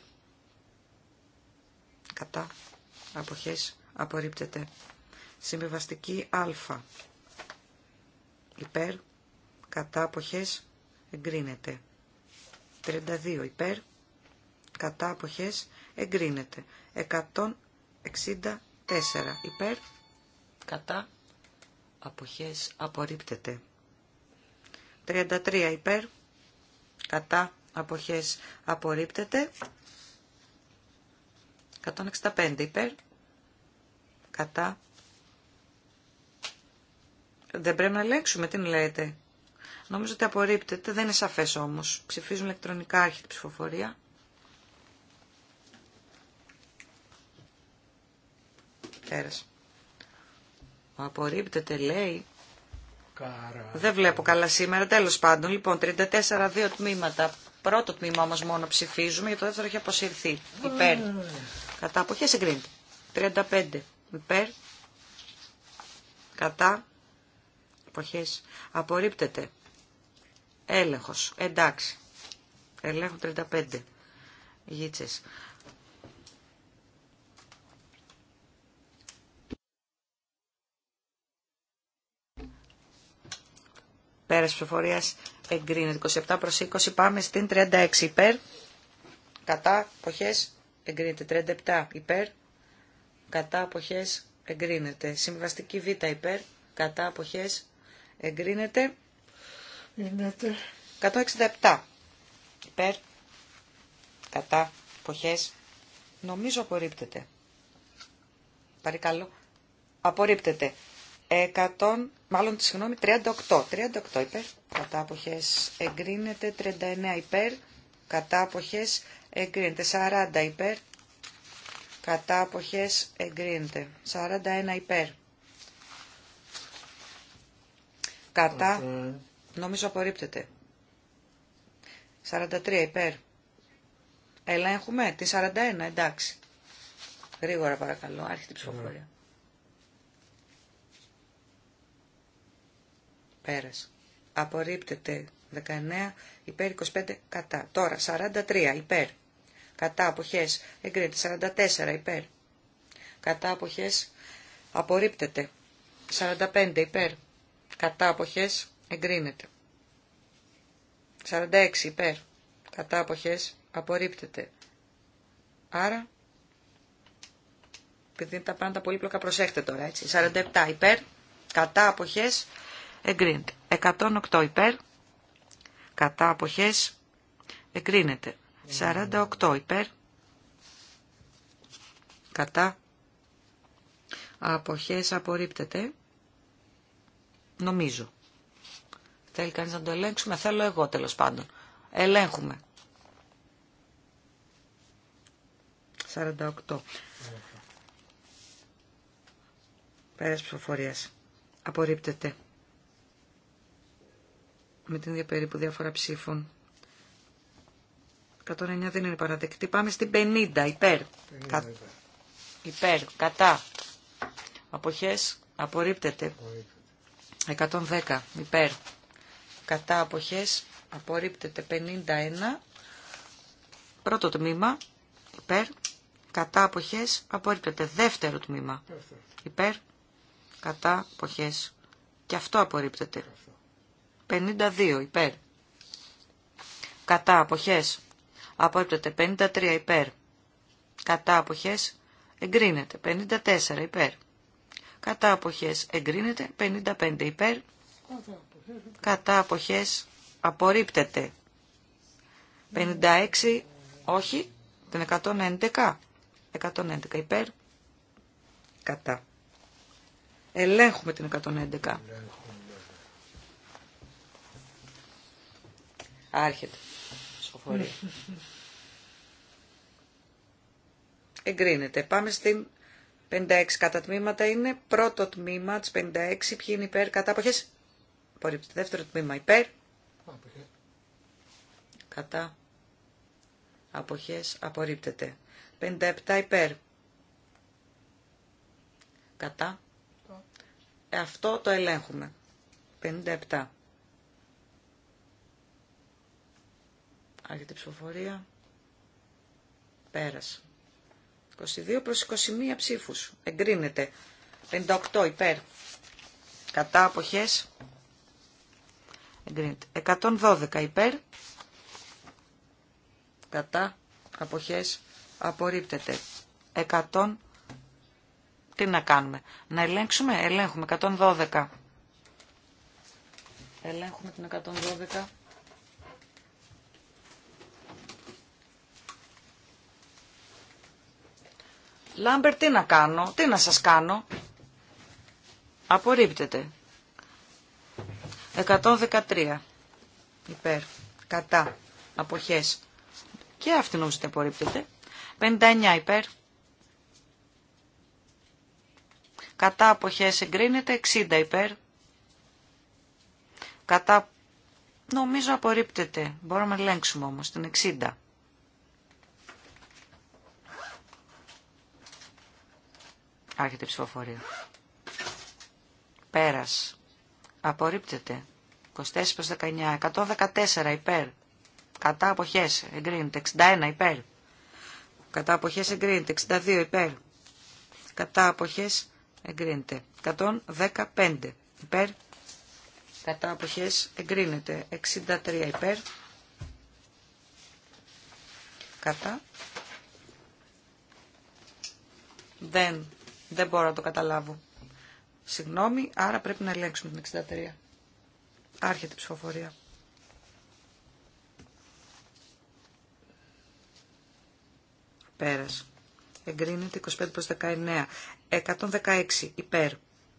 κατά αποχές απορρίπτεται συμβιβαστική α υπέρ κατά αποχές εγκρίνεται. 32 υπέρ, κατά αποχές, εγκρίνεται. 164 υπέρ, κατά αποχές, απορρίπτεται. 33 υπέρ, κατά αποχές, απορρίπτεται. 165 υπέρ, κατά. Δεν πρέπει να ελέγξουμε, τι λέτε. Νομίζω ότι απορρίπτεται, δεν είναι σαφές όμως. Ψηφίζουν ηλεκτρονικά την ψηφοφορία. Πέρασε. Απορρίπτεται, λέει. Καρα... Δεν βλέπω καλά σήμερα. Τέλος πάντων, λοιπόν, 34 δύο τμήματα. Πρώτο τμήμα όμως μόνο ψηφίζουμε, γιατί το δεύτερο έχει αποσυρθεί. Υπέρ. Κατά αποχές εγκρίνεται. 35. Υπέρ. Κατά. Αποχές. Απορρίπτεται. Έλεγχος. Εντάξει. Ελέγχο 35. Γίτσες. Πέρας ψηφοφορίας εγκρίνεται. 27 προς 20 πάμε στην 36 υπέρ. Κατά αποχές εγκρίνεται. 37 υπέρ. Κατά αποχές εγκρίνεται. Συμβαστική β υπέρ. Κατά αποχές εγκρίνεται. 167 υπέρ, κατά, εποχές, νομίζω απορρίπτεται. Παρακαλώ, απορρίπτεται. 100, μάλλον, συγγνώμη, 38. 38 υπέρ, κατά αποχές εγκρίνεται, 39 υπέρ, κατά αποχές εγκρίνεται, 40 υπέρ, κατά αποχές εγκρίνεται, 41 υπέρ, κατά Νομίζω απορρίπτεται. 43 υπέρ. Ελέγχουμε τη 41, εντάξει. Γρήγορα παρακαλώ, άρχεται η ψηφοφορία. Πέρας. Απορρίπτεται 19 υπέρ 25 κατά. Τώρα 43 υπέρ. Κατά αποχές εγκρίνεται 44 υπέρ. Κατά αποχές απορρίπτεται 45 υπέρ. Κατά αποχές εγκρίνεται. 46 υπέρ, κατά αποχές, απορρίπτεται. Άρα, επειδή είναι τα πράγματα πολύπλοκα, προσέχτε τώρα, έτσι. 47 υπέρ, κατά αποχές, εγκρίνεται. 108 υπέρ, κατά αποχές, εγκρίνεται. 48 υπέρ, κατά αποχές, απορρίπτεται. Νομίζω. Θέλει κανείς να το ελέγξουμε. Θέλω εγώ τέλος πάντων. Ελέγχουμε. 48. Πέρας ψηφοφορίας. Απορρίπτεται. Με την ίδια περίπου διάφορα ψήφων. 109 δεν είναι παραδεκτή. Πάμε στην 50. Υπέρ. 50 υπέρ. Κατά. Αποχές. Απορρίπτεται. 110. Υπέρ κατά αποχές απορρίπτεται 51, πρώτο τμήμα, υπέρ, κατά αποχές απορρίπτεται δεύτερο τμήμα, υπέρ, κατά αποχές και αυτό απορρίπτεται. 52 υπέρ, κατά αποχές απορρίπτεται 53 υπέρ, κατά αποχές εγκρίνεται 54 υπέρ, κατά αποχές εγκρίνεται 55 υπέρ, κατά αποχές απορρίπτεται. 56 όχι, την 111. 111 υπέρ, κατά. Ελέγχουμε την 111. Άρχεται. Σοφορεί. Εγκρίνεται. Πάμε στην 56 κατά τμήματα. Είναι πρώτο τμήμα της 56. Ποιοι είναι υπέρ κατά αποχές το Δεύτερο τμήμα υπέρ. Κατά. Αποχές απορρίπτεται. 57 υπέρ. Κατά. Ε, αυτό το ελέγχουμε. 57. Άρχεται η ψηφοφορία. Πέρασε. 22 προς 21 ψήφους. Εγκρίνεται. 58 υπέρ. Κατά αποχές. Εγκρίνεται. 112 υπέρ. Κατά. Αποχές. Απορρίπτεται. 100. Τι να κάνουμε. Να ελέγξουμε. Ελέγχουμε. 112. Ελέγχουμε την 112. Λάμπερ, τι να κάνω, τι να σας κάνω. Απορρίπτεται. 113 υπέρ, κατά, αποχές. Και αυτή νομίζω ότι απορρίπτεται. 59 υπέρ. Κατά αποχές εγκρίνεται 60 υπέρ. Κατά νομίζω απορρίπτεται. Μπορούμε να ελέγξουμε όμως την 60. Άρχεται η ψηφοφορία. Πέρας. Απορρίπτεται. 24 προς 19. 114 υπέρ. Κατά αποχές εγκρίνεται. 61 υπέρ. Κατά αποχές εγκρίνεται. 62 υπέρ. Κατά αποχές εγκρίνεται. 115 υπέρ. Κατά αποχές εγκρίνεται. 63 υπέρ. Κατά. Δεν, δεν μπορώ να το καταλάβω. Συγγνώμη, άρα πρέπει να ελέγξουμε την 63. Άρχεται η ψηφοφορία. Πέρας. Εγκρίνεται 25 προς 19. 116 υπέρ.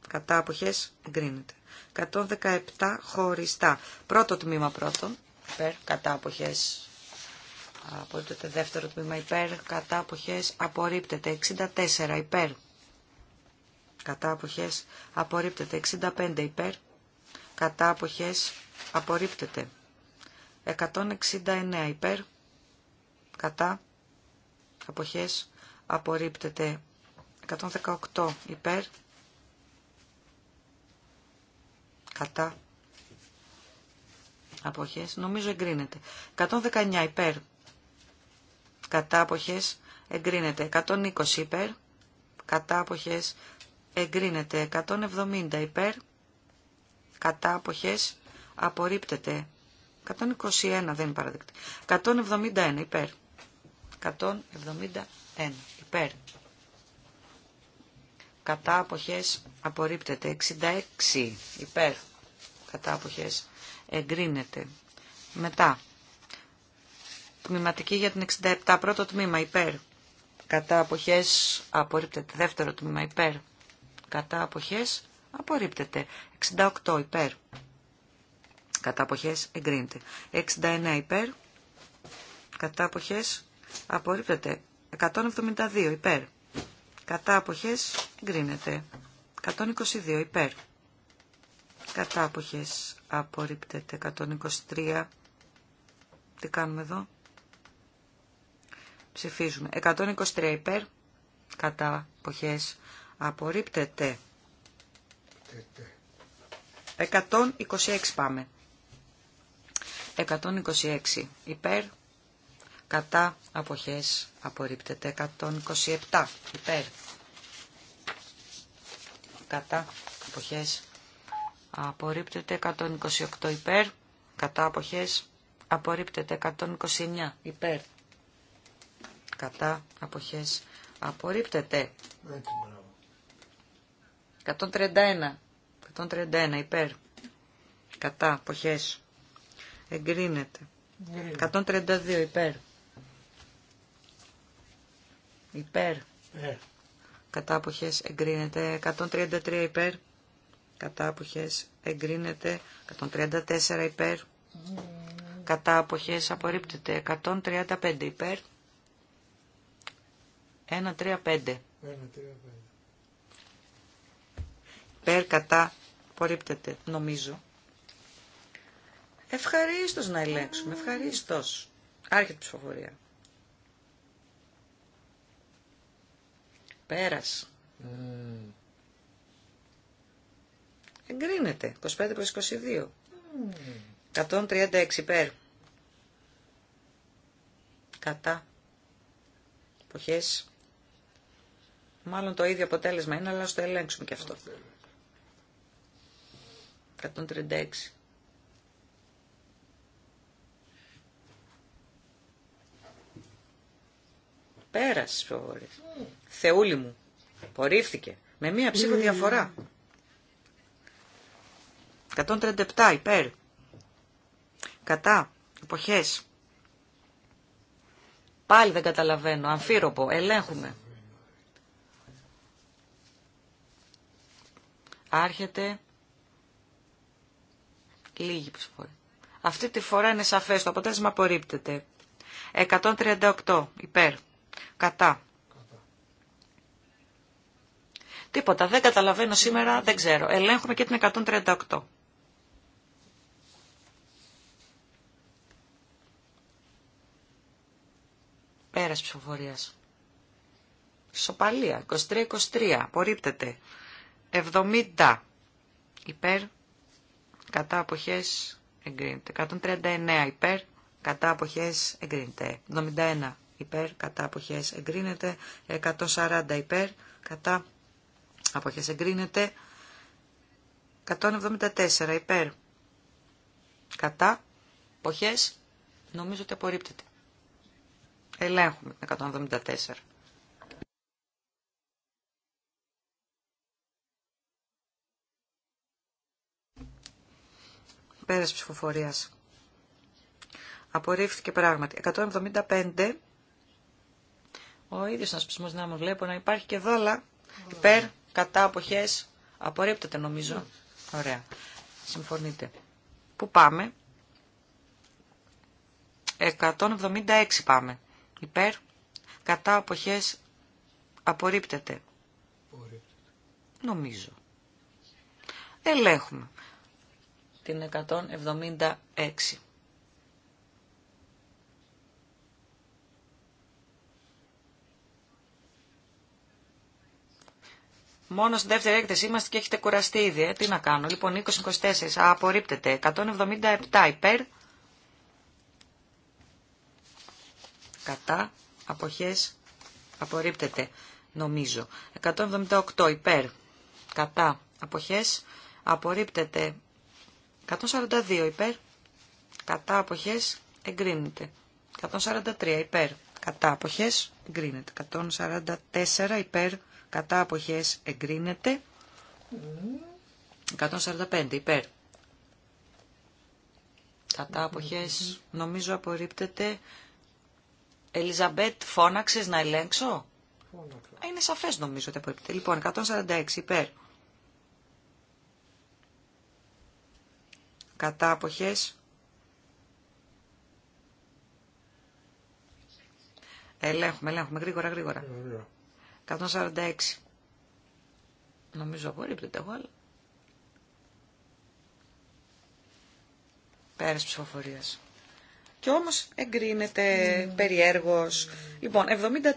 Κατά αποχές εγκρίνεται. 117 χωριστά. Πρώτο τμήμα πρώτον. Υπέρ. Κατά αποχές απορρίπτεται. Δεύτερο τμήμα υπέρ. Κατά αποχές απορρίπτεται. 64 υπέρ κατά αποχές απορρίπτεται. 65 υπέρ κατά αποχές απορρίπτεται. 169 υπέρ κατά αποχές απορρίπτεται. 118 υπέρ κατά αποχές νομίζω εγκρίνεται. 119 υπέρ κατά αποχές εγκρίνεται. 120 υπέρ κατά αποχές εγκρίνεται 170 υπέρ, κατά αποχές απορρίπτεται 121 δεν παραδεκτή. 171 υπέρ. 171 υπέρ. Κατά αποχές απορρίπτεται 66 υπέρ. Κατά αποχές εγκρίνεται. Μετά. Τμηματική για την 67 πρώτο τμήμα υπέρ. Κατά αποχές απορρίπτεται δεύτερο τμήμα υπέρ κατά αποχές απορρίπτεται. 68 υπέρ, κατά αποχές εγκρίνεται. 69 υπέρ, κατά αποχές απορρίπτεται. 172 υπέρ, κατά αποχές εγκρίνεται. 122 υπέρ, κατά αποχές απορρίπτεται. 123, τι κάνουμε εδώ. Ψηφίζουμε. 123 υπέρ, κατά αποχές Απορρίπτεται. 126 πάμε. 126 υπέρ. Κατά αποχές απορρίπτεται. 127 υπέρ. Κατά αποχές απορρίπτεται. 128 υπέρ. Κατά αποχές απορρίπτεται. 129 υπέρ. Κατά αποχές απορρίπτεται. 131. 131 υπέρ. Κατά. Αποχές. Εγκρίνεται. 132 υπέρ. Υπέρ. Ε. Κατά αποχές εγκρίνεται. 133 υπέρ. Κατά αποχές εγκρίνεται. 134 υπέρ. Κατά αποχές απορρίπτεται. 135 υπέρ. 135. 135 υπέρ, κατά, απορρίπτεται, νομίζω. Ευχαρίστως να ελέγξουμε, ευχαριστω Άρχεται ψηφοφορία. Πέρας. Mm. Εγκρίνεται, 25 22. 136 υπέρ. Κατά. Εποχές. Μάλλον το ίδιο αποτέλεσμα είναι, αλλά το ελέγξουμε και αυτό. 136. Πέρασε τι mm. Θεούλη μου. Πορύφθηκε. Με μία ψήφο ναι, ναι, ναι. διαφορά. 137 υπέρ. Κατά. Εποχές. Πάλι δεν καταλαβαίνω. Αμφίροπο. Ελέγχουμε. Άρχεται Λίγη ψηφοφορία. Αυτή τη φορά είναι σαφές. Το αποτέλεσμα απορρίπτεται. 138 υπέρ. Κατά. Τίποτα. Δεν καταλαβαίνω σήμερα. Δεν ξέρω. Ελέγχουμε και την 138. Πέρας ψηφοφορίας. Σοπαλία. 23-23. Απορρίπτεται. 70 υπέρ κατά αποχές εγκρίνεται. 139 υπέρ, κατά αποχές εγκρίνεται. 71 υπέρ, κατά αποχές εγκρίνεται. 140 υπέρ, κατά αποχές εγκρίνεται. 174 υπέρ, κατά αποχές νομίζω ότι απορρίπτεται. Ελέγχουμε 174. Πέρας ψηφοφορία. Απορρίφθηκε πράγματι. 175. Ο ίδιος ένας ψημός να βλέπω να υπάρχει και εδώ, αλλά υπέρ, κατά, αποχές, απορρίπτεται νομίζω. Ωραία. Συμφωνείτε. Πού πάμε. 176 πάμε. Υπέρ, κατά, αποχές, απορρίπτεται. Νομίζω. Ελέγχουμε την 176. Μόνο στην δεύτερη έκθεση είμαστε και έχετε κουραστεί ήδη. Ε. Τι να κάνω. Λοιπόν, 20-24. Απορρίπτεται. 177 υπέρ. Κατά. Αποχές. Απορρίπτεται. Νομίζω. 178 υπέρ. Κατά. Αποχές. Απορρίπτεται. 142 υπέρ, κατά αποχές εγκρίνεται. 143 υπέρ, κατά αποχές εγκρίνεται. 144 υπέρ, κατά αποχές εγκρίνεται. 145 υπέρ. Κατά αποχές νομίζω απορρίπτεται. Ελιζαμπέτ φώναξες να ελέγξω. Είναι σαφές νομίζω ότι απορρίπτεται. Λοιπόν, 146 υπέρ. κατά Ελέγχουμε, ελέγχουμε γρήγορα, γρήγορα. 146. Νομίζω απορρίπτεται εγώ, αλλά... Πέρας ψηφοφορίας. Κι όμως εγκρίνεται mm. περιέργως. Λοιπόν,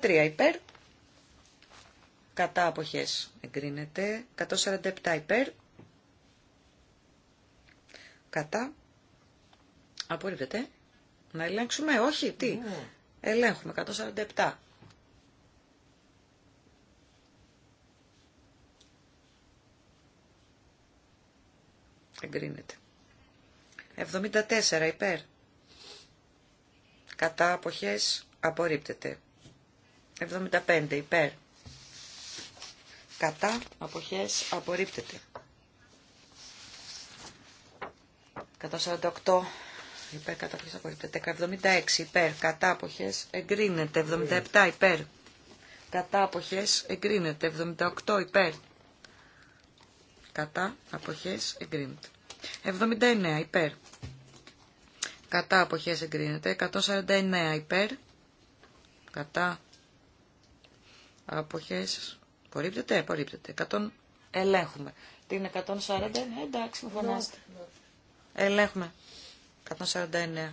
73 υπέρ. Κατά αποχές εγκρίνεται. 147 υπέρ. Κατά. Απορρίπτεται. Να ελέγξουμε. Όχι. Τι. Mm. Ελέγχουμε. 147. Εγκρίνεται. 74 υπέρ. Κατά αποχές απορρίπτεται. 75 υπέρ. Κατά αποχές απορρίπτεται. 148 υπέρ κατά αποχές απορρίπτεται. 76 υπέρ κατά αποχές εγκρίνεται. 77 υπέρ κατά αποχές εγκρίνεται. 78 υπέρ κατά αποχές εγκρίνεται. 79 υπέρ κατά αποχές εγκρίνεται. 149 υπέρ κατά αποχές απορρίπτεται. Απορρίπτεται. 100 ελέγχουμε. Την 149 εντάξει, φωνάστε. Ναι, ναι. Ελέγχουμε. 149.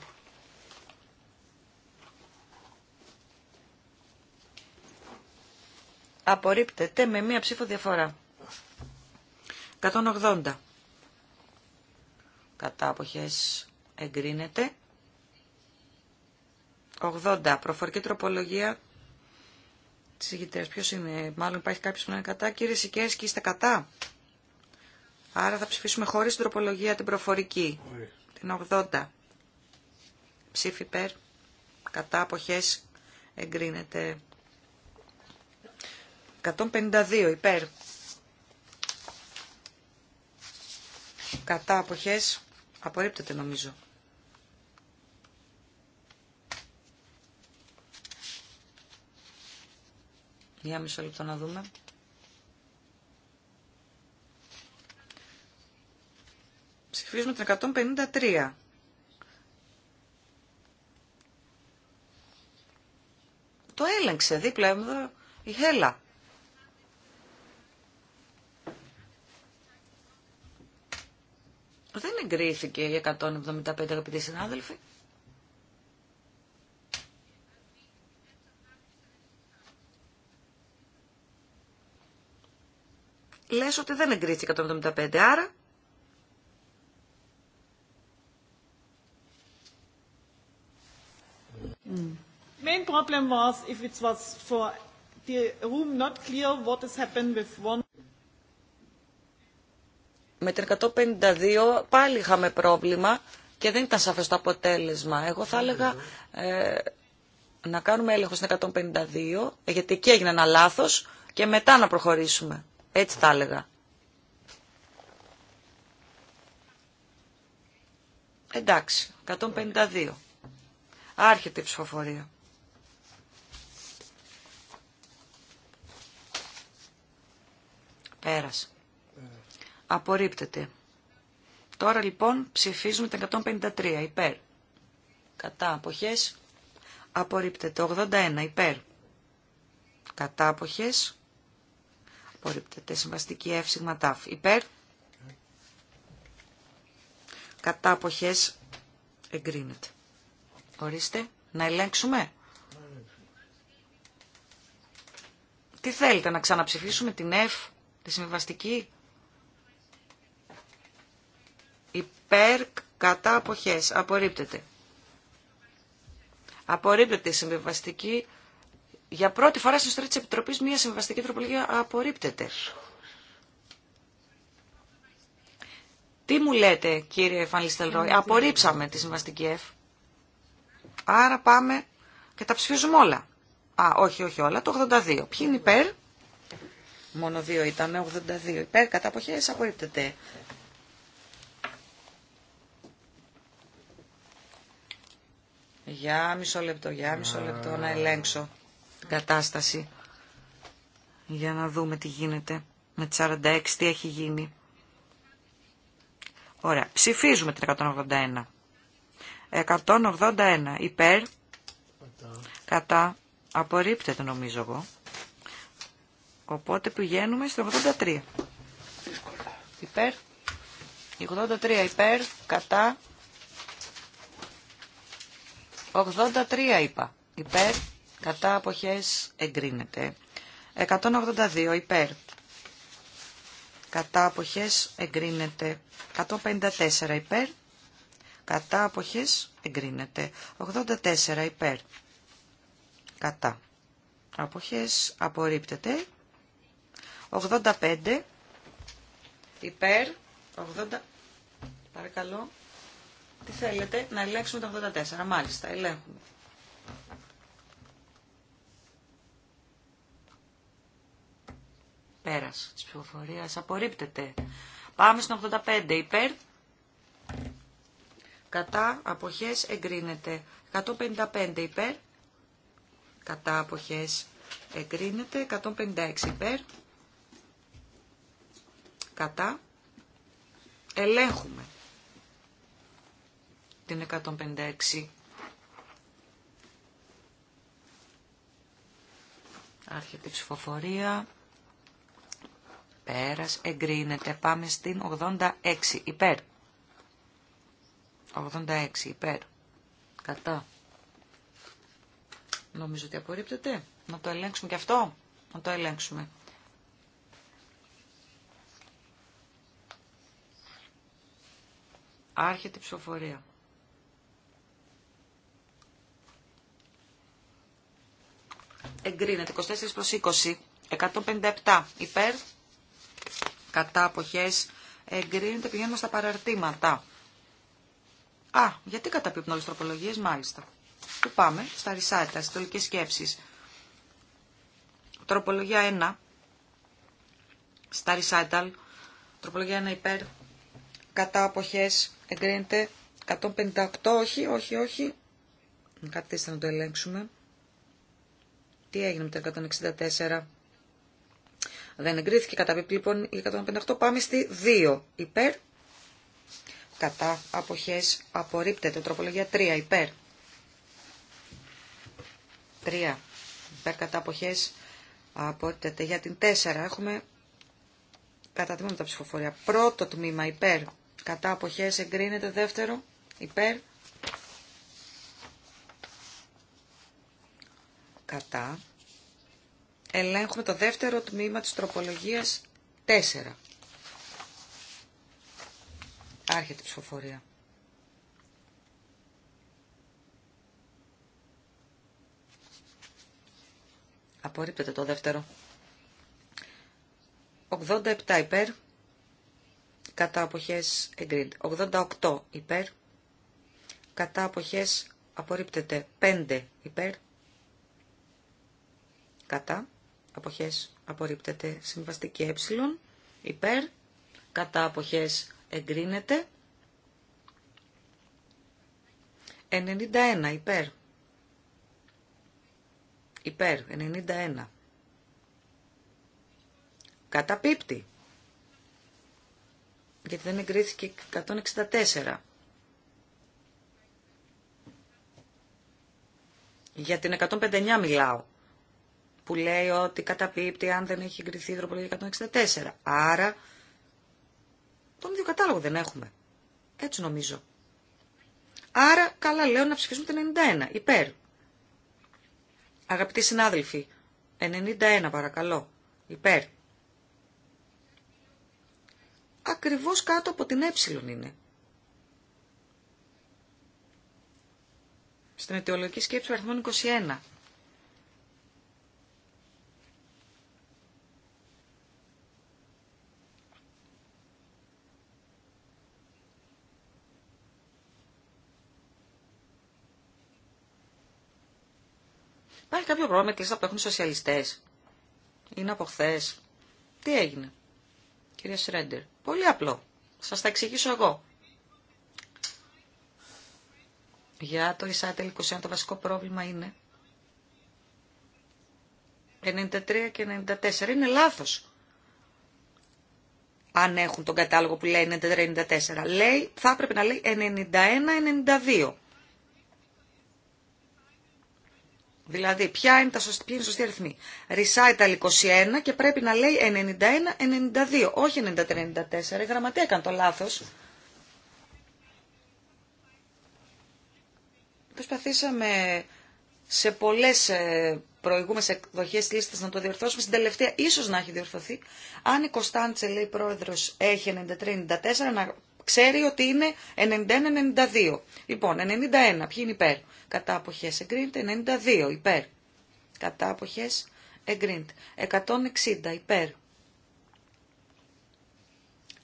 Απορρίπτεται με μία ψήφο διαφορά. 180. Κατά εγκρίνεται. 80. Προφορική τροπολογία Τι ηγητέ. Ποιο είναι, μάλλον υπάρχει κάποιο που είναι κατά. Κύριε Σικέσκη, είστε κατά. Άρα θα ψηφίσουμε χωρίς την τροπολογία την προφορική. Την 80. Ψήφι υπέρ. Κατά αποχές εγκρίνεται. 152 υπέρ. Κατά αποχές απορρίπτεται νομίζω. Για μισό λεπτό να δούμε. Ψηφίζουμε την 153. Το έλεγξε δίπλα εδώ η Χέλα. Δεν εγκρίθηκε η 175 αγαπητοί συνάδελφοι. Λες ότι δεν εγκρίθηκε 175, άρα problem was if it was for the room not clear what has happened with one. Με την 152 πάλι είχαμε πρόβλημα και δεν ήταν σαφές το αποτέλεσμα. Εγώ θα έλεγα ε, να κάνουμε έλεγχο στην 152, γιατί εκεί έγινε ένα λάθος και μετά να προχωρήσουμε. Έτσι θα έλεγα. Εντάξει, 152. Άρχεται η ψηφοφορία. Πέρας. Απορρίπτεται. Τώρα λοιπόν ψηφίζουμε τα 153 υπέρ. Κατά αποχές. Απορρίπτεται. 81 υπέρ. Κατά αποχές. Απορρίπτεται. Συμβαστική εύσηγμα τάφ. Υπέρ. Κατά αποχές. Εγκρίνεται. Ορίστε. Να ελέγξουμε. Τι θέλετε να ξαναψηφίσουμε την F. Τη συμβιβαστική υπέρ κατά αποχές. Απορρίπτεται. Απορρίπτεται η συμβιβαστική. Για πρώτη φορά στην ιστορία της Επιτροπής μια συμβιβαστική τροπολογία απορρίπτεται. Τι μου λέτε κύριε Φανλιστελρόι, απορρίψαμε τη συμβαστική F. Άρα πάμε και τα ψηφίζουμε όλα. Α, όχι, όχι όλα, το 82. Ποιοι είναι υπέρ, μόνο δύο ήταν, 82 υπέρ, κατά αποχές απορρίπτεται. Για μισό λεπτό, για μισό λεπτό να ελέγξω την κατάσταση. Για να δούμε τι γίνεται. Με 46 τι έχει γίνει. Ωραία. Ψηφίζουμε την 181. 181. Υπέρ. Κατά. Απορρίπτεται νομίζω εγώ. Οπότε πηγαίνουμε στο 83. Υπέρ. 83 υπέρ, κατά. 83 είπα. Υπέρ, κατά αποχές εγκρίνεται. 182 υπέρ. Κατά αποχές εγκρίνεται. 154 υπέρ. Κατά αποχές εγκρίνεται. 84 υπέρ. Κατά. Αποχές απορρίπτεται. 85 υπέρ 80 παρακαλώ τι θέλετε να ελέγξουμε το 84 μάλιστα ελέγχουμε πέρας της ψηφοφορίας απορρίπτεται πάμε στο 85 υπέρ κατά αποχές εγκρίνεται 155 υπέρ κατά αποχές εγκρίνεται 156 υπέρ Κατά. Ελέγχουμε την 156. Άρχεται η ψηφοφορία. Πέρας εγκρίνεται. Πάμε στην 86 υπέρ. 86 υπέρ. Κατά. Νομίζω ότι απορρίπτεται. Να το ελέγξουμε και αυτό. Να το ελέγξουμε. Άρχεται η ψηφοφορία. Εγκρίνεται 24 προς 20. 157 υπέρ. Κατά αποχές εγκρίνεται. Πηγαίνουμε στα παραρτήματα. Α, γιατί καταπιπνώ όλες τροπολογίες, μάλιστα. Πού πάμε, στα ρισάιτα, στις τολικές σκέψεις. Τροπολογία 1, στα τροπολογία 1 υπέρ, κατά αποχές εγκρίνεται 158, όχι, όχι, όχι. Καθίστε να το ελέγξουμε. Τι έγινε με το 164. Δεν εγκρίθηκε κατά λοιπόν η 158. Πάμε στη 2. Υπέρ. Κατά αποχές απορρίπτεται. Τροπολογία 3. Υπέρ. 3. Υπέρ κατά αποχές απορρίπτεται. Για την 4 έχουμε κατά τμήματα ψηφοφορία. Πρώτο τμήμα υπέρ κατά αποχές εγκρίνεται δεύτερο υπέρ κατά ελέγχουμε το δεύτερο τμήμα της τροπολογίας 4 άρχεται η ψηφοφορία απορρίπτεται το δεύτερο 87 υπέρ κατά αποχές εγκρίνεται. 88 υπέρ, κατά αποχές απορρίπτεται. 5 υπέρ, κατά αποχές απορρίπτεται. Συμβαστική ε υπέρ, κατά αποχές εγκρίνεται. 91 υπέρ. Υπέρ, 91. Καταπίπτει γιατί δεν εγκρίθηκε 164. Για την 159 μιλάω, που λέει ότι καταπίπτει αν δεν έχει εγκριθεί η 164. Άρα, τον ίδιο κατάλογο δεν έχουμε. Έτσι νομίζω. Άρα, καλά λέω να ψηφίσουμε την 91, υπέρ. Αγαπητοί συνάδελφοι, 91 παρακαλώ, υπέρ ακριβώς κάτω από την ε είναι. Στην αιτιολογική σκέψη αριθμών 21. Υπάρχει κάποιο πρόβλημα με τη που έχουν σοσιαλιστές. Είναι από χθε. Τι έγινε. Κυρία Σρέντερ, πολύ απλό. Σας τα εξηγήσω εγώ. Για το Ισάτελ 21 το βασικό πρόβλημα είναι 93 και 94. Είναι λάθος. Αν έχουν τον κατάλογο που λέει 93-94. Λέει, θα έπρεπε να λέει 91-92. Δηλαδή, ποια είναι, τα σωστή, είναι η σωστή αριθμή. Recital 21 και πρέπει να λέει 91-92, όχι 93-94. Η γραμματεία έκανε το λάθο. Προσπαθήσαμε σε πολλές ε, προηγούμενες εκδοχέ τη λίστα να το διορθώσουμε. Στην τελευταία ίσως να έχει διορθωθεί. Αν η Κωνσταντσε, λέει πρόεδρος, έχει 93-94, να ξέρει ότι είναι 91-92. Λοιπόν, 91, ποιοι είναι υπέρ. Κατά αποχές εγκρίνεται, 92 υπέρ. Κατά αποχές εγκρίνεται. 160 υπέρ.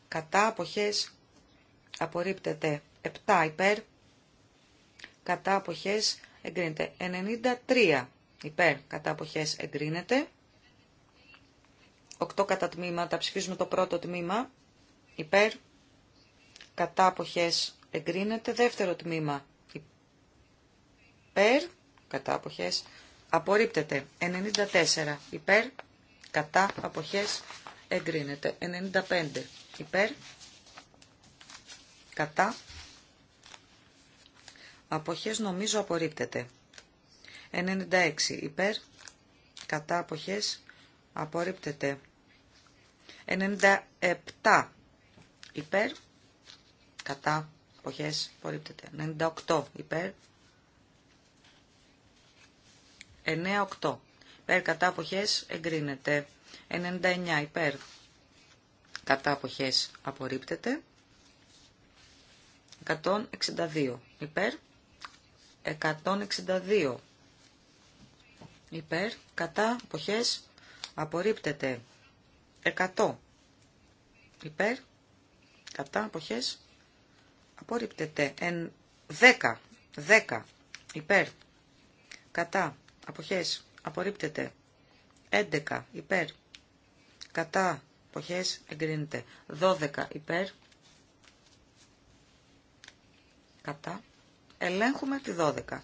Κατά αποχές απορρίπτεται. 7 υπέρ. Κατά αποχές εγκρίνεται. 93 υπέρ. Κατά αποχές εγκρίνεται. 8 κατά τμήματα. Ψηφίζουμε το πρώτο τμήμα. Υπέρ κατά αποχές εγκρίνεται. Δεύτερο τμήμα υπέρ, κατά αποχές, απορρίπτεται. 94 υπέρ, κατά αποχές εγκρίνεται. 95 υπέρ, κατά αποχές νομίζω απορρίπτεται. 96 υπέρ, κατά αποχές απορρίπτεται. 97 υπέρ, κατά αποχές απορρίπτεται. 98 υπέρ. 98 υπέρ κατά αποχές εγκρίνεται. 99 υπέρ κατά αποχές απορρίπτεται. 162 υπέρ. 162 υπέρ κατά αποχές απορρίπτεται. 100 υπέρ κατά αποχές απορρίπτεται. 10. 10. Υπέρ. Κατά. Αποχές. Απορρίπτεται. 11. Υπέρ. Κατά. Αποχές. Εγκρίνεται. 12. Υπέρ. Κατά. Ελέγχουμε τη 12.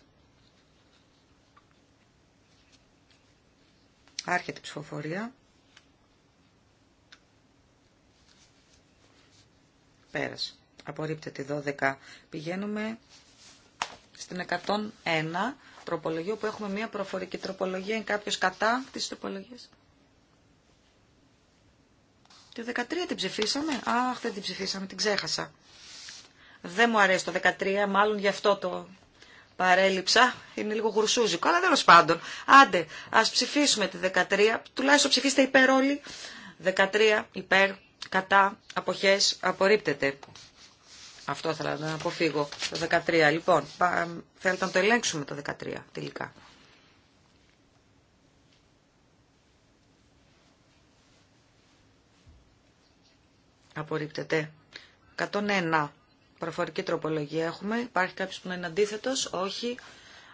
Άρχεται η ψηφοφορία. Πέρασε απορρίπτεται 12. Πηγαίνουμε στην 101 τροπολογία που έχουμε μια προφορική τροπολογία. Είναι κάποιος κατά της τροπολογίας. Τη 13 την ψηφίσαμε. Αχ, δεν την ψηφίσαμε, την ξέχασα. Δεν μου αρέσει το 13, μάλλον γι' αυτό το παρέλειψα. Είναι λίγο γουρσούζικο, αλλά τέλο πάντων. Άντε, ας ψηφίσουμε τη 13. Τουλάχιστον ψηφίστε υπέρ όλοι. 13 υπέρ, κατά, αποχές, απορρίπτεται. Αυτό ήθελα να αποφύγω. Το 13. Λοιπόν, θέλετε να το ελέγξουμε το 13 τελικά. Απορρίπτεται. 101. Προφορική τροπολογία έχουμε. Υπάρχει κάποιο που είναι αντίθετο. Όχι.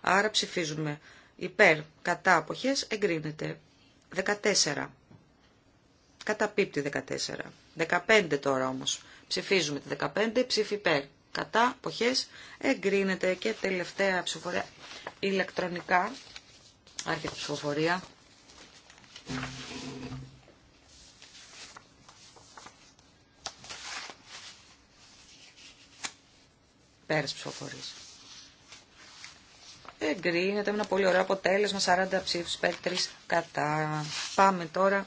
Άρα ψηφίζουμε. Υπέρ. Κατά αποχές εγκρίνεται. 14. Καταπίπτει 14. 15 τώρα όμως. Ψηφίζουμε τη 15, ψήφι υπέρ. Κατά, ποχε. εγκρίνεται και τελευταία ψηφοφορία ηλεκτρονικά. Άρχεται ψηφοφορία. Πέρας ψηφοφορία. Εγκρίνεται με ένα πολύ ωραίο αποτέλεσμα, 40 ψήφους, 3 κατά. Πάμε τώρα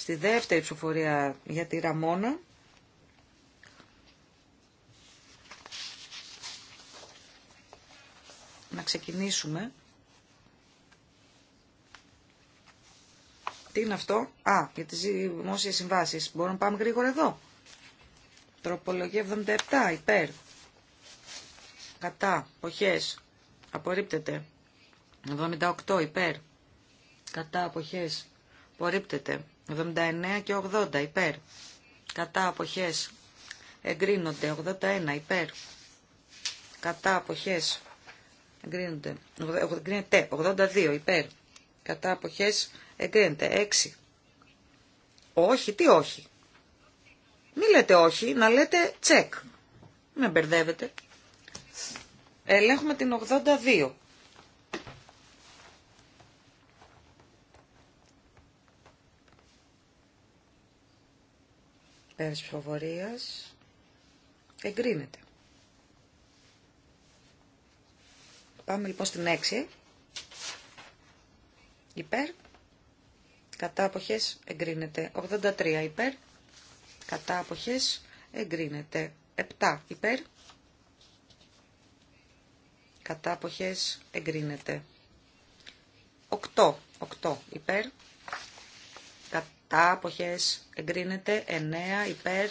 στη δεύτερη ψηφοφορία για τη Ραμόνα. Να ξεκινήσουμε. Τι είναι αυτό? Α, για τις δημόσιες συμβάσεις. Μπορούμε να πάμε γρήγορα εδώ. Τροπολογία 77, υπέρ. Κατά, ποχές. Απορρίπτεται. 78, υπέρ. Κατά, ποχές. Απορρίπτεται. 79 και 80 υπέρ. Κατά αποχές εγκρίνονται 81 υπέρ. Κατά αποχές εγκρίνονται, 82 υπέρ. Κατά αποχές εγκρίνεται 6. Όχι, τι όχι. Μη λέτε όχι, να λέτε τσεκ. Με μπερδεύετε. Ελέγχουμε την 82. Πέρας ψηφοφορίας. Εγκρίνεται. Πάμε λοιπόν στην 6. Υπέρ. Κατά αποχές εγκρίνεται. 83 υπέρ. Κατά αποχές εγκρίνεται. 7 υπέρ. Κατά αποχές εγκρίνεται. 8. 8 υπέρ. Τα αποχές εγκρίνεται 9 υπέρ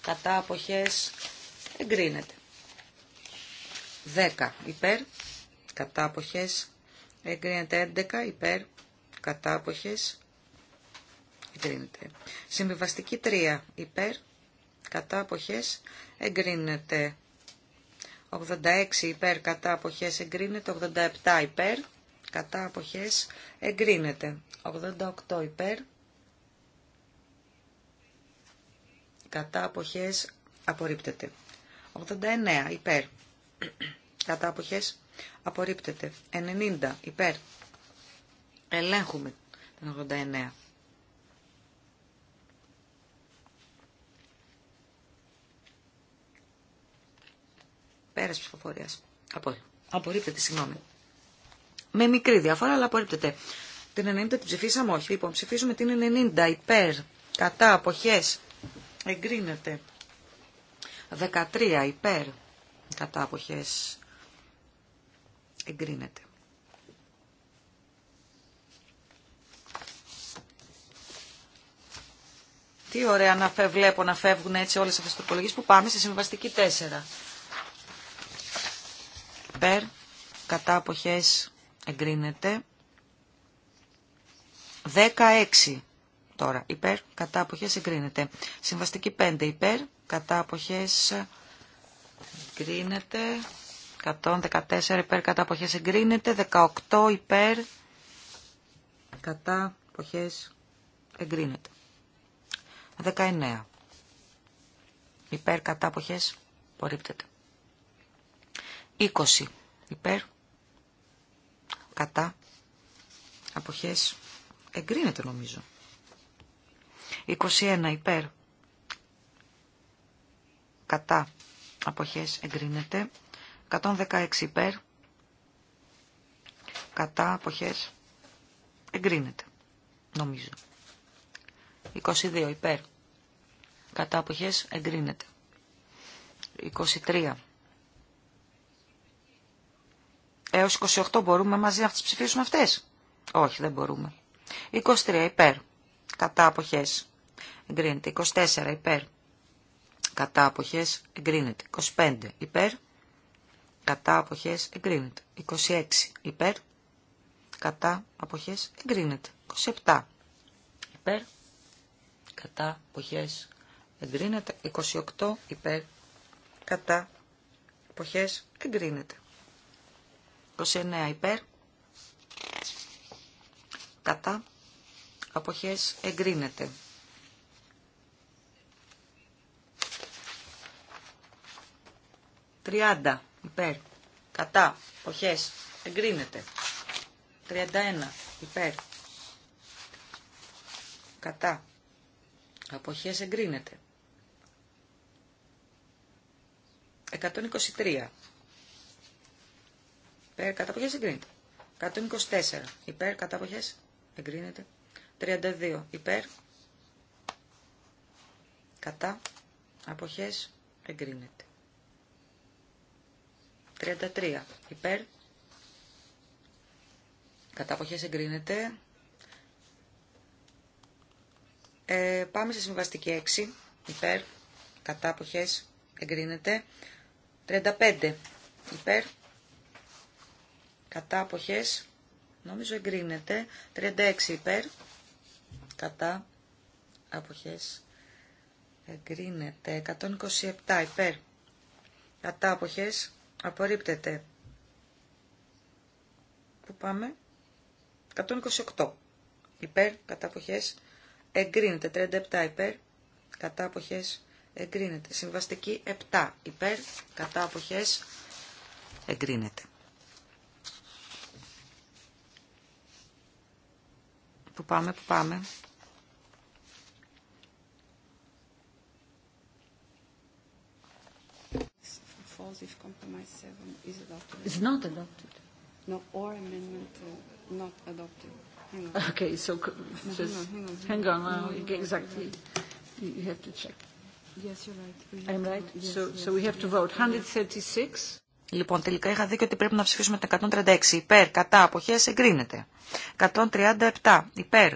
κατά αποχές εγκρίνεται 10 υπέρ κατά αποχές εγκρίνεται 11 υπέρ κατά αποχές εγκρίνεται συμβιβαστική 3 υπέρ κατά αποχές εγκρίνεται 86 υπέρ κατά αποχές εγκρίνεται 87 υπέρ κατά αποχές εγκρίνεται 88 υπέρ κατά αποχές απορρίπτεται. 89 υπέρ, κατά αποχές απορρίπτεται. 90 υπέρ, ελέγχουμε την 89. Πέρας ψηφοφορίας. Απορρίπτεται, συγγνώμη. Με μικρή διαφορά, αλλά απορρίπτεται. Την 90 την ψηφίσαμε, όχι. Λοιπόν, ψηφίζουμε την 90 υπέρ, κατά, αποχές, εγκρίνεται. 13 υπέρ κατά εγκρίνεται. Τι ωραία να βλέπω να φεύγουν έτσι όλες αυτές τις τροπολογίες που πάμε στη συμβαστική 4. Υπέρ, κατά εγκρίνεται. 16 τώρα. Υπέρ, κατά αποχές εγκρίνεται. Συμβαστική 5 υπέρ, κατά αποχές εγκρίνεται. 114 υπέρ, κατά αποχές εγκρίνεται. 18 υπέρ, κατά αποχές εγκρίνεται. 19 υπέρ, κατά αποχές απορρίπτεται. 20 υπέρ, κατά αποχές εγκρίνεται νομίζω. 21 υπέρ. Κατά. Αποχές εγκρίνεται. 116 υπέρ. Κατά. Αποχές εγκρίνεται. Νομίζω. 22 υπέρ. Κατά. Αποχές εγκρίνεται. 23 έως 28 μπορούμε μαζί να τις ψηφίσουμε αυτές. Όχι, δεν μπορούμε. 23 υπέρ. Κατά αποχές εγκρίνεται. 24 υπέρ κατά αποχές εγκρίνεται. 25 υπέρ κατά αποχές εγκρίνεται. 26 υπέρ κατά αποχές εγκρίνεται. 27 υπέρ κατά αποχές εγκρίνεται. 28 υπέρ κατά αποχές εγκρίνεται. 29 υπέρ κατά αποχές εγκρίνεται. 30 υπέρ. Κατά. Αποχές. Εγκρίνεται. 31 υπέρ. Κατά. Αποχές εγκρίνεται. 123. Υπέρ κατά αποχές εγκρίνεται. 124. Υπέρ κατά αποχές εγκρίνεται. 32. Υπέρ κατά αποχές εγκρίνεται. 33 υπέρ. Κατά αποχές εγκρίνεται. Ε, πάμε σε συμβαστική 6 υπέρ. Κατά αποχές εγκρίνεται. 35 υπέρ. Κατά αποχές νομίζω εγκρίνεται. 36 υπέρ. Κατά αποχές εγκρίνεται. 127 υπέρ. Κατά αποχές Απορρίπτεται. Πού πάμε. 128. Υπέρ, κατά αποχές, εγκρίνεται. 37 υπέρ, κατά αποχές, εγκρίνεται. Συμβαστική 7 υπέρ, κατά αποχές, εγκρίνεται. Πού πάμε, πού πάμε. falls if compromise 7 is adopted. It's not adopted. No, or amendment not adopted. Okay, so just hang on. Exactly. You have to check. Yes, you're right. I'm right. So, so we have to vote. 136. Λοιπόν, τελικά είχα δίκιο ότι πρέπει να ψηφίσουμε τα 136. Υπέρ, κατά, αποχές, εγκρίνεται. 137. Υπέρ.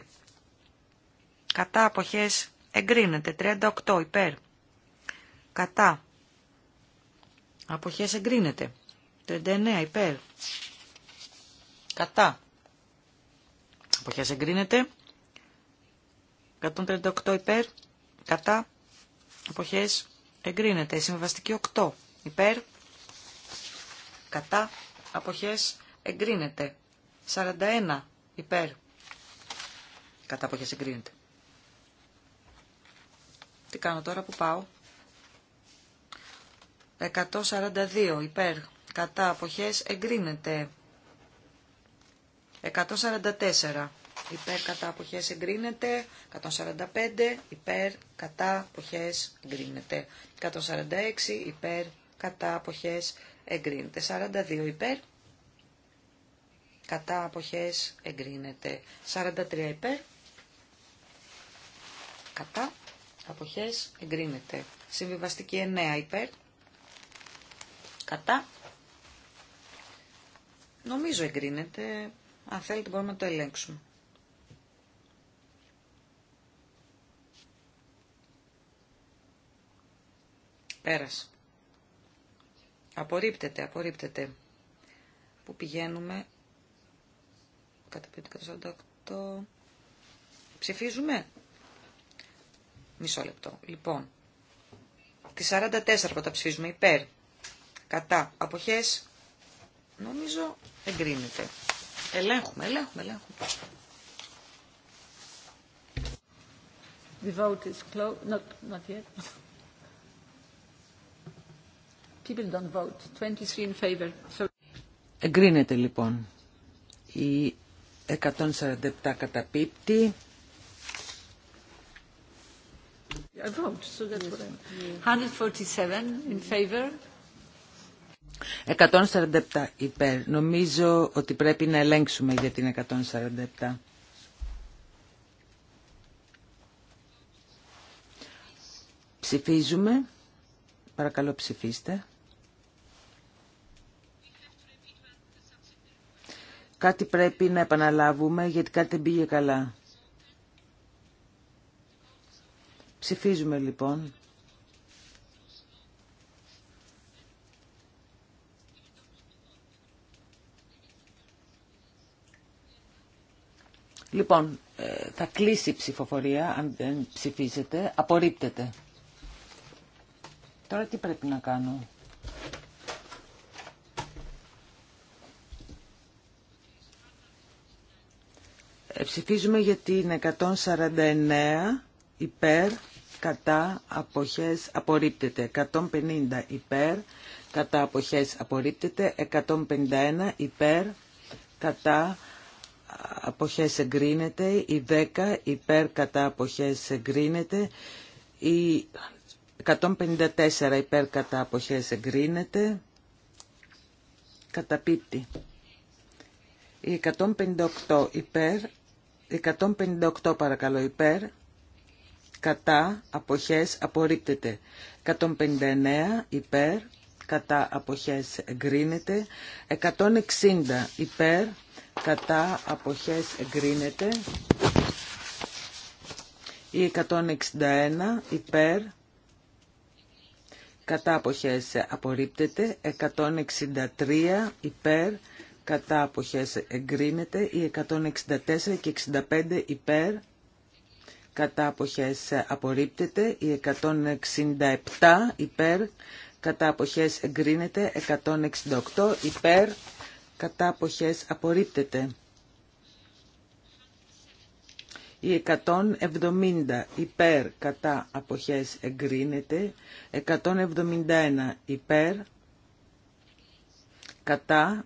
Κατά, αποχές, εγκρίνεται. 38. Υπέρ. Κατά, Αποχές εγκρίνεται. 39 υπέρ. Κατά. Αποχές εγκρίνεται. 138 υπέρ. Κατά. Αποχές εγκρίνεται. συμβαστική 8 υπέρ. Κατά. Αποχές εγκρίνεται. 41 υπέρ. Κατά αποχές εγκρίνεται. Τι κάνω τώρα που πάω. 142 υπέρ κατά αποχές εγκρίνεται. 144 υπέρ κατά αποχές εγκρίνεται. 145 υπέρ κατά αποχές εγκρίνεται. 146 υπέρ κατά αποχές εγκρίνεται. 42 υπέρ κατά αποχές εγκρίνεται. 43 υπέρ κατά αποχές εγκρίνεται. Συμβιβαστική 9 υπέρ κατά. Νομίζω εγκρίνεται. Αν θέλετε μπορούμε να το ελέγξουμε. Πέρασε. Απορρίπτεται, απορρίπτεται. Πού πηγαίνουμε. Κατά 548. Ψηφίζουμε. Μισό λεπτό. Λοιπόν. Τη 44 πρώτα ψηφίζουμε υπέρ. Κατά. Αποχές. Νομίζω εγκρίνεται. Ελέγχουμε, ελέγχουμε, ελέγχουμε. The vote is closed. Not, not yet. People don't vote. 23 in favor. So... Εγκρίνεται λοιπόν η 147 καταπίπτει. I vote, so that's what I'm... 147 in favor. 147 υπέρ. Νομίζω ότι πρέπει να ελέγξουμε για την 147. Ψηφίζουμε. Παρακαλώ ψηφίστε. Κάτι πρέπει να επαναλάβουμε γιατί κάτι δεν πήγε καλά. Ψηφίζουμε λοιπόν. Λοιπόν, ε, θα κλείσει η ψηφοφορία, αν δεν ψηφίζετε, απορρίπτεται. Τώρα τι πρέπει να κάνω. Ε, ψηφίζουμε γιατί είναι 149 υπέρ, κατά, αποχές, απορρίπτεται. 150 υπέρ, κατά, αποχές, απορρίπτεται. 151 υπέρ, κατά, αποχές εγκρίνεται, η 10 υπέρ κατά αποχές εγκρίνεται, η 154 υπέρ κατά αποχές εγκρίνεται, καταπίπτει. Η 158 υπέρ, 158 παρακαλώ υπέρ, κατά αποχές απορρίπτεται. 159 υπέρ, κατά αποχές εγκρίνεται. 160 υπέρ, κατά αποχές εγκρίνεται ή 161 υπέρ κατά αποχές απορρίπτεται 163 υπέρ κατά αποχές εγκρίνεται ή 164 και 65 υπέρ κατά αποχές απορρίπτεται ή 167 υπέρ κατά αποχές εγκρίνεται 168 υπέρ κατάποχες απορρίπτεται. Η 170 υπέρ κατά αποχές εγκρίνεται, 171 υπέρ κατά,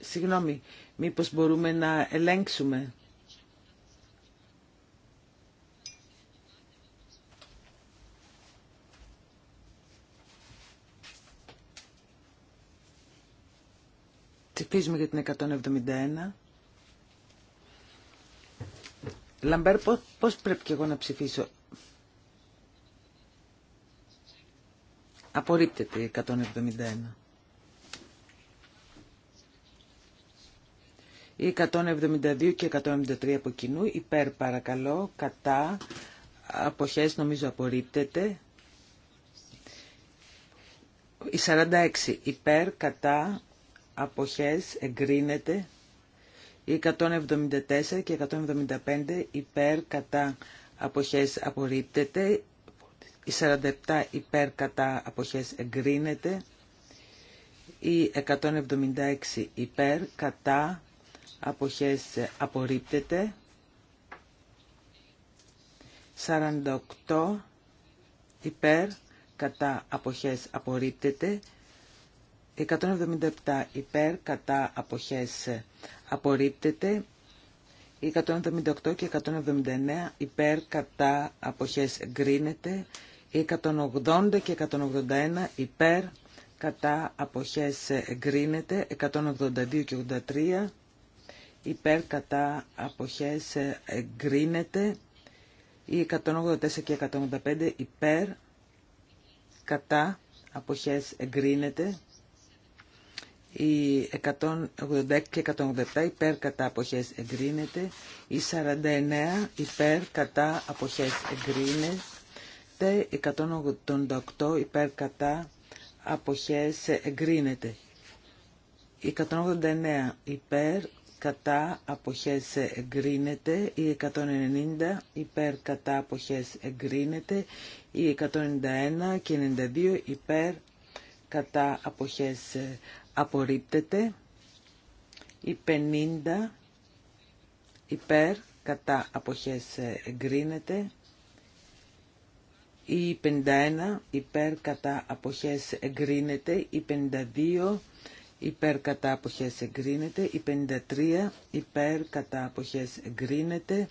συγγνώμη, μήπως μπορούμε να ελέγξουμε. Ψηφίζουμε για την 171. Λαμπέρ, πώς πρέπει και εγώ να ψηφίσω. Απορρίπτεται η 171. Η 172 και 173 από κοινού, υπέρ παρακαλώ, κατά, αποχές νομίζω απορρίπτεται. Η 46 υπέρ, κατά, αποχές εγκρίνεται η 174 και 175 υπέρ κατά αποχές απορρίπτεται η 47 υπέρ κατά αποχές εγκρίνεται η 176 υπέρ κατά αποχές απορρίπτεται 48 υπέρ κατά αποχές απορρίπτεται 177 υπέρ κατά αποχές απορρίπτεται. 178 και 179 υπέρ κατά αποχές εγκρίνεται. 180 και 181 υπέρ κατά αποχές εγκρίνεται. 182 και 83 υπέρ κατά αποχές εγκρίνεται. Ή 184 και 185 υπέρ κατά αποχές εγκρίνεται οι 186 και 187 υπέρ κατά αποχές εγκρίνεται, οι 49 υπέρ κατά αποχές εγκρίνεται, οι 188 υπέρ κατά αποχές εγκρίνεται. Οι 189 υπέρ κατά αποχές εγκρίνεται, Οι 190 υπέρ κατά αποχές εγκρίνεται, Οι 191 και 92 υπέρ κατά αποχές απορρίπτεται η 50 ε, υπέρ κατά αποχές εγκρίνεται η 51 υπέρ κατά αποχές εγκρίνεται η 52 υπέρ κατά αποχές εγκρίνεται η 53 υπέρ κατά αποχές εγκρίνεται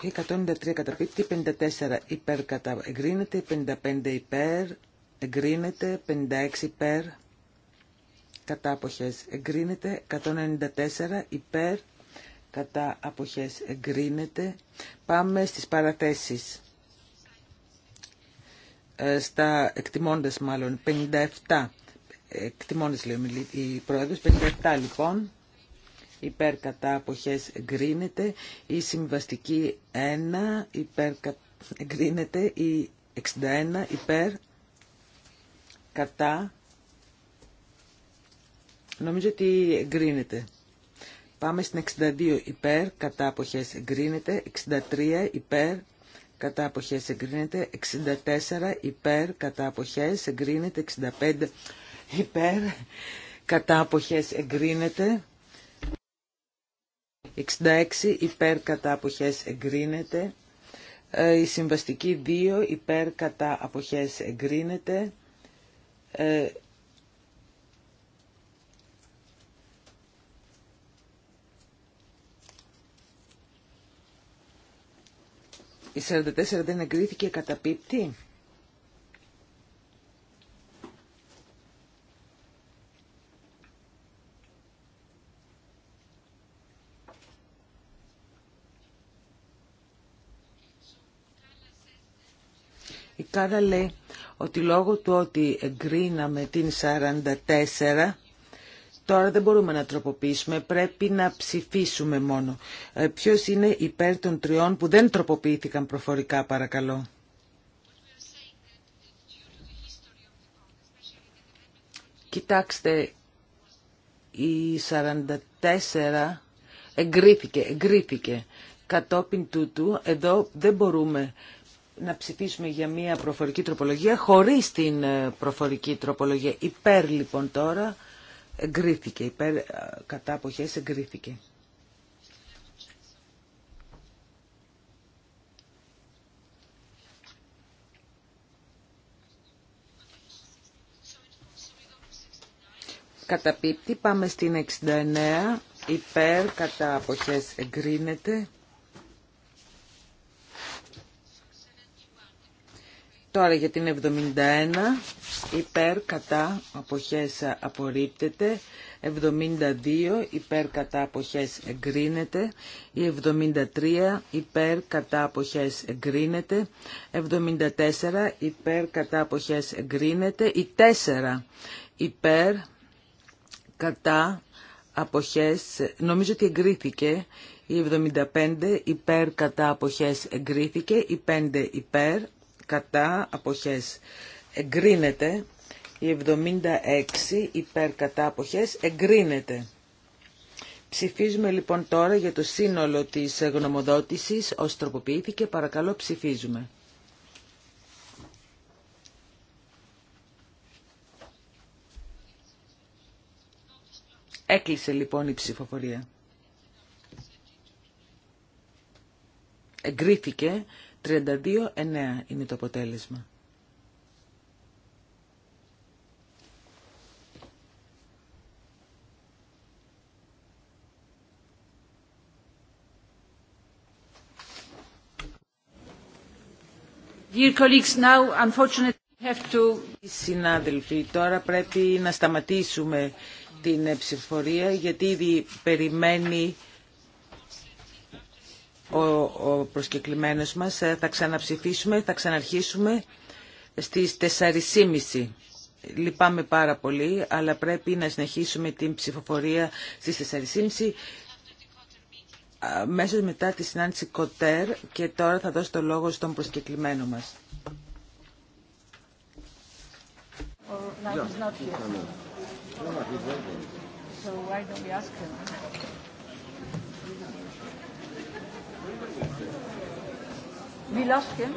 η 193 καταπίπτει, 54 υπέρ κατά εγκρίνεται, 55 υπέρ εγκρίνεται 56 υπέρ κατά αποχές εγκρίνεται 194 υπέρ κατά αποχές εγκρίνεται πάμε στις παραθέσεις ε, στα εκτιμώντες μάλλον 57 εκτιμώντες λέει η πρόεδρος 57 λοιπόν υπέρ κατά αποχές εγκρίνεται η συμβαστική 1 υπέρ εγκρίνεται η 61 υπέρ κατά νομίζω ότι εγκρίνεται. Πάμε στην 62 υπέρ, κατά αποχές εγκρίνεται, 63 υπέρ, κατά αποχές εγκρίνεται, 64 υπέρ, κατά αποχές εγκρίνεται, 65 υπέρ, κατά αποχές εγκρίνεται, 66 υπέρ, κατά αποχές εγκρίνεται, ε, η συμβαστική 2 υπέρ, κατά αποχές εγκρίνεται, ε, η 44 δεν εγκρίθηκε κατά πίπτη. Η Κάρα λέει ότι λόγω του ότι εγκρίναμε την 44 Τώρα δεν μπορούμε να τροποποιήσουμε, πρέπει να ψηφίσουμε μόνο. Ε, ποιος είναι υπέρ των τριών που δεν τροποποιήθηκαν προφορικά, παρακαλώ. Κοιτάξτε, η 44 εγκρίθηκε, εγκρίθηκε. Κατόπιν τούτου, εδώ δεν μπορούμε να ψηφίσουμε για μια προφορική τροπολογία χωρίς την ε, προφορική τροπολογία. Υπέρ λοιπόν τώρα εγκρίθηκε, υπέρ ε, κατά αποχές εγκρίθηκε. Καταπίπτει, πάμε στην 69, υπέρ κατά αποχές εγκρίνεται. Τώρα για την 71, υπέρ κατά αποχές απορρίπτεται, 72 υπέρ κατά αποχές εγκρίνεται, η 73 υπέρ κατά αποχές εγκρίνεται, 74 υπέρ κατά αποχές εγκρίνεται, η 4 υπέρ κατά αποχές, νομίζω ότι εγκρίθηκε, η 75 υπέρ κατά αποχές εγκρίθηκε, η 5 υπέρ κατά αποχές εγκρίνεται. Η 76 υπέρ κατά αποχές εγκρίνεται. Ψηφίζουμε λοιπόν τώρα για το σύνολο της γνωμοδότησης ως τροποποιήθηκε. Παρακαλώ ψηφίζουμε. Έκλεισε λοιπόν η ψηφοφορία. Εγκρίθηκε 32-9 είναι το αποτέλεσμα. Dear colleagues, now unfortunately have to... Συνάδελφοι, τώρα πρέπει να σταματήσουμε την ψηφορία γιατί ήδη περιμένει ο, ο προσκεκλημένος μας. Ε, θα ξαναψηφίσουμε, θα ξαναρχίσουμε στις 4.30. Λυπάμαι πάρα πολύ, αλλά πρέπει να συνεχίσουμε την ψηφοφορία στις 4.30 Μέσα μετά τη συνάντηση Κοτέρ και τώρα θα δώσω το λόγο στον προσκεκλημένο μας. So We lost him.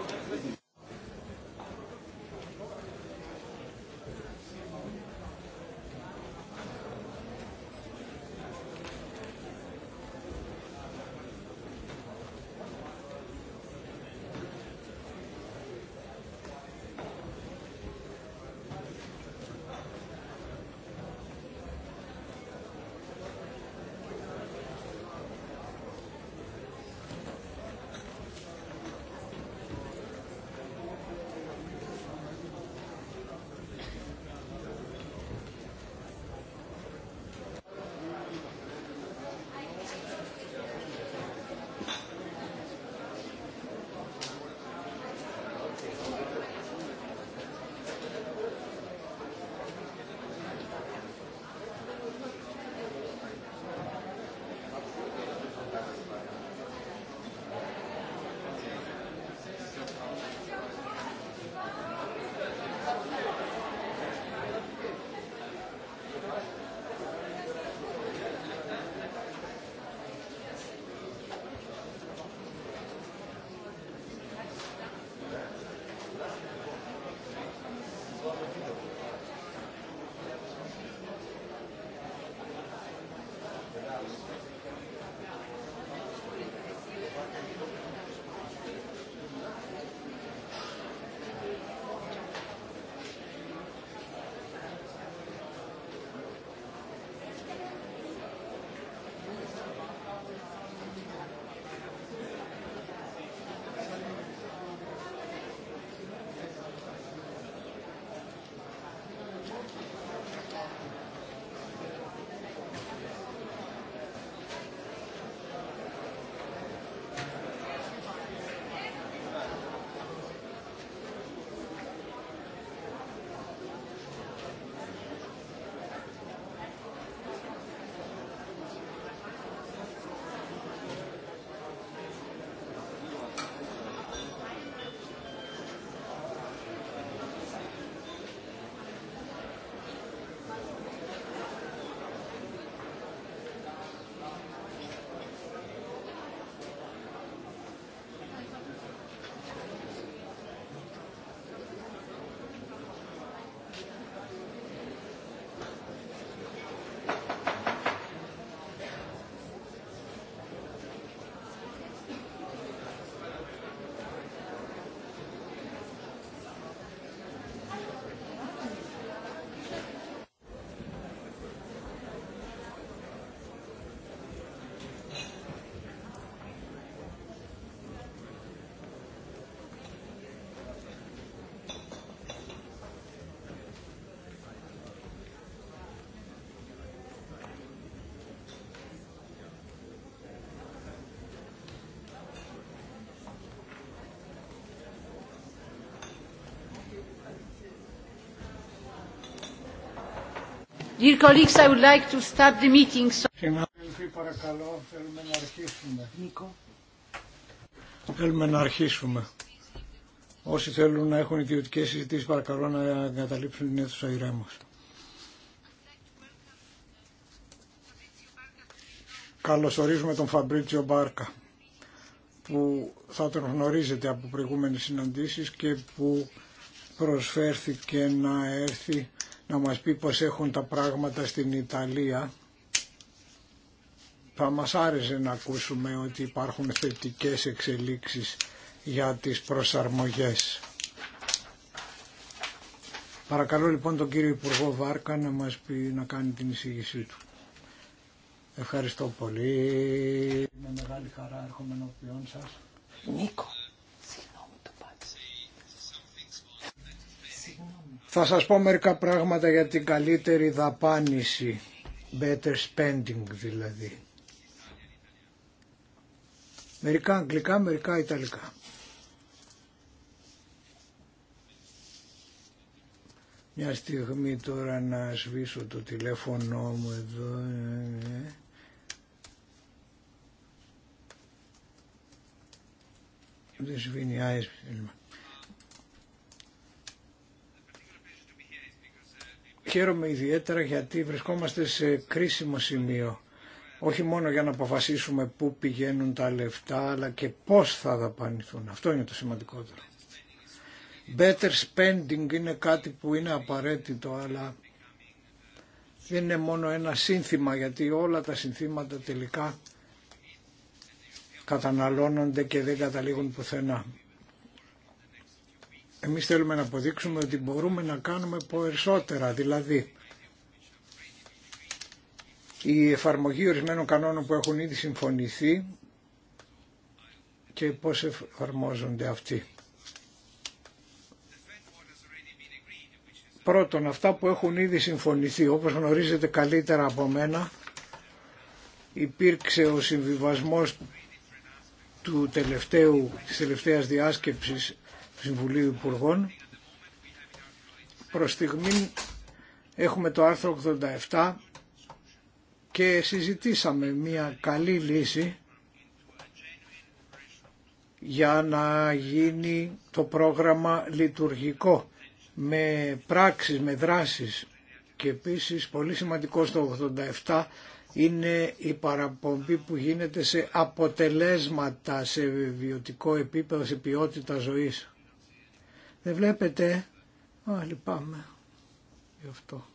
Dear colleagues, I would like to start the meeting. Συνάδελφοι, παρακαλώ, θέλουμε να αρχίσουμε. Θέλουμε να αρχίσουμε. Όσοι θέλουν να έχουν ιδιωτικές συζητήσεις, παρακαλώ να εγκαταλείψουν την αίθουσα ηρέμως. Καλωσορίζουμε τον Φαμπρίτσιο Μπάρκα, που θα τον γνωρίζετε από προηγούμενες συναντήσεις και που προσφέρθηκε να έρθει να μας πει πως έχουν τα πράγματα στην Ιταλία. Θα μας άρεσε να ακούσουμε ότι υπάρχουν θετικές εξελίξεις για τις προσαρμογές. Παρακαλώ λοιπόν τον κύριο Υπουργό Βάρκα να μας πει να κάνει την εισήγησή του. Ευχαριστώ πολύ. Με μεγάλη χαρά έρχομαι ενώπιόν σας. Νίκο. Θα σας πω μερικά πράγματα για την καλύτερη δαπάνηση, better spending δηλαδή. Μερικά αγγλικά, μερικά ιταλικά. Μια στιγμή τώρα να σβήσω το τηλέφωνο μου εδώ. Ε. Δεν σβήνει, Χαίρομαι ιδιαίτερα γιατί βρισκόμαστε σε κρίσιμο σημείο. Όχι μόνο για να αποφασίσουμε πού πηγαίνουν τα λεφτά, αλλά και πώς θα δαπανηθούν. Αυτό είναι το σημαντικότερο. Better spending είναι κάτι που είναι απαραίτητο, αλλά δεν είναι μόνο ένα σύνθημα, γιατί όλα τα συνθήματα τελικά καταναλώνονται και δεν καταλήγουν πουθενά. Εμείς θέλουμε να αποδείξουμε ότι μπορούμε να κάνουμε περισσότερα, δηλαδή η εφαρμογή ορισμένων κανόνων που έχουν ήδη συμφωνηθεί και πώς εφαρμόζονται αυτοί. Πρώτον, αυτά που έχουν ήδη συμφωνηθεί, όπως γνωρίζετε καλύτερα από μένα, υπήρξε ο συμβιβασμός του τελευταίου, της τελευταίας διάσκεψης Συμβουλίου Υπουργών. Προς έχουμε το άρθρο 87 και συζητήσαμε μια καλή λύση για να γίνει το πρόγραμμα λειτουργικό με πράξεις, με δράσεις και επίσης πολύ σημαντικό στο 87 είναι η παραπομπή που γίνεται σε αποτελέσματα σε βιωτικό επίπεδο, σε ποιότητα ζωής. Δεν βλέπετε. Α, λυπάμαι. Γι' αυτό.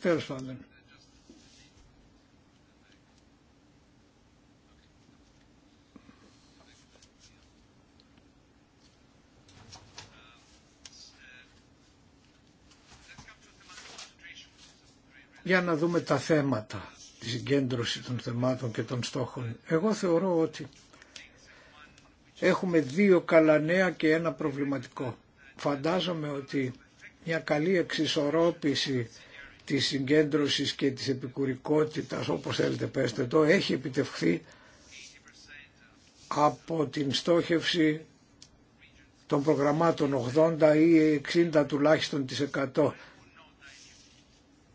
Τέλος πάντων. για να δούμε τα θέματα, τη συγκέντρωση των θεμάτων και των στόχων. Εγώ θεωρώ ότι έχουμε δύο καλά νέα και ένα προβληματικό. Φαντάζομαι ότι μια καλή εξισορρόπηση της συγκέντρωσης και της επικουρικότητας, όπως θέλετε πέστε το, έχει επιτευχθεί από την στόχευση των προγραμμάτων 80 ή 60 τουλάχιστον της 100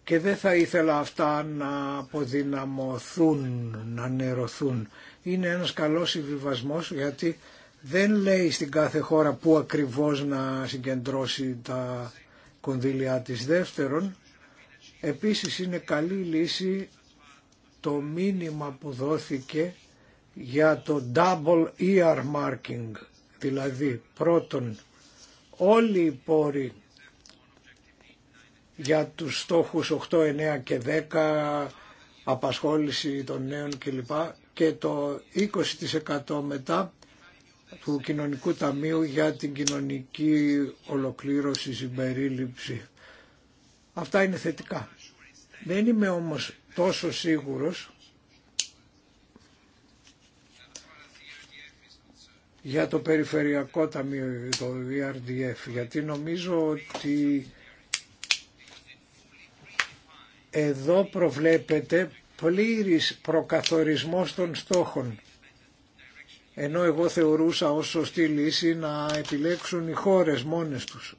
και δεν θα ήθελα αυτά να αποδυναμωθούν, να νερωθούν. Είναι ένας καλός συμβιβασμός γιατί δεν λέει στην κάθε χώρα που ακριβώς να συγκεντρώσει τα κονδύλια της. Δεύτερον, επίσης είναι καλή λύση το μήνυμα που δόθηκε για το double marking. δηλαδή πρώτον όλοι οι πόροι για τους στόχους 8, 9 και 10 απασχόληση των νέων κλπ. Και το 20% μετά του Κοινωνικού Ταμείου για την κοινωνική ολοκλήρωση, συμπερίληψη. Αυτά είναι θετικά. Δεν είμαι όμως τόσο σίγουρος για το Περιφερειακό Ταμείο, το ERDF, γιατί νομίζω ότι εδώ προβλέπεται πλήρης προκαθορισμός των στόχων. Ενώ εγώ θεωρούσα ως σωστή λύση να επιλέξουν οι χώρες μόνες τους.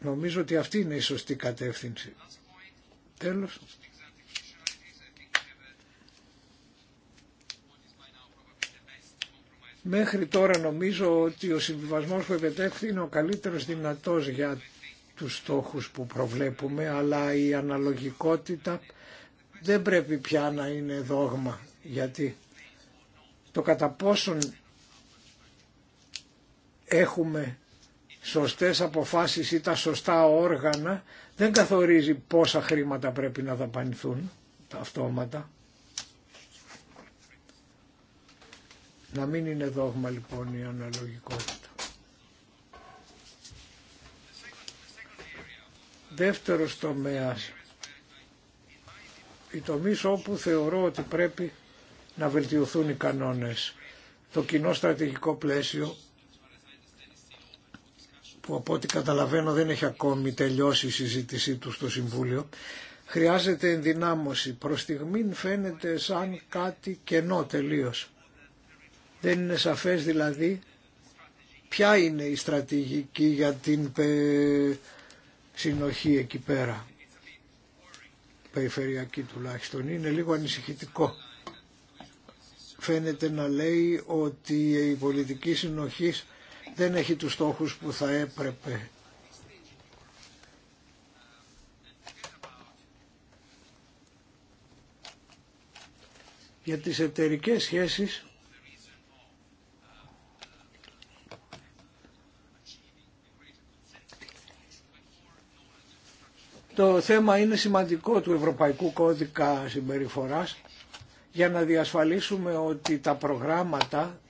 Νομίζω ότι αυτή είναι η σωστή κατεύθυνση. Τέλος. Μέχρι τώρα νομίζω ότι ο συμβιβασμός που επιτεύχθη είναι ο καλύτερος δυνατός για τους στόχους που προβλέπουμε, αλλά η αναλογικότητα δεν πρέπει πια να είναι δόγμα, γιατί το κατά πόσον έχουμε σωστές αποφάσεις ή τα σωστά όργανα δεν καθορίζει πόσα χρήματα πρέπει να δαπανηθούν τα αυτόματα. Να μην είναι δόγμα λοιπόν η αναλογικότητα. Δεύτερος τομέας. Οι τομείς όπου θεωρώ ότι πρέπει να βελτιωθούν οι κανόνες. Το κοινό στρατηγικό πλαίσιο που από ό,τι καταλαβαίνω δεν έχει ακόμη τελειώσει η συζήτησή του στο Συμβούλιο, χρειάζεται ενδυνάμωση. Προς στιγμήν φαίνεται σαν κάτι κενό τελείως. Δεν είναι σαφές δηλαδή ποια είναι η στρατηγική για την συνοχή εκεί πέρα, περιφερειακή τουλάχιστον, είναι λίγο ανησυχητικό. Φαίνεται να λέει ότι η πολιτική συνοχή δεν έχει τους στόχους που θα έπρεπε. Για τις εταιρικές σχέσεις Το θέμα είναι σημαντικό του Ευρωπαϊκού Κώδικα Συμπεριφοράς για να διασφαλίσουμε ότι τα προγράμματα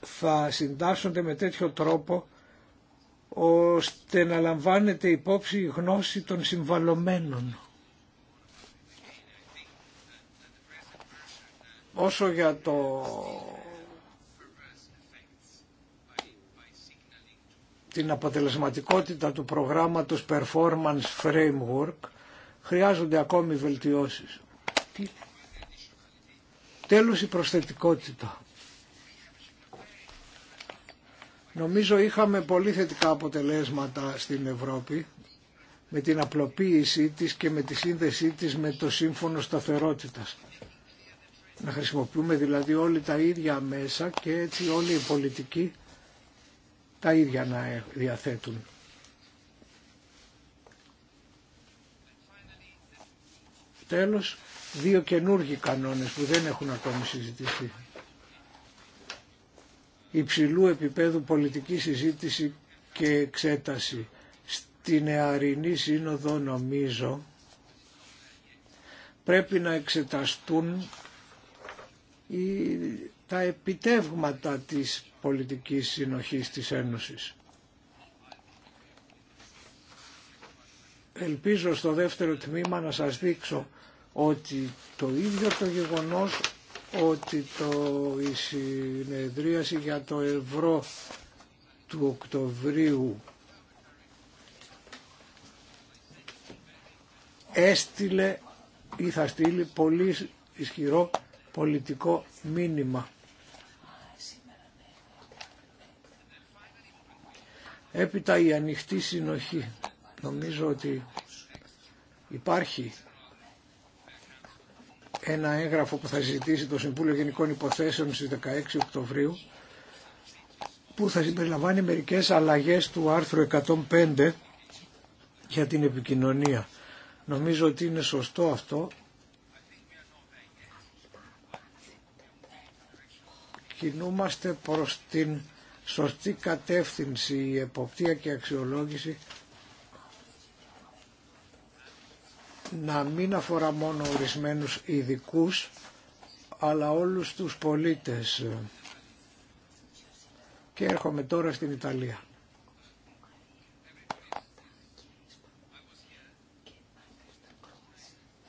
θα συντάσσονται με τέτοιο τρόπο ώστε να λαμβάνεται υπόψη η γνώση των συμβαλωμένων. Όσο για το την αποτελεσματικότητα του προγράμματος Performance Framework χρειάζονται ακόμη βελτιώσεις. Τέλος η προσθετικότητα. Νομίζω είχαμε πολύ θετικά αποτελέσματα στην Ευρώπη με την απλοποίησή της και με τη σύνδεσή της με το σύμφωνο σταθερότητας. Να χρησιμοποιούμε δηλαδή όλοι τα ίδια μέσα και έτσι όλοι οι πολιτικοί τα ίδια να διαθέτουν. Τέλος, δύο καινούργιοι κανόνες που δεν έχουν ακόμη συζητηθεί. Υψηλού επίπεδου πολιτική συζήτηση και εξέταση. Στην νεαρινή Σύνοδο νομίζω πρέπει να εξεταστούν οι τα επιτεύγματα της πολιτικής συνοχής της Ένωσης. Ελπίζω στο δεύτερο τμήμα να σας δείξω ότι το ίδιο το γεγονός ότι το, η συνεδρίαση για το ευρώ του Οκτωβρίου έστειλε ή θα στείλει πολύ ισχυρό πολιτικό μήνυμα Έπειτα η ανοιχτή συνοχή. Νομίζω ότι υπάρχει ένα έγγραφο που θα ζητήσει το Συμβούλιο Γενικών Υποθέσεων στις 16 Οκτωβρίου που θα συμπεριλαμβάνει μερικές αλλαγές του άρθρου 105 για την επικοινωνία. Νομίζω ότι είναι σωστό αυτό κινούμαστε προς την σωστή κατεύθυνση η εποπτεία και αξιολόγηση να μην αφορά μόνο ορισμένους ειδικού, αλλά όλους τους πολίτες. Και έρχομαι τώρα στην Ιταλία.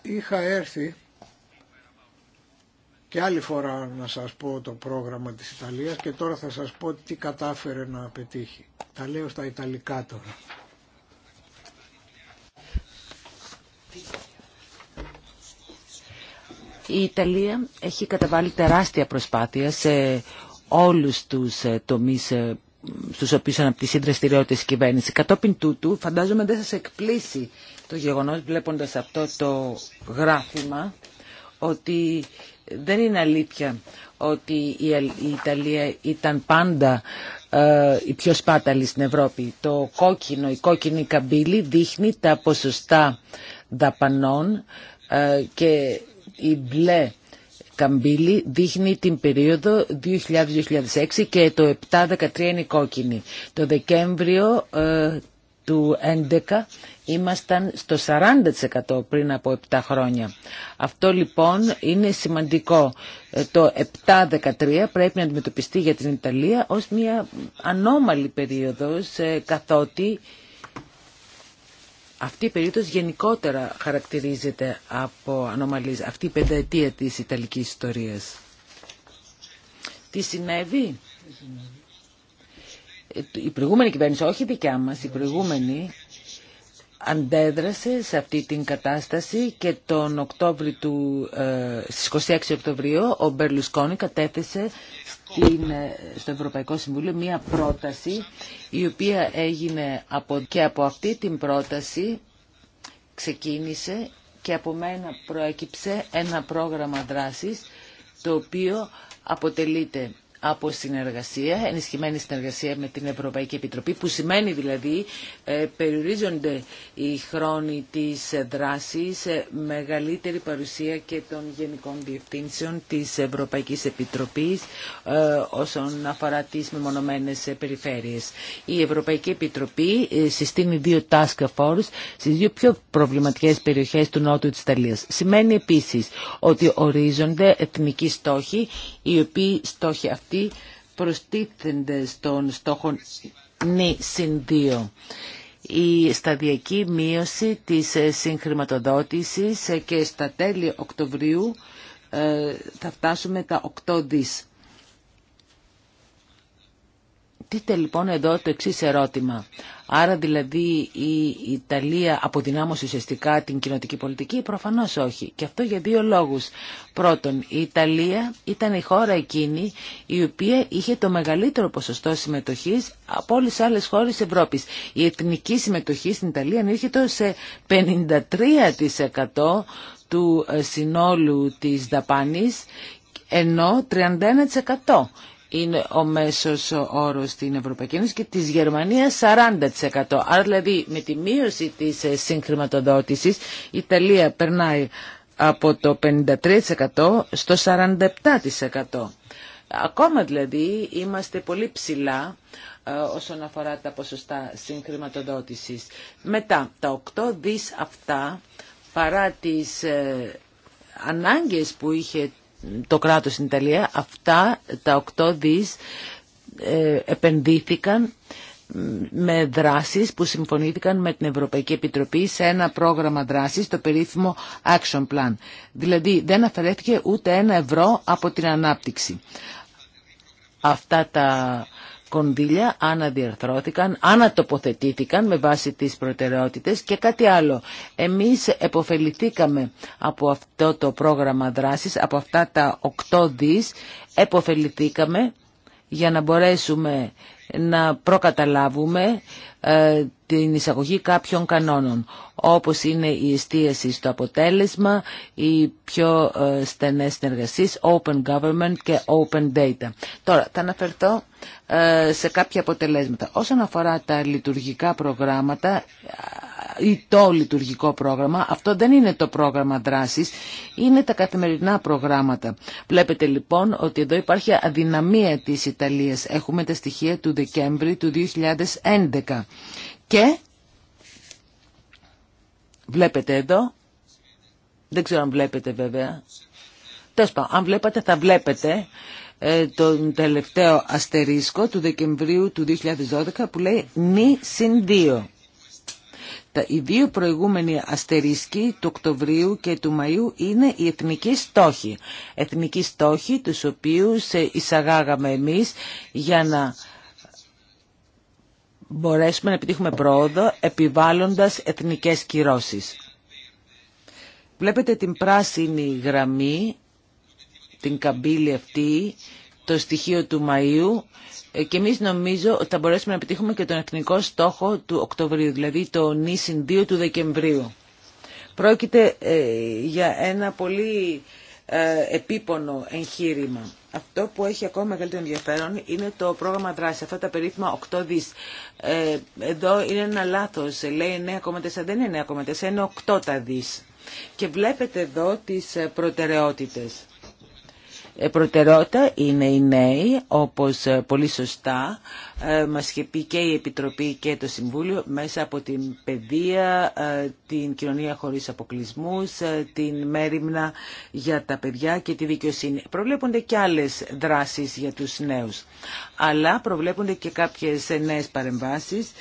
Είχα έρθει και άλλη φορά να σας πω το πρόγραμμα της Ιταλίας και τώρα θα σας πω τι κατάφερε να πετύχει. Τα λέω στα Ιταλικά τώρα. Η Ιταλία έχει καταβάλει τεράστια προσπάθεια σε όλους τους ε, τομείς ε, στους οποίους αναπτύσσει δραστηριότητε η κυβέρνηση. Κατόπιν τούτου, φαντάζομαι δεν σας εκπλήσει το γεγονός, βλέποντας αυτό το γράφημα, ότι δεν είναι αλήθεια ότι η Ιταλία ήταν πάντα ε, η πιο σπάταλη στην Ευρώπη. Το κόκκινο, η κόκκινη καμπύλη δείχνει τα ποσοστά δαπανών ε, και η μπλε καμπύλη δείχνει την περίοδο 2000-2006 και το 7-13 είναι η κόκκινη. Το Δεκέμβριο ε, του 2011 ήμασταν στο 40% πριν από 7 χρόνια. Αυτό λοιπόν είναι σημαντικό. Ε, το 7-13 πρέπει να αντιμετωπιστεί για την Ιταλία ως μια ανώμαλη περίοδος ε, καθότι αυτή η περίοδος γενικότερα χαρακτηρίζεται από ανομαλίες. Αυτή η πενταετία της Ιταλικής ιστορίας. Τι συνέβη? η προηγούμενη κυβέρνηση, όχι η δικιά μας, η προηγούμενη αντέδρασε σε αυτή την κατάσταση και τον Οκτώβριο του, ε, στις 26 Οκτωβρίου ο Μπερλουσκόνη κατέθεσε ε, στο Ευρωπαϊκό Συμβούλιο μία πρόταση η οποία έγινε από, και από αυτή την πρόταση ξεκίνησε και από μένα προέκυψε ένα πρόγραμμα δράσης το οποίο αποτελείται από συνεργασία, ενισχυμένη συνεργασία με την Ευρωπαϊκή Επιτροπή, που σημαίνει δηλαδή ε, περιορίζονται οι χρόνοι της δράσης, ε, μεγαλύτερη παρουσία και των Γενικών Διευθύνσεων της Ευρωπαϊκής Επιτροπής ε, όσον αφορά τις μεμονωμένες περιφέρειες. Η Ευρωπαϊκή Επιτροπή συστήνει δύο task force στις δύο πιο προβληματικές περιοχές του Νότου της Ιταλίας. Σημαίνει επίσης ότι ορίζονται εθνικοί στόχοι, οι οποίοι στόχοι αυτοί αυτή προστίθενται στον στόχο νη συν η σταδιακή μείωση της συγχρηματοδότησης και στα τέλη Οκτωβρίου ε, θα φτάσουμε τα 8 δις. Τίτε λοιπόν εδώ το εξής ερώτημα. Άρα δηλαδή η Ιταλία αποδυνάμωσε ουσιαστικά την κοινοτική πολιτική. Προφανώς όχι. Και αυτό για δύο λόγους. Πρώτον, η Ιταλία ήταν η χώρα εκείνη η οποία είχε το μεγαλύτερο ποσοστό συμμετοχής από όλες τις άλλες χώρες της Ευρώπης. Η εθνική συμμετοχή στην Ιταλία ανήρχεται σε 53% του ε, συνόλου της δαπάνης ενώ 31% είναι ο μέσος όρος στην Ευρωπαϊκή Ένωση και της Γερμανίας 40%. Άρα δηλαδή με τη μείωση της ε, συγχρηματοδότησης η Ιταλία περνάει από το 53% στο 47%. Ακόμα δηλαδή είμαστε πολύ ψηλά ε, όσον αφορά τα ποσοστά συγχρηματοδότησης. Μετά τα 8 δις αυτά παρά τις ε, ανάγκες που είχε το κράτος στην Ιταλία, αυτά τα 8 δις ε, επενδύθηκαν με δράσεις που συμφωνήθηκαν με την Ευρωπαϊκή Επιτροπή σε ένα πρόγραμμα δράσης, το περίφημο Action Plan. Δηλαδή δεν αφαιρέθηκε ούτε ένα ευρώ από την ανάπτυξη. Αυτά τα κονδύλια αναδιαρθρώθηκαν, ανατοποθετήθηκαν με βάση τις προτεραιότητες και κάτι άλλο. Εμείς επωφεληθήκαμε από αυτό το πρόγραμμα δράσης, από αυτά τα 8 δις, επωφεληθήκαμε για να μπορέσουμε να προκαταλάβουμε ε, την εισαγωγή κάποιων κανόνων, όπως είναι η εστίαση στο αποτέλεσμα, οι πιο ε, στενές συνεργασίες, open government και open data. Τώρα, θα αναφερθώ ε, σε κάποια αποτελέσματα. Όσον αφορά τα λειτουργικά προγράμματα, ή το λειτουργικό πρόγραμμα. Αυτό δεν είναι το πρόγραμμα δράσης, είναι τα καθημερινά προγράμματα. Βλέπετε λοιπόν ότι εδώ υπάρχει αδυναμία της Ιταλίας. Έχουμε τα στοιχεία του Δεκέμβρη του 2011. Και βλέπετε εδώ, δεν ξέρω αν βλέπετε βέβαια, τέλος αν βλέπατε θα βλέπετε ε, τον τελευταίο αστερίσκο του Δεκεμβρίου του 2012 που λέει νη συν οι δύο προηγούμενοι αστερίσκοι του Οκτωβρίου και του Μαΐου είναι οι εθνικοί στόχοι. Εθνικοί στόχοι τους οποίους ε, εισαγάγαμε εμείς για να μπορέσουμε να επιτύχουμε πρόοδο επιβάλλοντας εθνικές κυρώσεις. Βλέπετε την πράσινη γραμμή, την καμπύλη αυτή, το στοιχείο του Μαΐου ε, και εμεί νομίζω ότι θα μπορέσουμε να πετύχουμε και τον εθνικό στόχο του Οκτωβρίου, δηλαδή το νησιν 2 του Δεκεμβρίου. Πρόκειται ε, για ένα πολύ ε, επίπονο εγχείρημα. Αυτό που έχει ακόμα μεγαλύτερο ενδιαφέρον είναι το πρόγραμμα δράση. Αυτά τα περίφημα 8 δις. εδώ είναι ένα λάθος. Λέει 9,4. Δεν είναι 9,4. Είναι 8 τα δις. Και βλέπετε εδώ τις προτεραιότητες. Ε, Προτερότα είναι οι νέοι, όπως ε, πολύ σωστά ε, μας είχε πει και η Επιτροπή και το Συμβούλιο, μέσα από την παιδεία, την κοινωνία χωρίς αποκλεισμούς, την μέρημνα για τα παιδιά και τη δικαιοσύνη. Προβλέπονται και άλλες δράσεις για τους νέους, αλλά προβλέπονται και κάποιες νέες παρεμβάσεις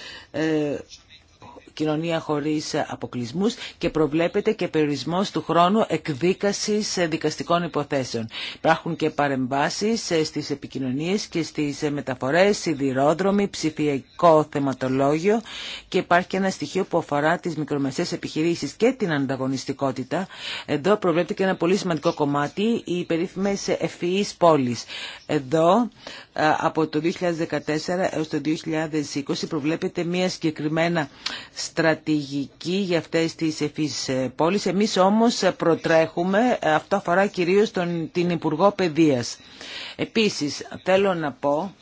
κοινωνία χωρίς αποκλεισμούς και προβλέπεται και περιορισμό του χρόνου εκδίκασης δικαστικών υποθέσεων. Υπάρχουν και παρεμβάσεις ε, στις επικοινωνίε και στις ε, μεταφορές, σιδηρόδρομοι, ψηφιακό θεματολόγιο και υπάρχει και ένα στοιχείο που αφορά τις μικρομεσαίες επιχειρήσεις και την ανταγωνιστικότητα. Εδώ προβλέπεται και ένα πολύ σημαντικό κομμάτι, οι περίφημες ευφυείς πόλεις. Εδώ ε, από το 2014 έως το 2020 προβλέπεται μια συγκεκριμένα στρατηγική για αυτές τις ευφύς ε, πόλεις. Εμείς όμως προτρέχουμε, ε, αυτό αφορά κυρίως τον, την Υπουργό Παιδείας. Επίσης θέλω να πω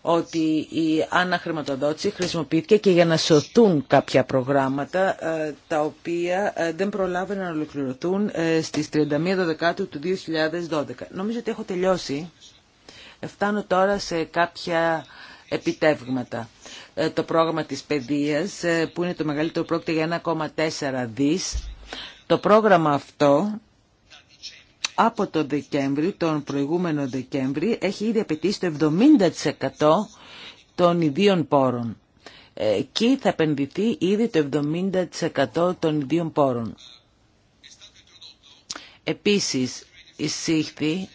ότι η αναχρηματοδότηση χρησιμοποιήθηκε και για να σωθούν κάποια προγράμματα τα οποία δεν προλάβαιναν να ολοκληρωθούν στις 31 Δεκάτου του 2012. Νομίζω ότι έχω τελειώσει. Φτάνω τώρα σε κάποια επιτεύγματα. Ε, το πρόγραμμα της παιδείας ε, που είναι το μεγαλύτερο πρόκειται για 1,4 δις. Το πρόγραμμα αυτό από τον Δεκέμβρη, τον προηγούμενο Δεκέμβρη, έχει ήδη απαιτήσει το 70% των ιδίων πόρων. Ε, εκεί θα επενδυθεί ήδη το 70% των ιδίων πόρων. Επίσης, εισήχθη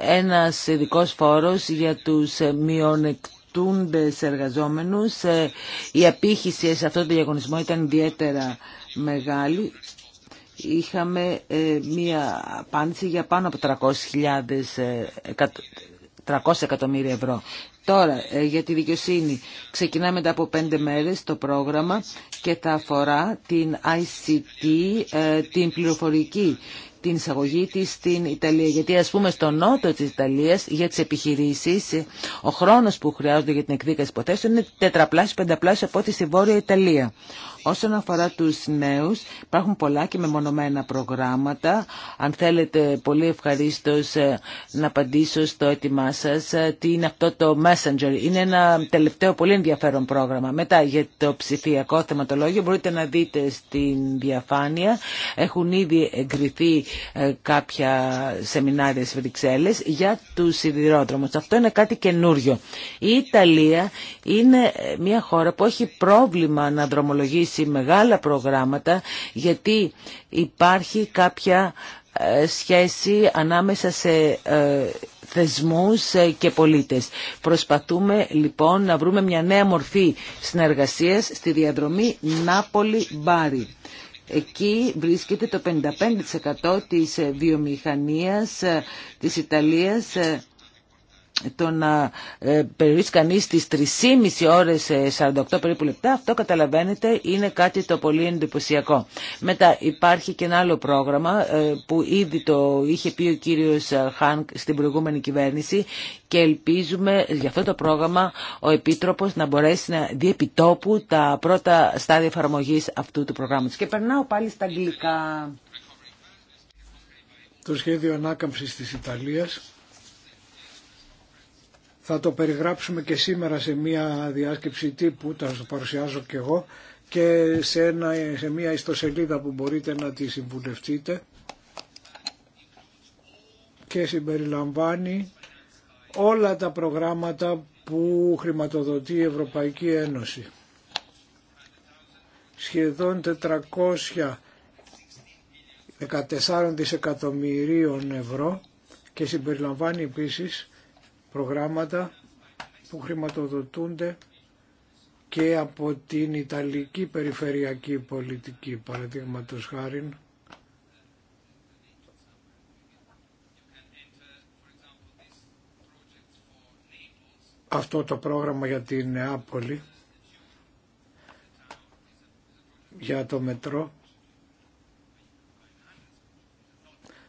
ένας ειδικός φόρος για τους μειονεκτούντες εργαζόμενους. Ε, η απήχηση σε αυτό το διαγωνισμό ήταν ιδιαίτερα μεγάλη. Είχαμε ε, μία απάντηση για πάνω από 300.000 300 ε, εκατομμύρια ευρώ. Τώρα, για τη δικαιοσύνη, ξεκινάμε μετά από πέντε μέρες το πρόγραμμα και θα αφορά την ICT, την πληροφορική την εισαγωγή της στην Ιταλία. Γιατί ας πούμε στο νότο της Ιταλίας για τις επιχειρήσεις ο χρόνος που χρειάζονται για την εκδίκαση υποθέσεων είναι τετραπλάσιο, πενταπλάσιο από ό,τι στη Βόρεια Ιταλία. Όσον αφορά τους νέους, υπάρχουν πολλά και μεμονωμένα προγράμματα. Αν θέλετε, πολύ ευχαρίστως ε, να απαντήσω στο έτοιμά σας ε, τι είναι αυτό το Messenger. Είναι ένα τελευταίο πολύ ενδιαφέρον πρόγραμμα. Μετά για το ψηφιακό θεματολόγιο μπορείτε να δείτε στην διαφάνεια. Έχουν ήδη εγκριθεί ε, κάποια σεμινάρια στις Βρυξέλλες για τους σιδηρόδρομους. Αυτό είναι κάτι καινούριο. Η Ιταλία είναι μια χώρα που έχει πρόβλημα να δρομολογήσει μεγάλα προγράμματα γιατί υπάρχει κάποια ε, σχέση ανάμεσα σε ε, θεσμούς ε, και πολίτες. Προσπαθούμε λοιπόν να βρούμε μια νέα μορφή συνεργασίας στη διαδρομή Νάπολη-Μπάρι. Εκεί βρίσκεται το 55% της βιομηχανίας της Ιταλίας το να ε, περιορίσει κανείς τις 3,5 ώρες σε 48 περίπου λεπτά, αυτό καταλαβαίνετε είναι κάτι το πολύ εντυπωσιακό. Μετά υπάρχει και ένα άλλο πρόγραμμα ε, που ήδη το είχε πει ο κύριος Χάνκ στην προηγούμενη κυβέρνηση και ελπίζουμε για αυτό το πρόγραμμα ο Επίτροπος να μπορέσει να διεπιτόπου τα πρώτα στάδια εφαρμογή αυτού του προγράμματος. Και περνάω πάλι στα αγγλικά. Το σχέδιο ανάκαμψης της Ιταλίας θα το περιγράψουμε και σήμερα σε μια διάσκεψη τύπου, θα το παρουσιάζω και εγώ, και σε, ένα, σε μια ιστοσελίδα που μπορείτε να τη συμβουλευτείτε και συμπεριλαμβάνει όλα τα προγράμματα που χρηματοδοτεί η Ευρωπαϊκή Ένωση. Σχεδόν 414 δισεκατομμυρίων ευρώ και συμπεριλαμβάνει επίσης προγράμματα που χρηματοδοτούνται και από την Ιταλική Περιφερειακή Πολιτική, παραδείγματο χάρη. αυτό το πρόγραμμα για την Νεάπολη για το μετρό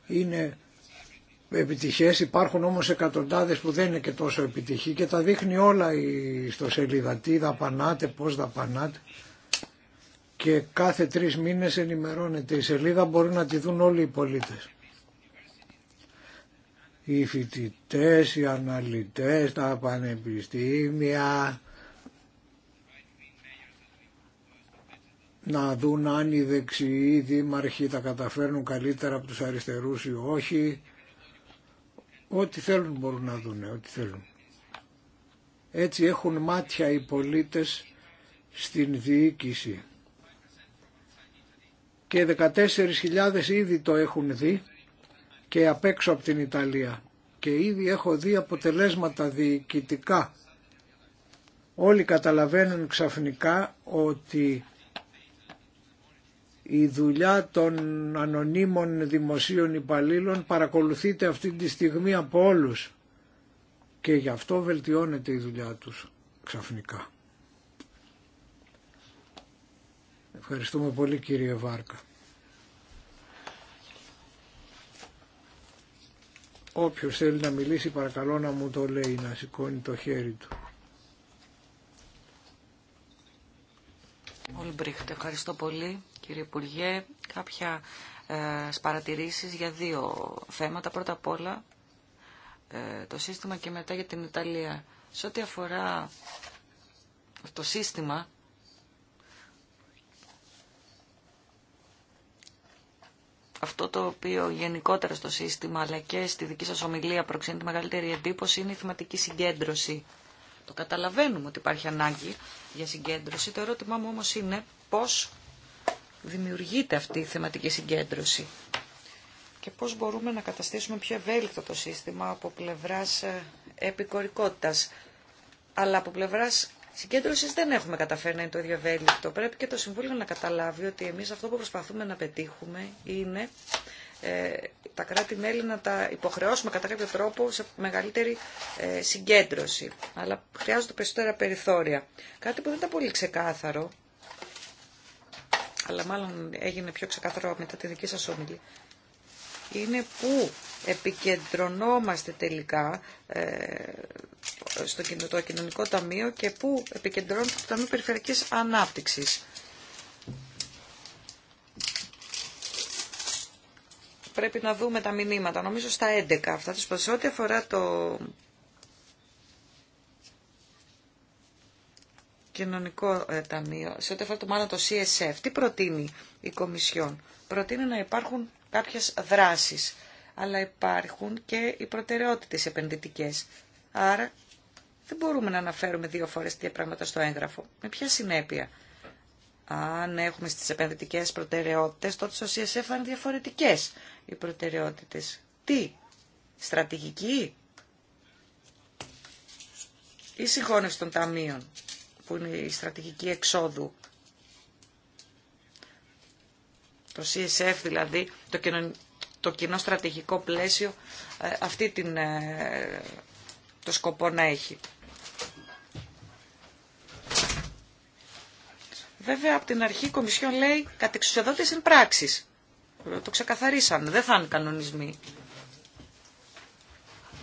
είναι επιτυχές, υπάρχουν όμως εκατοντάδες που δεν είναι και τόσο επιτυχή και τα δείχνει όλα η σελίδα Τι δαπανάτε, πώς δαπανάτε και κάθε τρεις μήνες ενημερώνεται η σελίδα, μπορεί να τη δουν όλοι οι πολίτες. Οι φοιτητέ, οι αναλυτές, τα πανεπιστήμια, να δουν αν οι δεξιοί δήμαρχοι τα καταφέρνουν καλύτερα από τους αριστερούς ή όχι, Ό,τι θέλουν μπορούν να δουν, ό,τι θέλουν. Έτσι έχουν μάτια οι πολίτες στην διοίκηση. Και 14.000 ήδη το έχουν δει και απ' έξω από την Ιταλία. Και ήδη έχω δει αποτελέσματα διοικητικά. Όλοι καταλαβαίνουν ξαφνικά ότι η δουλειά των ανωνύμων δημοσίων υπαλλήλων παρακολουθείται αυτή τη στιγμή από όλους και γι' αυτό βελτιώνεται η δουλειά τους ξαφνικά. Ευχαριστούμε πολύ κύριε Βάρκα. Όποιος θέλει να μιλήσει παρακαλώ να μου το λέει, να σηκώνει το χέρι του. ευχαριστώ πολύ κύριε Υπουργέ, κάποια ε, παρατηρήσεις για δύο θέματα. Πρώτα απ' όλα ε, το σύστημα και μετά για την Ιταλία. Σε ό,τι αφορά το σύστημα, αυτό το οποίο γενικότερα στο σύστημα αλλά και στη δική σας ομιλία προξενεί τη μεγαλύτερη εντύπωση είναι η θεματική συγκέντρωση. Το καταλαβαίνουμε ότι υπάρχει ανάγκη για συγκέντρωση. Το ερώτημά μου όμως είναι πώς δημιουργείται αυτή η θεματική συγκέντρωση και πώς μπορούμε να καταστήσουμε πιο ευέλικτο το σύστημα από πλευράς ε, επικορικότητας. Αλλά από πλευράς συγκέντρωσης δεν έχουμε καταφέρει να είναι το ίδιο ευέλικτο. Πρέπει και το Συμβούλιο να καταλάβει ότι εμείς αυτό που προσπαθούμε να πετύχουμε είναι ε, τα κράτη-μέλη να τα υποχρεώσουμε κατά κάποιο τρόπο σε μεγαλύτερη ε, συγκέντρωση. Αλλά χρειάζονται περισσότερα περιθώρια. Κάτι που δεν ήταν πολύ ξεκάθαρο αλλά μάλλον έγινε πιο ξεκαθαρό μετά τη δική σας όμιλη, είναι πού επικεντρωνόμαστε τελικά ε, στο κοινωνικό ταμείο και πού επικεντρώνουμε το Ταμείο Περιφερειακής Ανάπτυξης. Πρέπει να δούμε τα μηνύματα, νομίζω στα 11 αυτά. Σε ό,τι αφορά το κοινωνικό ε, ταμείο, σε ό,τι αφορά το μάλλον το CSF, τι προτείνει η Κομισιόν. Προτείνει να υπάρχουν κάποιες δράσεις, αλλά υπάρχουν και οι προτεραιότητες επενδυτικές. Άρα δεν μπορούμε να αναφέρουμε δύο φορές τι πράγματα στο έγγραφο. Με ποια συνέπεια. Αν έχουμε στις επενδυτικές προτεραιότητες, τότε στο CSF θα είναι διαφορετικές οι προτεραιότητες. Τι, στρατηγική ή συγχώνευση των ταμείων που είναι η στρατηγική εξόδου. Το CSF δηλαδή, το κοινό, το κοινό στρατηγικό πλαίσιο, ε, αυτή την, ε, το σκοπό να έχει. Βέβαια, από την αρχή η Κομισιόν λέει κατεξουσιοδότηση εν πράξεις. Ε, το ξεκαθαρίσαμε, δεν θα είναι κανονισμοί.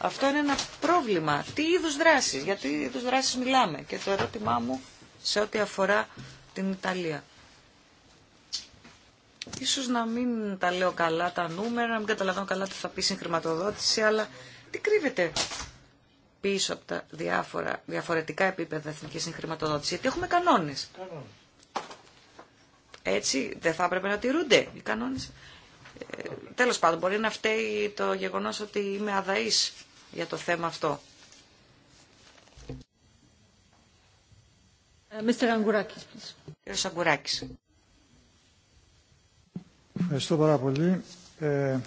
Αυτό είναι ένα πρόβλημα. Τι είδους δράσεις, γιατί είδους δράσεις μιλάμε. Και το ερώτημά μου σε ό,τι αφορά την Ιταλία. Ίσως να μην τα λέω καλά τα νούμερα, να μην καταλαβαίνω καλά τι θα πει συγχρηματοδότηση, αλλά τι κρύβεται πίσω από τα διάφορα, διαφορετικά επίπεδα εθνικής συγχρηματοδότησης, γιατί έχουμε κανόνες. Έτσι δεν θα έπρεπε να τηρούνται οι κανόνες. Ε, τέλος πάντων, μπορεί να φταίει το γεγονός ότι είμαι αδαής για το θέμα αυτό. Ε, κύριε Ευχαριστώ πάρα πολύ. Ε,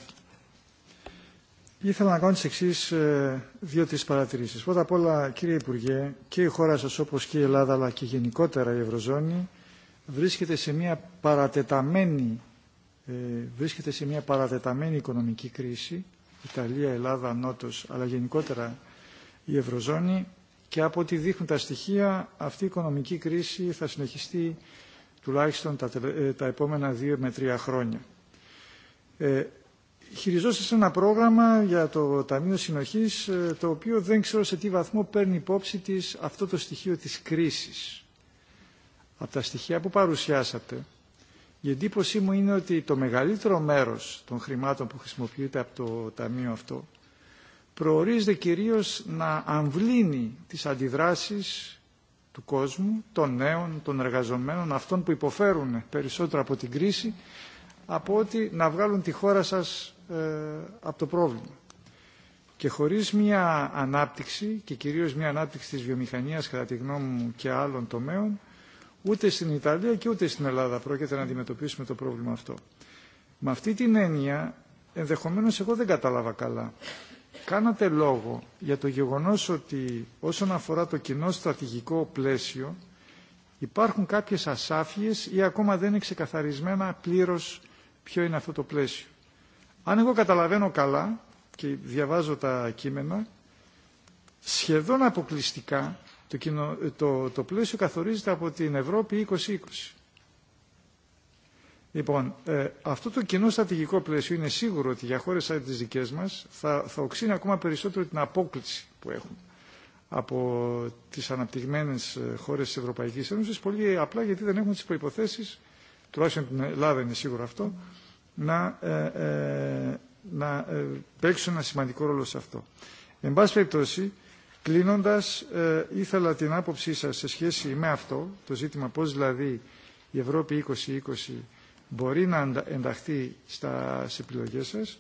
ήθελα να κάνω τις εξής ε, δύο-τρεις παρατηρήσεις. Πρώτα απ' όλα, κύριε Υπουργέ, και η χώρα σας όπως και η Ελλάδα αλλά και γενικότερα η Ευρωζώνη βρίσκεται σε μια παρατεταμένη, ε, βρίσκεται σε μια παρατεταμένη οικονομική κρίση Ιταλία, Ελλάδα, Νότος, αλλά γενικότερα η Ευρωζώνη και από ό,τι δείχνουν τα στοιχεία αυτή η οικονομική κρίση θα συνεχιστεί τουλάχιστον τα, ε, τα επόμενα δύο με τρία χρόνια. Ε, χειριζόσαστε ένα πρόγραμμα για το Ταμείο Συνοχής ε, το οποίο δεν ξέρω σε τι βαθμό παίρνει υπόψη της αυτό το στοιχείο της κρίσης. Από τα στοιχεία που παρουσιάσατε η εντύπωσή μου είναι ότι το μεγαλύτερο μέρος των χρημάτων που χρησιμοποιείται από το Ταμείο αυτό προορίζεται κυρίως να αμβλύνει τις αντιδράσεις του κόσμου, των νέων, των εργαζομένων, αυτών που υποφέρουν περισσότερο από την κρίση, από ότι να βγάλουν τη χώρα σας ε, από το πρόβλημα. Και χωρίς μια ανάπτυξη, και κυρίως μια ανάπτυξη της βιομηχανίας κατά τη γνώμη μου και άλλων τομέων, Ούτε στην Ιταλία και ούτε στην Ελλάδα πρόκειται να αντιμετωπίσουμε το πρόβλημα αυτό. Με αυτή την έννοια, ενδεχομένως εγώ δεν κατάλαβα καλά. Κάνατε λόγο για το γεγονός ότι όσον αφορά το κοινό στρατηγικό πλαίσιο υπάρχουν κάποιες ασάφειες ή ακόμα δεν είναι ξεκαθαρισμένα πλήρως ποιο είναι αυτό το πλαίσιο. Αν εγώ καταλαβαίνω καλά και διαβάζω τα κείμενα, σχεδόν αποκλειστικά το, κοινο, το, το πλαίσιο καθορίζεται από την Ευρώπη 2020. Λοιπόν, ε, αυτό το κοινό στρατηγικό πλαίσιο είναι σίγουρο ότι για χώρες σαν τις δικές μας θα, θα οξύνει ακόμα περισσότερο την απόκληση που έχουν από τις αναπτυγμένες ε, χώρες της Ευρωπαϊκής Ένωσης, πολύ απλά γιατί δεν έχουν τις προϋποθέσεις, τουλάχιστον την Ελλάδα είναι σίγουρο αυτό, να, ε, να παίξουν ένα σημαντικό ρόλο σε αυτό. Εν πάση περιπτώσει, Κλείνοντας, ε, ήθελα την άποψή σας σε σχέση με αυτό, το ζήτημα πώς δηλαδή η Ευρώπη 2020 μπορεί να ενταχθεί στα επιλογές σας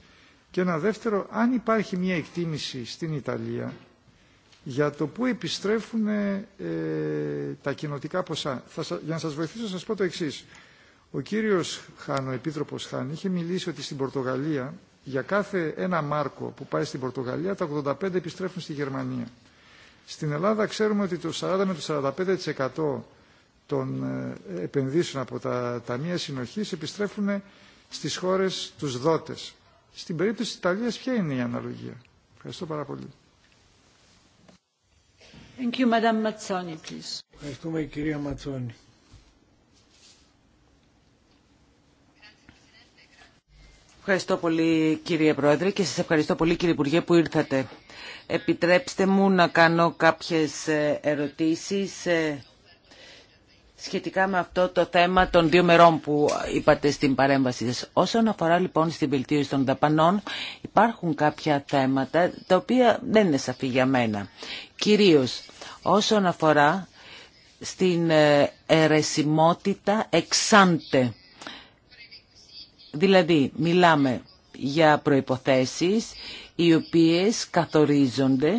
και ένα δεύτερο, αν υπάρχει μια εκτίμηση στην Ιταλία για το πού επιστρέφουν ε, τα κοινοτικά ποσά. Θα, για να σας βοηθήσω σας πω το εξής. Ο κύριος Χάν, ο Επίτροπος Χάν, είχε μιλήσει ότι στην Πορτογαλία για κάθε ένα μάρκο που πάει στην Πορτογαλία τα 85 επιστρέφουν στη Γερμανία. Στην Ελλάδα ξέρουμε ότι το 40 με το 45% των ε, επενδύσεων από τα ταμεία συνοχής επιστρέφουν στις χώρες τους δότες. Στην περίπτωση της Ιταλίας ποια είναι η αναλογία. Ευχαριστώ πάρα πολύ. Thank you, please. Ευχαριστούμε κυρία Ματσόνη. Ευχαριστώ πολύ κύριε Πρόεδρε και σας ευχαριστώ πολύ κύριε Υπουργέ που ήρθατε. Επιτρέψτε μου να κάνω κάποιες ε, ερωτήσεις ε, σχετικά με αυτό το θέμα των δύο μερών που είπατε στην παρέμβαση σας. Όσον αφορά λοιπόν στην βελτίωση των δαπανών, υπάρχουν κάποια θέματα τα οποία δεν είναι σαφή για μένα. Κυρίως όσον αφορά στην ε, αιρεσιμότητα εξάντε. Δηλαδή, μιλάμε για προϋποθέσεις οι οποίες καθορίζονται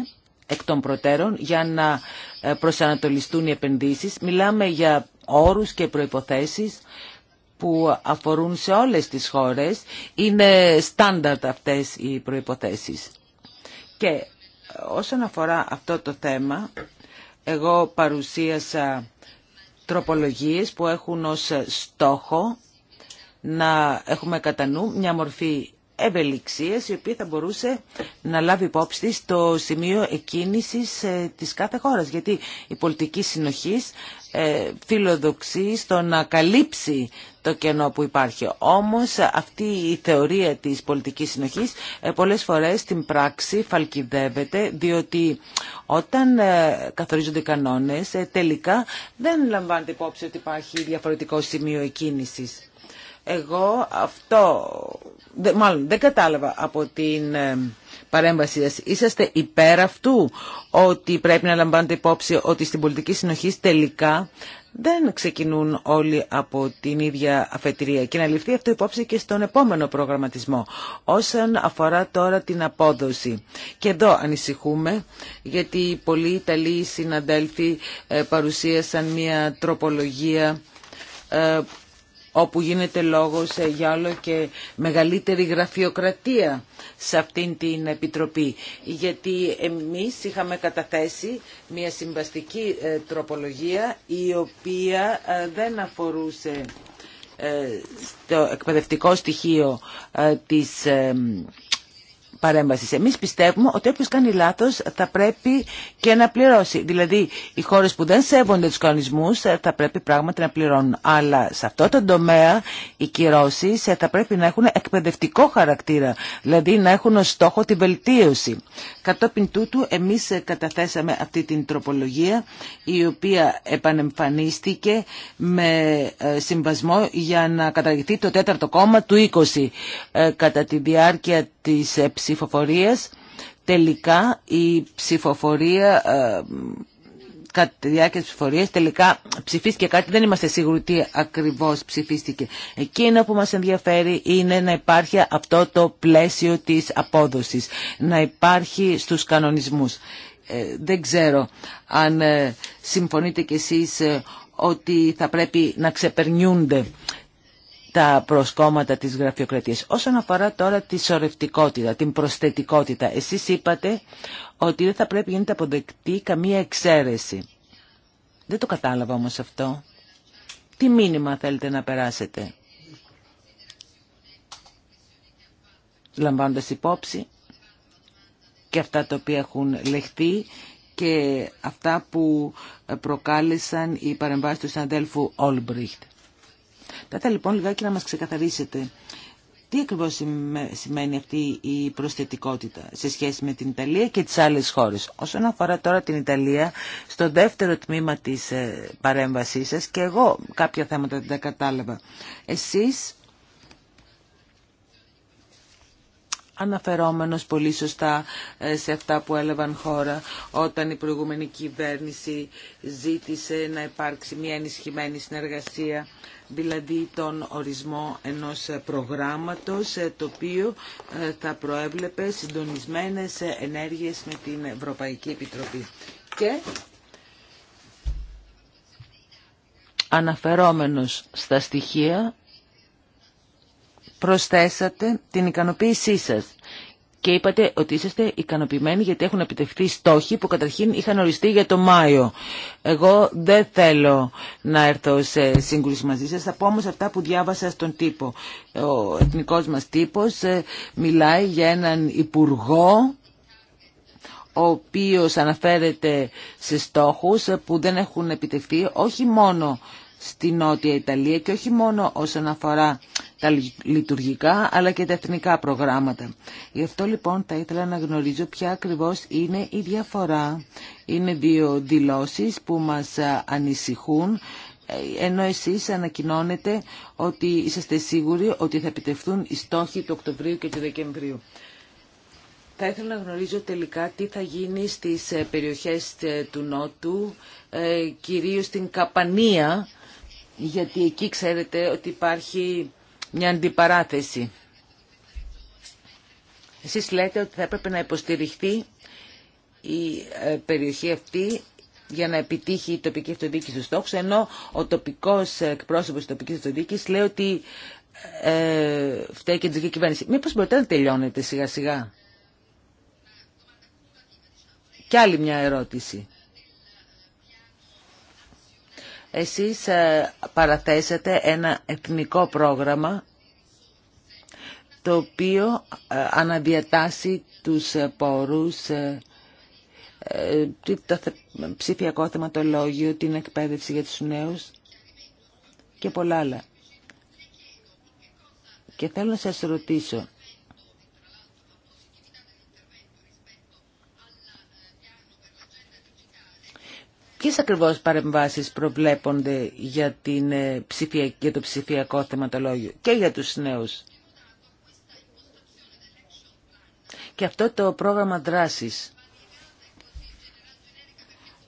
εκ των προτέρων για να ε, προσανατολιστούν οι επενδύσεις. Μιλάμε για όρους και προϋποθέσεις που αφορούν σε όλες τις χώρες. Είναι στάνταρτ αυτές οι προϋποθέσεις. Και ε, όσον αφορά αυτό το θέμα, εγώ παρουσίασα τροπολογίες που έχουν ως στόχο να έχουμε κατά νου μια μορφή ευελιξίες η οποία θα μπορούσε να λάβει υπόψη στο το σημείο εκκίνησης ε, της κάθε χώρας. Γιατί η πολιτική συνοχής ε, φιλοδοξεί στο να καλύψει το κενό που υπάρχει. Όμως αυτή η θεωρία της πολιτικής συνοχής ε, πολλές φορές στην πράξη φαλκιδεύεται διότι όταν καθορίζονται οι κανόνες τελικά δεν λαμβάνεται υπόψη ότι υπάρχει διαφορετικό σημείο εκκίνησης. Εγώ αυτό, μάλλον δεν κατάλαβα από την ε, παρέμβασή σας. Είσαστε υπέρ αυτού ότι πρέπει να λαμβάνετε υπόψη ότι στην πολιτική συνοχή τελικά δεν ξεκινούν όλοι από την ίδια αφετηρία και να ληφθεί αυτό υπόψη και στον επόμενο προγραμματισμό όσον αφορά τώρα την απόδοση. Και εδώ ανησυχούμε γιατί πολλοί Ιταλοί συναντέλφοι ε, παρουσίασαν μια τροπολογία ε, όπου γίνεται λόγος ε, για όλο και μεγαλύτερη γραφειοκρατία σε αυτήν την Επιτροπή. Γιατί εμείς είχαμε καταθέσει μια συμβαστική ε, τροπολογία η οποία ε, δεν αφορούσε το εκπαιδευτικό στοιχείο της παρέμβαση. Εμείς πιστεύουμε ότι όποιο κάνει λάθο θα πρέπει και να πληρώσει. Δηλαδή οι χώρε που δεν σέβονται του κανονισμού ε, θα πρέπει πράγματι να πληρώνουν. Αλλά σε αυτό το τομέα οι κυρώσει ε, θα πρέπει να έχουν εκπαιδευτικό χαρακτήρα. Δηλαδή να έχουν ως στόχο τη βελτίωση. Κατόπιν τούτου εμεί ε, καταθέσαμε αυτή την τροπολογία η οποία επανεμφανίστηκε με συμβασμό για να καταργηθεί το τέταρτο κόμμα του 20 κατά τη διάρκεια της ε, ψηφοφορίες Τελικά η ψηφοφορία, ε, κατά τη διάρκεια της τελικά ψηφίστηκε κάτι, δεν είμαστε σίγουροι τι ακριβώς ψηφίστηκε. Εκείνο που μας ενδιαφέρει είναι να υπάρχει αυτό το πλαίσιο της απόδοσης, να υπάρχει στους κανονισμούς. Ε, δεν ξέρω αν συμφωνείτε κι εσείς ότι θα πρέπει να ξεπερνιούνται τα προσκόμματα της γραφειοκρατίας. Όσον αφορά τώρα τη σωρευτικότητα, την προσθετικότητα, εσείς είπατε ότι δεν θα πρέπει να γίνεται αποδεκτή καμία εξαίρεση. Δεν το κατάλαβα όμως αυτό. Τι μήνυμα θέλετε να περάσετε. Λαμβάνοντας υπόψη και αυτά τα οποία έχουν λεχθεί και αυτά που προκάλεσαν οι παρεμβάσεις του συναδέλφου Όλμπριχτ. Θα λοιπόν λιγάκι να μας ξεκαθαρίσετε. Τι ακριβώς σημαίνει αυτή η προσθετικότητα σε σχέση με την Ιταλία και τις άλλες χώρες. Όσον αφορά τώρα την Ιταλία, στο δεύτερο τμήμα της ε, παρέμβασής σας και εγώ κάποια θέματα δεν τα κατάλαβα. Εσείς αναφερόμενος πολύ σωστά ε, σε αυτά που έλεγαν χώρα όταν η προηγούμενη κυβέρνηση ζήτησε να υπάρξει μια ενισχυμένη συνεργασία δηλαδή τον ορισμό ενός προγράμματος ε, το οποίο ε, θα προέβλεπε συντονισμένες ενέργειες με την Ευρωπαϊκή Επιτροπή. Και αναφερόμενος στα στοιχεία προσθέσατε την ικανοποίησή σας και είπατε ότι είσαστε ικανοποιημένοι γιατί έχουν επιτευχθεί στόχοι που καταρχήν είχαν οριστεί για το Μάιο. Εγώ δεν θέλω να έρθω σε σύγκρουση μαζί σας, θα πω όμως αυτά που διάβασα στον τύπο. Ο εθνικός μας τύπος ε, μιλάει για έναν υπουργό ο οποίος αναφέρεται σε στόχους που δεν έχουν επιτευχθεί όχι μόνο στη Νότια Ιταλία και όχι μόνο όσον αφορά τα λειτουργικά αλλά και τα εθνικά προγράμματα. Γι' αυτό λοιπόν θα ήθελα να γνωρίζω ποια ακριβώς είναι η διαφορά. Είναι δύο δηλώσεις που μας ε, ανησυχούν ε, ενώ εσείς ανακοινώνετε ότι είσαστε σίγουροι ότι θα επιτευχθούν οι στόχοι του Οκτωβρίου και του Δεκεμβρίου. Θα ήθελα να γνωρίζω τελικά τι θα γίνει στις ε, περιοχές του Νότου, κυρίως στην Καπανία, γιατί εκεί ξέρετε ότι υπάρχει μια αντιπαράθεση. Εσείς λέτε ότι θα έπρεπε να υποστηριχθεί η ε, περιοχή αυτή για να επιτύχει η τοπική αυτοδιοίκηση του στόχου, ενώ ο τοπικός εκπρόσωπος της τοπικής αυτοδιοίκησης λέει ότι ε, φταίει και τη κυβέρνηση. Μήπως μπορείτε να τελειώνετε σιγά σιγά. Κι άλλη μια ερώτηση. Εσείς ε, παραθέσατε ένα εθνικό πρόγραμμα το οποίο ε, αναδιατάσσει τους ε, πόρους, το ψηφιακό θεματολόγιο, την εκπαίδευση για τους νέους και πολλά άλλα. Και θέλω να σας ρωτήσω, Ποιες ακριβώς παρεμβάσεις προβλέπονται για, την, ε, για το ψηφιακό θεματολόγιο και για τους νέους. Και αυτό το πρόγραμμα δράσης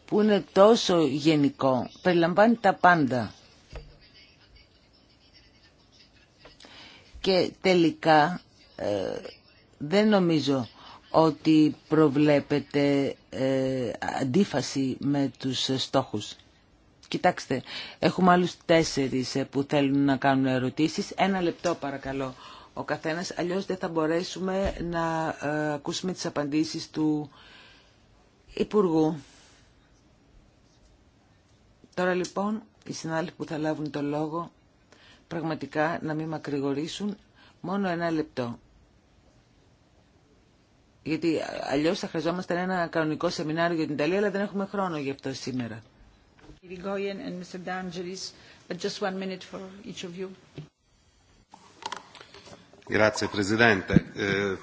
που είναι τόσο γενικό, περιλαμβάνει τα πάντα. Και τελικά ε, δεν νομίζω ότι προβλέπετε αντίφαση με τους στόχους. Κοιτάξτε, έχουμε άλλους τέσσερις ε, που θέλουν να κάνουν ερωτήσεις. Ένα λεπτό παρακαλώ ο καθένας, αλλιώς δεν θα μπορέσουμε να ε, ακούσουμε τις απαντήσεις του Υπουργού. Τώρα λοιπόν, οι συνάδελφοι που θα λάβουν το λόγο, πραγματικά να μην μακρηγορήσουν, μόνο ένα λεπτό. Γιατί αλλιώς θα χρειαζόμαστε ένα κανονικό σεμινάριο για την Ιταλία, αλλά δεν έχουμε χρόνο γι' αυτό σήμερα. Eh,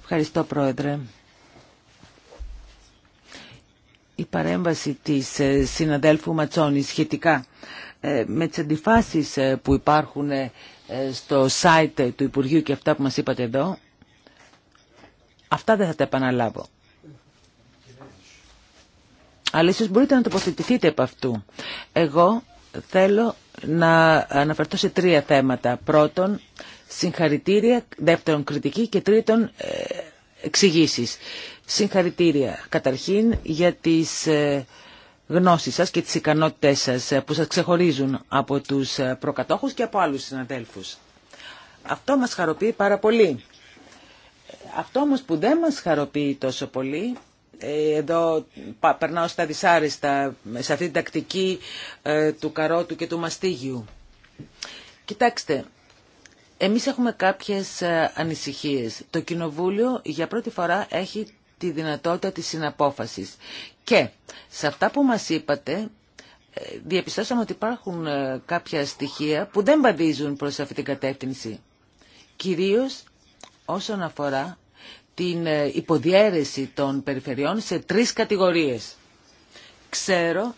Ευχαριστώ, Πρόεδρε. Η παρέμβαση της ε, συναδέλφου Ματσόνη σχετικά ε, με τις αντιφάσεις ε, που υπάρχουν στο site του Υπουργείου και αυτά που μας είπατε εδώ, Αυτά δεν θα τα επαναλάβω. Αλλά ίσως μπορείτε να τοποθετηθείτε από αυτού. Εγώ θέλω να αναφερθώ σε τρία θέματα. Πρώτον, συγχαρητήρια, δεύτερον, κριτική και τρίτον, ε, εξηγήσεις. Συγχαρητήρια, καταρχήν, για τις ε, γνώσεις σας και τις ικανότητές σας ε, που σας ξεχωρίζουν από τους προκατόχους και από άλλους συναδέλφους. Αυτό μας χαροποιεί πάρα πολύ. Αυτό όμως που δεν μας χαροποιεί τόσο πολύ ε, εδώ περνάω στα δυσάρεστα σε αυτή την τακτική ε, του καρότου και του μαστίγιου. Κοιτάξτε, εμείς έχουμε κάποιες ε, ανησυχίες. Το Κοινοβούλιο για πρώτη φορά έχει τη δυνατότητα της συναπόφασης. Και σε αυτά που μας είπατε, διαπιστώσαμε ότι υπάρχουν κάποια στοιχεία που δεν βαδίζουν προς αυτή την κατεύθυνση. Κυρίως όσον αφορά την ε, υποδιέρεση των περιφερειών σε τρεις κατηγορίες. Ξέρω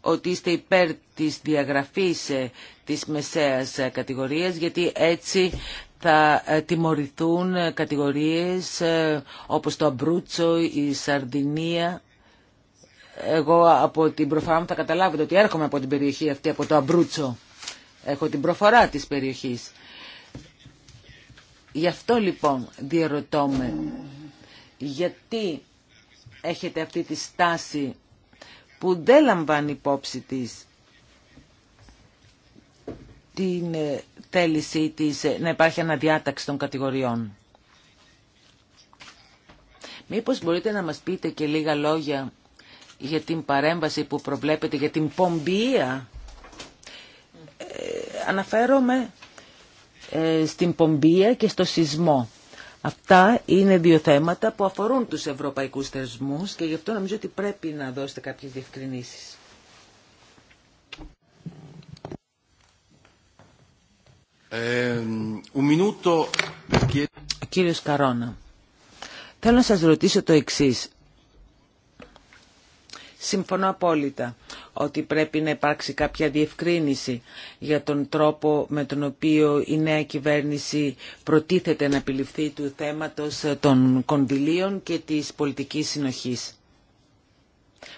ότι είστε υπέρ της διαγραφής ε, της μεσαίας ε, κατηγορίας γιατί έτσι θα τιμωρηθούν κατηγορίες όπως το Αμπρούτσο, η Σαρδινία. Εγώ από την προφορά μου θα καταλάβετε ότι έρχομαι από την περιοχή αυτή, από το Αμπρούτσο. Έχω την προφορά της περιοχής. Γι' αυτό λοιπόν διαρωτώ με, γιατί έχετε αυτή τη στάση που δεν λαμβάνει υπόψη της την ε, θέλησή της ε, να υπάρχει αναδιάταξη των κατηγοριών. Μήπως μπορείτε να μας πείτε και λίγα λόγια για την παρέμβαση που προβλέπετε, για την πομπία. Ε, αναφέρομαι ε, στην πομπία και στο σεισμό. Αυτά είναι δύο θέματα που αφορούν τους ευρωπαϊκούς θεσμούς και γι' αυτό νομίζω ότι πρέπει να δώσετε κάποιες διευκρινήσεις. Ε, Κύριος Καρόνα, θέλω να σας ρωτήσω το εξής. Συμφωνώ απόλυτα ότι πρέπει να υπάρξει κάποια διευκρίνηση για τον τρόπο με τον οποίο η νέα κυβέρνηση προτίθεται να επιληφθεί του θέματος των κονδυλίων και της πολιτικής συνοχής.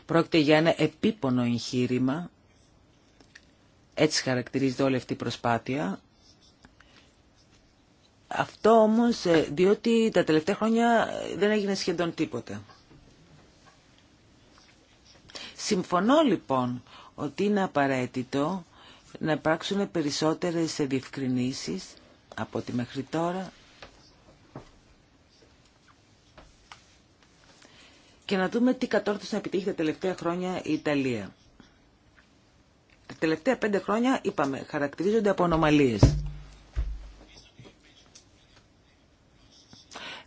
Πρόκειται για ένα επίπονο εγχείρημα, έτσι χαρακτηρίζεται όλη αυτή η προσπάθεια, αυτό όμως ε, διότι τα τελευταία χρόνια δεν έγινε σχεδόν τίποτα. Συμφωνώ λοιπόν ότι είναι απαραίτητο να υπάρξουν περισσότερες διευκρινήσεις από ό,τι μέχρι τώρα και να δούμε τι κατόρθωσε να επιτύχει τα τελευταία χρόνια η Ιταλία. Τα τελευταία πέντε χρόνια, είπαμε, χαρακτηρίζονται από ονομαλίες.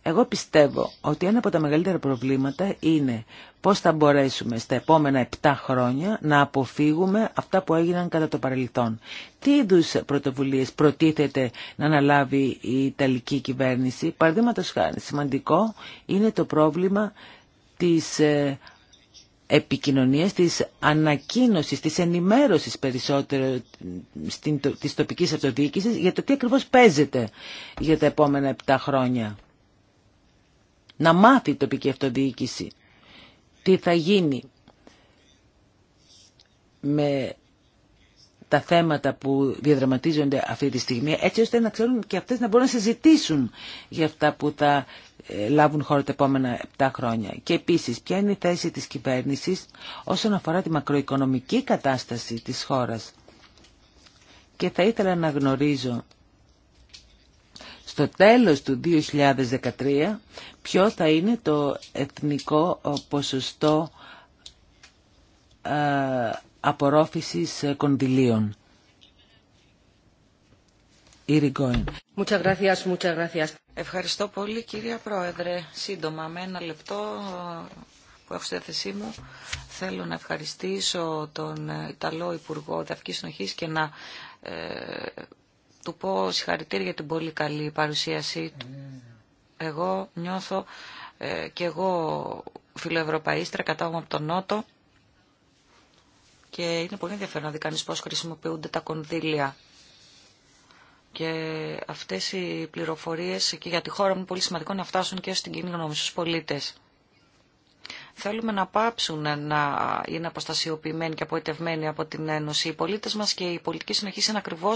Εγώ πιστεύω ότι ένα από τα μεγαλύτερα προβλήματα είναι πώς θα μπορέσουμε στα επόμενα 7 χρόνια να αποφύγουμε αυτά που έγιναν κατά το παρελθόν. Τι είδου πρωτοβουλίε προτίθεται να αναλάβει η Ιταλική κυβέρνηση. Παραδείγματο χάρη, σημαντικό είναι το πρόβλημα της ε, επικοινωνίας, της ανακοίνωσης, της ενημέρωσης περισσότερο στην, της τοπικής αυτοδιοίκησης για το τι ακριβώς παίζεται για τα επόμενα 7 χρόνια να μάθει η τοπική αυτοδιοίκηση τι θα γίνει με τα θέματα που διαδραματίζονται αυτή τη στιγμή, έτσι ώστε να ξέρουν και αυτές να μπορούν να συζητήσουν για αυτά που θα ε, λάβουν χώρα τα επόμενα 7 χρόνια. Και επίσης, ποια είναι η θέση της κυβέρνησης όσον αφορά τη μακροοικονομική κατάσταση της χώρας. Και θα ήθελα να γνωρίζω στο τέλος του 2013 ποιο θα είναι το εθνικό ε, ποσοστό ε, απορρόφησης ε, κονδυλίων. Ευχαριστώ πολύ κυρία Πρόεδρε. Σύντομα με ένα λεπτό που έχω στη θέση μου θέλω να ευχαριστήσω τον Ιταλό Υπουργό Δευκής Συνοχής και να του πω συγχαρητήρια για την πολύ καλή παρουσίασή του. Εγώ νιώθω ε, και εγώ φιλοευρωπαίστρα, κατάγομαι από τον Νότο και είναι πολύ ενδιαφέρον να δει κανείς πώς χρησιμοποιούνται τα κονδύλια. Και αυτές οι πληροφορίες και για τη χώρα μου είναι πολύ σημαντικό να φτάσουν και στην κοινή γνώμη στους πολίτες. Θέλουμε να πάψουν να είναι αποστασιοποιημένοι και απογοητευμένοι από την Ένωση. Οι πολίτε μα και η πολιτική συνοχή είναι ακριβώ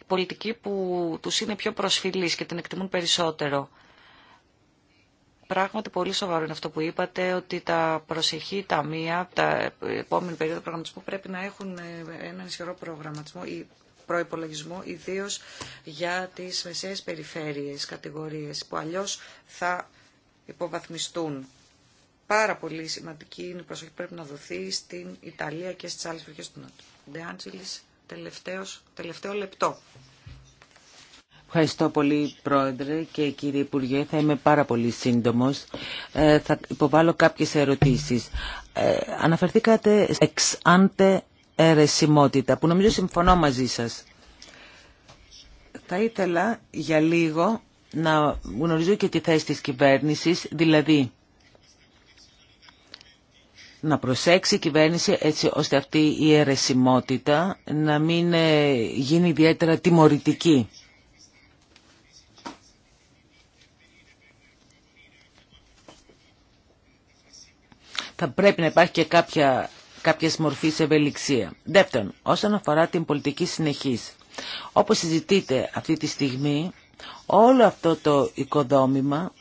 η πολιτική που του είναι πιο προσφυλή και την εκτιμούν περισσότερο. Πράγματι, πολύ σοβαρό είναι αυτό που είπατε, ότι τα προσεχή ταμεία, τα επόμενη περίοδο προγραμματισμού πρέπει να έχουν ε, έναν ισχυρό προγραμματισμό ή προϋπολογισμό, ιδίως για τις μεσαίες περιφέρειες, κατηγορίες, που αλλιώς θα υποβαθμιστούν. Πάρα πολύ σημαντική είναι η προσοχή που πρέπει να δοθεί στην Ιταλία και στις άλλες περιοχές του Νότου. Ντεάντζιλης, τελευταίος, τελευταίο λεπτό. Ευχαριστώ πολύ Πρόεδρε και κύριε Υπουργέ. Θα είμαι πάρα πολύ σύντομος. Ε, θα υποβάλω κάποιες ερωτήσεις. Ε, αναφερθήκατε εξάντε ερεσιμότητα, που νομίζω συμφωνώ μαζί σας. Θα ήθελα για λίγο να γνωρίζω και τη θέση της κυβέρνησης, δηλαδή να προσέξει η κυβέρνηση έτσι ώστε αυτή η αιρεσιμότητα να μην ε, γίνει ιδιαίτερα τιμωρητική. Θα πρέπει να υπάρχει και κάποια, κάποιες μορφής ευελιξία. Δεύτερον, όσον αφορά την πολιτική συνεχής, όπως συζητείτε αυτή τη στιγμή, όλο αυτό το οικοδόμημα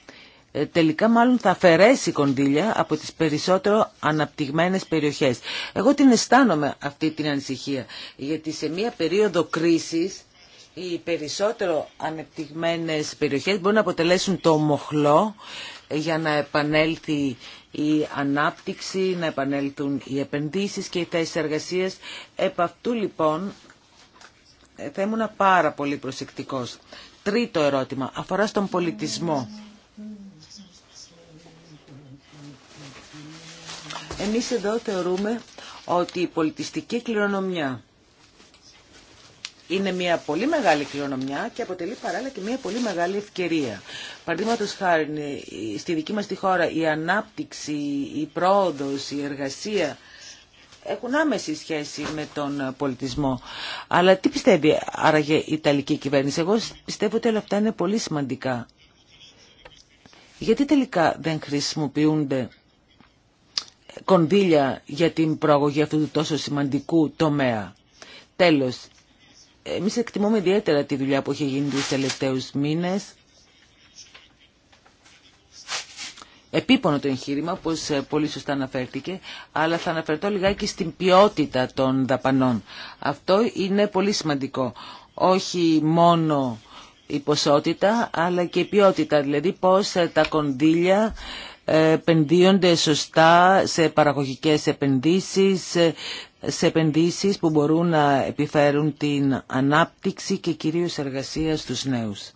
ε, τελικά μάλλον θα αφαιρέσει κονδύλια από τις περισσότερο αναπτυγμένες περιοχές. Εγώ την αισθάνομαι αυτή την ανησυχία, γιατί σε μια περίοδο κρίσης οι περισσότερο αναπτυγμένες περιοχές μπορούν να αποτελέσουν το μοχλό για να επανέλθει η ανάπτυξη, να επανέλθουν οι επενδύσεις και οι θέσεις εργασίας. Επ' αυτού λοιπόν ε, θα ήμουν πάρα πολύ προσεκτικός. Τρίτο ερώτημα αφορά στον πολιτισμό. Εμείς εδώ θεωρούμε ότι η πολιτιστική κληρονομιά είναι μια πολύ μεγάλη κληρονομιά και αποτελεί παράλληλα και μια πολύ μεγάλη ευκαιρία. Παραδείγματο χάρη, στη δική μας τη χώρα η ανάπτυξη, η πρόοδος, η εργασία έχουν άμεση σχέση με τον πολιτισμό. Αλλά τι πιστεύει άραγε η Ιταλική κυβέρνηση. Εγώ πιστεύω ότι όλα αυτά είναι πολύ σημαντικά. Γιατί τελικά δεν χρησιμοποιούνται κονδύλια για την προαγωγή αυτού του τόσο σημαντικού τομέα. Τέλος, εμείς εκτιμούμε ιδιαίτερα τη δουλειά που έχει γίνει τους τελευταίους μήνες. Επίπονο το εγχείρημα, όπως ε, πολύ σωστά αναφέρθηκε, αλλά θα αναφερθώ λιγάκι στην ποιότητα των δαπανών. Αυτό είναι πολύ σημαντικό. Όχι μόνο η ποσότητα, αλλά και η ποιότητα, δηλαδή πώς ε, τα κονδύλια επενδύονται σωστά σε παραγωγικές επενδύσεις, σε επενδύσεις που μπορούν να επιφέρουν την ανάπτυξη και κυρίως εργασία στους νέους.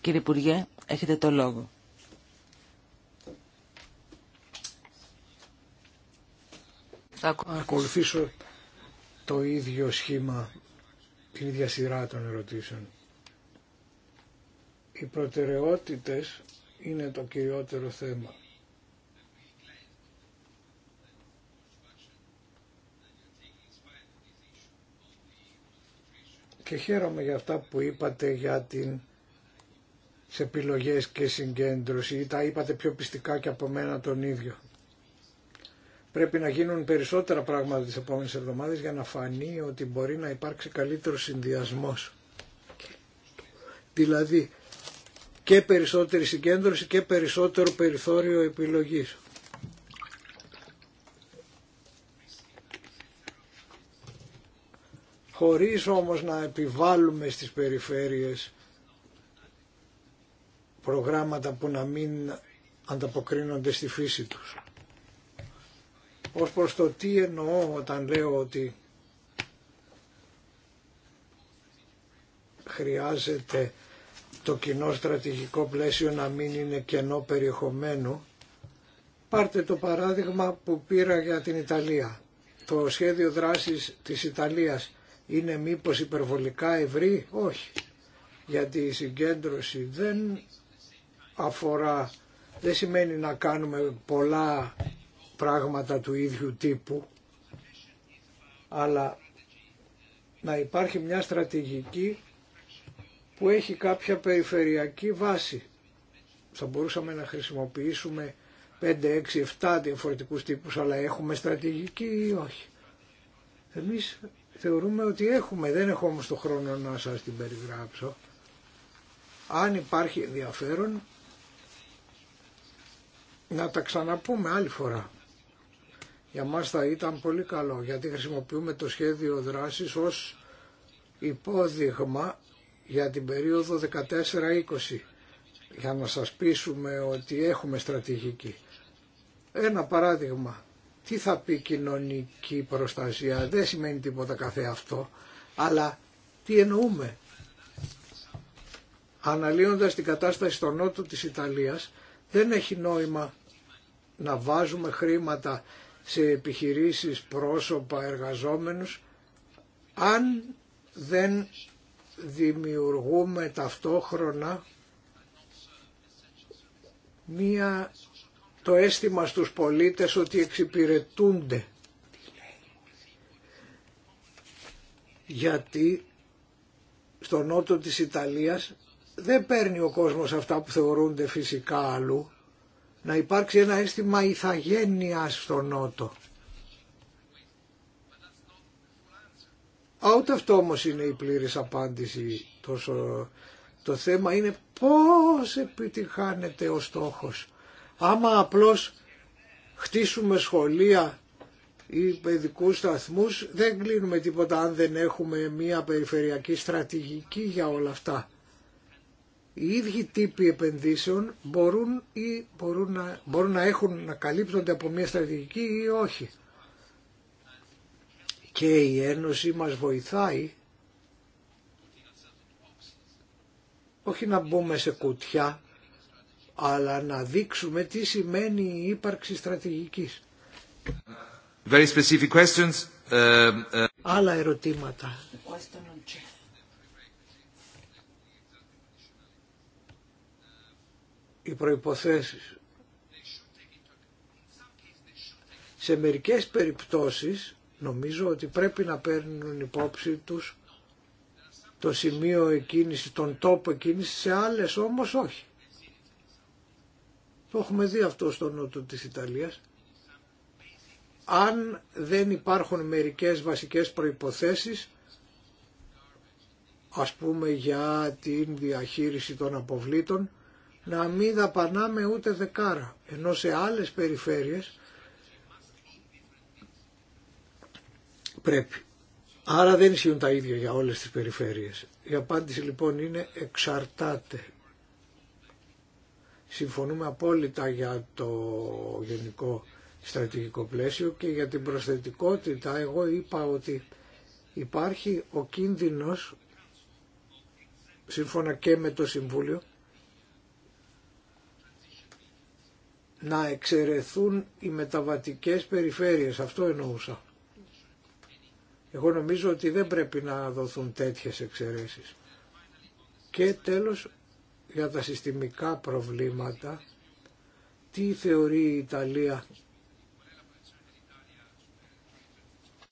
Κύριε Υπουργέ, έχετε το λόγο. Θα ακολουθήσω το ίδιο σχήμα, την ίδια σειρά των ερωτήσεων. Οι προτεραιότητες είναι το κυριότερο θέμα. Και χαίρομαι για αυτά που είπατε για την σε και συγκέντρωση. Τα είπατε πιο πιστικά και από μένα τον ίδιο. Πρέπει να γίνουν περισσότερα πράγματα τις επόμενες εβδομάδες για να φανεί ότι μπορεί να υπάρξει καλύτερος συνδυασμός. Δηλαδή και περισσότερη συγκέντρωση και περισσότερο περιθώριο επιλογής. Χωρίς όμως να επιβάλλουμε στις περιφέρειες προγράμματα που να μην ανταποκρίνονται στη φύση τους. Ως προς το τι εννοώ όταν λέω ότι χρειάζεται το κοινό στρατηγικό πλαίσιο να μην είναι κενό περιεχομένου. Πάρτε το παράδειγμα που πήρα για την Ιταλία. Το σχέδιο δράσης της Ιταλίας είναι μήπως υπερβολικά ευρύ. Όχι. Γιατί η συγκέντρωση δεν αφορά, δεν σημαίνει να κάνουμε πολλά πράγματα του ίδιου τύπου, αλλά να υπάρχει μια στρατηγική που έχει κάποια περιφερειακή βάση. Θα μπορούσαμε να χρησιμοποιήσουμε 5, 6, 7 διαφορετικούς τύπους, αλλά έχουμε στρατηγική ή όχι. Εμείς θεωρούμε ότι έχουμε, δεν έχω όμως το χρόνο να σας την περιγράψω. Αν υπάρχει ενδιαφέρον, να τα ξαναπούμε άλλη φορά. Για μας θα ήταν πολύ καλό, γιατί χρησιμοποιούμε το σχέδιο δράσης ως υπόδειγμα για την περίοδο 14-20 για να σας πείσουμε ότι έχουμε στρατηγική. Ένα παράδειγμα, τι θα πει κοινωνική προστασία, δεν σημαίνει τίποτα καθε αυτό, αλλά τι εννοούμε. Αναλύοντας την κατάσταση στο νότο της Ιταλίας, δεν έχει νόημα να βάζουμε χρήματα σε επιχειρήσεις, πρόσωπα, εργαζόμενους, αν δεν δημιουργούμε ταυτόχρονα μία, το αίσθημα στους πολίτες ότι εξυπηρετούνται. Γιατί στο νότο της Ιταλίας δεν παίρνει ο κόσμος αυτά που θεωρούνται φυσικά αλλού. Να υπάρξει ένα αίσθημα ηθαγένειας στο νότο. Α, ούτε αυτό όμως είναι η πλήρης απάντηση Το θέμα είναι πώς επιτυχάνεται ο στόχος. Άμα απλώς χτίσουμε σχολεία ή παιδικούς σταθμούς δεν κλείνουμε τίποτα αν δεν έχουμε μια περιφερειακή στρατηγική για όλα αυτά. Οι ίδιοι τύποι επενδύσεων μπορούν, ή μπορούν, να, μπορούν να έχουν να καλύπτονται από μια στρατηγική ή όχι και η Ένωση μας βοηθάει όχι να μπούμε σε κουτιά αλλά να δείξουμε τι σημαίνει η ύπαρξη στρατηγικής. Um, uh, Άλλα ερωτήματα. Οι προϋποθέσεις. Σε μερικές περιπτώσεις Νομίζω ότι πρέπει να παίρνουν υπόψη τους το σημείο εκκίνησης, τον τόπο εκκίνησης, σε άλλες όμως όχι. Το έχουμε δει αυτό στο νότο της Ιταλίας. Αν δεν υπάρχουν μερικές βασικές προϋποθέσεις, ας πούμε για την διαχείριση των αποβλήτων, να μην δαπανάμε ούτε δεκάρα, ενώ σε άλλες περιφέρειες πρέπει. Άρα δεν ισχύουν τα ίδια για όλες τις περιφέρειες. Η απάντηση λοιπόν είναι εξαρτάται. Συμφωνούμε απόλυτα για το γενικό στρατηγικό πλαίσιο και για την προσθετικότητα εγώ είπα ότι υπάρχει ο κίνδυνος σύμφωνα και με το Συμβούλιο να εξαιρεθούν οι μεταβατικές περιφέρειες. Αυτό εννοούσα. Εγώ νομίζω ότι δεν πρέπει να δοθούν τέτοιες εξαιρέσεις. Και τέλος, για τα συστημικά προβλήματα, τι θεωρεί η Ιταλία.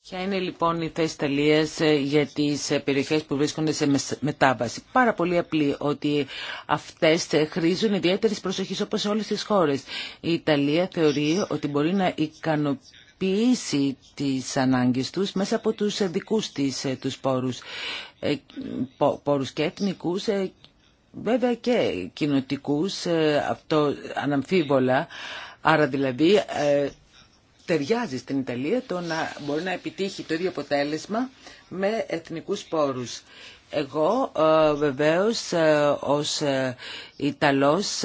Ποια είναι λοιπόν η θέση Ιταλίας ε, για τις ε, περιοχές που βρίσκονται σε μετάβαση. Πάρα πολύ απλή ότι αυτές ε, χρήζουν ιδιαίτερης προσοχής όπως σε όλες τις χώρες. Η Ιταλία θεωρεί ότι μπορεί να ικανοποιήσει υλοποιήσει τις ανάγκες τους μέσα από τους δικούς της ε, τους πόρους, ε, πόρους και εθνικούς ε, βέβαια και κοινοτικούς, αυτό αναμφίβολα. Άρα δηλαδή ταιριάζει στην Ιταλία το να μπορεί να επιτύχει το ίδιο αποτέλεσμα με εθνικούς πόρους. Εγώ βεβαίως ως Ιταλός,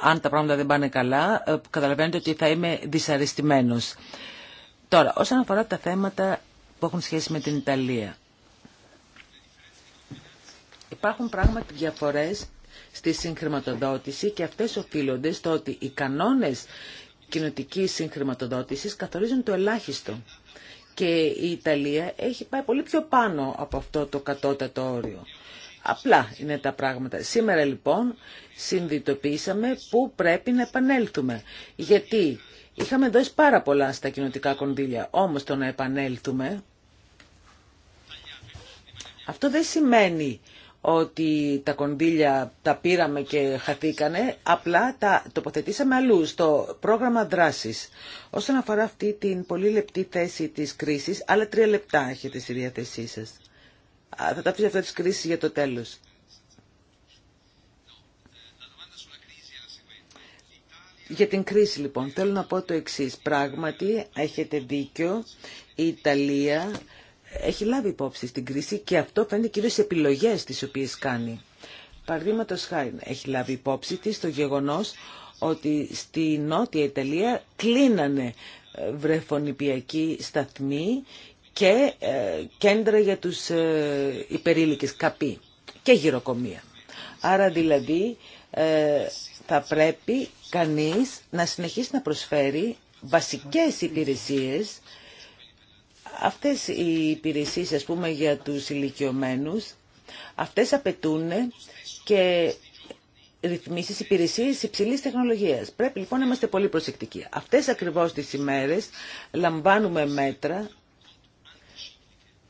αν τα πράγματα δεν πάνε καλά, καταλαβαίνετε ότι θα είμαι δυσαρεστημένος. Τώρα, όσον αφορά τα θέματα που έχουν σχέση με την Ιταλία, υπάρχουν πράγματι διαφορές στη συγχρηματοδότηση και αυτές οφείλονται στο ότι οι κανόνες κοινοτικής συγχρηματοδότησης καθορίζουν το ελάχιστο. Και η Ιταλία έχει πάει πολύ πιο πάνω από αυτό το κατώτατο όριο. Απλά είναι τα πράγματα. Σήμερα λοιπόν συνειδητοποίησαμε που πρέπει να επανέλθουμε. Γιατί Είχαμε δώσει πάρα πολλά στα κοινοτικά κονδύλια, όμως το να επανέλθουμε, αυτό δεν σημαίνει ότι τα κονδύλια τα πήραμε και χαθήκανε, απλά τα τοποθετήσαμε αλλού στο πρόγραμμα δράσης. Όσον αφορά αυτή την πολύ λεπτή θέση της κρίσης, άλλα τρία λεπτά έχετε στη διάθεσή σας. Θα τα αφήσω αυτά τη κρίση για το τέλος. Για την κρίση λοιπόν θέλω να πω το εξή. Πράγματι έχετε δίκιο, η Ιταλία έχει λάβει υπόψη στην κρίση και αυτό φαίνεται κυρίως σε επιλογές τις οποίες κάνει. Παραδείγματος χάρη έχει λάβει υπόψη της το γεγονός ότι στη Νότια Ιταλία κλείνανε ε, βρεφονιπιακοί σταθμοί και ε, κέντρα για τους ε, υπερήλικες καπί και γυροκομεία. Άρα δηλαδή θα πρέπει κανείς να συνεχίσει να προσφέρει βασικές υπηρεσίες αυτές οι υπηρεσίες ας πούμε για τους ηλικιωμένους αυτές απαιτούν και ρυθμίσεις υπηρεσίες υψηλής τεχνολογίας. Πρέπει λοιπόν να είμαστε πολύ προσεκτικοί. Αυτές ακριβώς τις ημέρες λαμβάνουμε μέτρα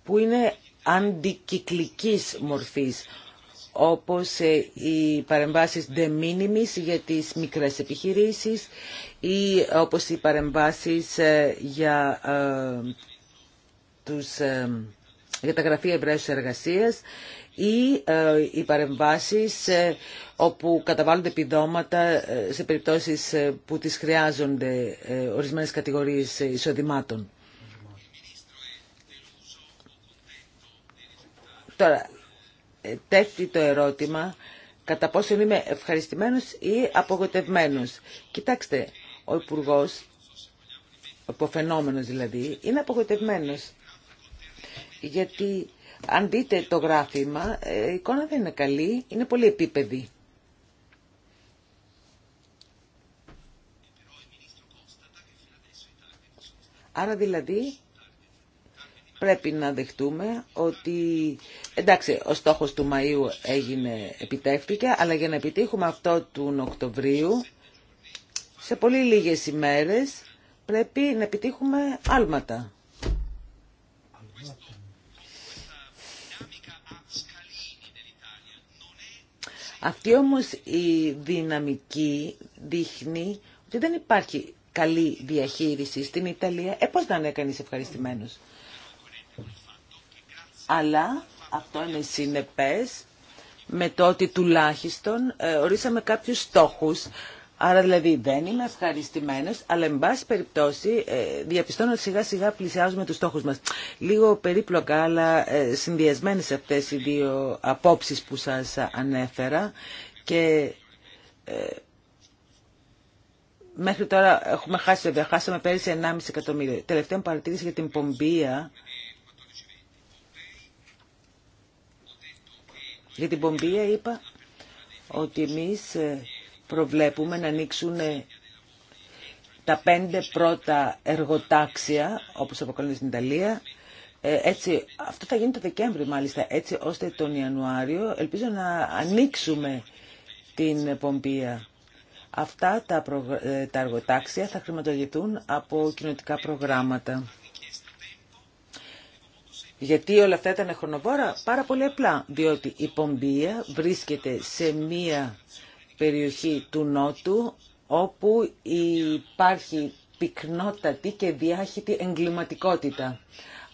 που είναι αντικυκλικής μορφής όπως ε, οι παρεμβάσεις de minimis για τις μικρές επιχειρήσεις ή όπως οι παρεμβάσεις ε, για, ε, τους, για τα γραφεία ευρέσης εργασίας ή οι παρεμβάσεις όπου καταβάλλονται επιδόματα σε περιπτώσεις που τις χρειάζονται ορισμένες κατηγορίες εισοδημάτων. Τώρα, ε, τέτοιο το ερώτημα κατά πόσο είμαι ευχαριστημένος ή απογοτευμένος. Κοιτάξτε, ο υπουργό, ο υποφαινόμενος δηλαδή, είναι απογοτευμένος. Γιατί αν δείτε το γράφημα, ε, η εικόνα δεν είναι καλή, είναι πολύ επίπεδη. Άρα δηλαδή πρέπει να δεχτούμε ότι εντάξει ο στόχος του Μαΐου έγινε επιτεύχθηκε αλλά για να επιτύχουμε αυτό του Οκτωβρίου σε πολύ λίγες ημέρες πρέπει να επιτύχουμε άλματα. Αυτή όμως η δυναμική δείχνει ότι δεν υπάρχει καλή διαχείριση στην Ιταλία. Ε, πώς να είναι κανείς ευχαριστημένος αλλά αυτό είναι συνεπές με το ότι τουλάχιστον ε, ορίσαμε κάποιους στόχους. Άρα δηλαδή δεν είμαι ευχαριστημένο, αλλά εν πάση περιπτώσει ε, διαπιστώνω ότι σιγά σιγά πλησιάζουμε τους στόχους μας. Λίγο περίπλοκα, αλλά ε, συνδυασμένες αυτές οι δύο απόψεις που σας ανέφερα και ε, μέχρι τώρα έχουμε χάσει βέβαια, χάσαμε πέρυσι 1,5 εκατομμύριο. Τελευταία παρατήρηση για την Πομπία Για την Πομπία είπα ότι εμείς ε, προβλέπουμε να ανοίξουν ε, τα πέντε πρώτα εργοτάξια, όπως αποκαλούνται στην Ιταλία, ε, έτσι, αυτό θα γίνει το Δεκέμβρη μάλιστα, έτσι ώστε τον Ιανουάριο ελπίζω να ανοίξουμε την Πομπία. Αυτά τα, τα εργοτάξια θα χρηματοδοτηθούν από κοινωτικά προγράμματα. Γιατί όλα αυτά ήταν χρονοβόρα πάρα πολύ απλά, διότι η Πομπία βρίσκεται σε μία περιοχή του Νότου όπου υπάρχει πυκνότατη και διάχυτη εγκληματικότητα.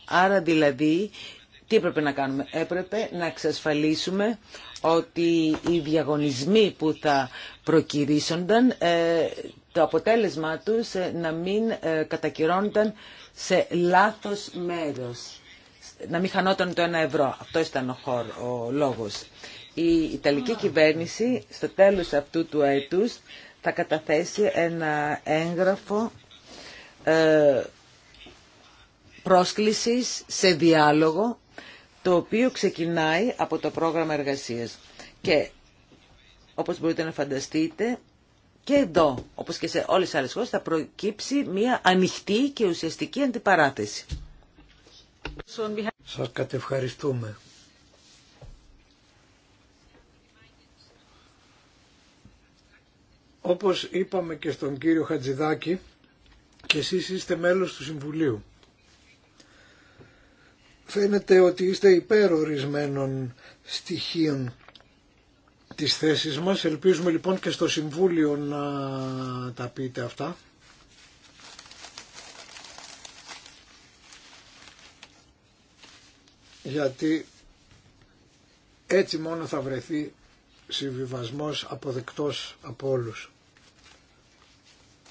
Άρα δηλαδή τι έπρεπε να κάνουμε. Έπρεπε να εξασφαλίσουμε ότι οι διαγωνισμοί που θα προκυρήσονταν ε, το αποτέλεσμα τους ε, να μην ε, κατακυρώνονταν σε λάθος μέρος να μην χανόταν το ένα ευρώ. Αυτό ήταν ο, χώρο, ο λόγος. Η Ιταλική κυβέρνηση στο τέλος αυτού του έτους θα καταθέσει ένα έγγραφο ε, πρόσκλησης σε διάλογο το οποίο ξεκινάει από το πρόγραμμα εργασίας. Και όπως μπορείτε να φανταστείτε και εδώ, όπως και σε όλες τις άλλες χώρες, θα προκύψει μια ανοιχτή και ουσιαστική αντιπαράθεση. Σας κατευχαριστούμε. Όπως είπαμε και στον κύριο Χατζηδάκη, και εσείς είστε μέλος του Συμβουλίου. Φαίνεται ότι είστε υπερορισμένων στοιχείων της θέσης μας. Ελπίζουμε λοιπόν και στο Συμβούλιο να τα πείτε αυτά. γιατί έτσι μόνο θα βρεθεί συμβιβασμός αποδεκτός από όλους.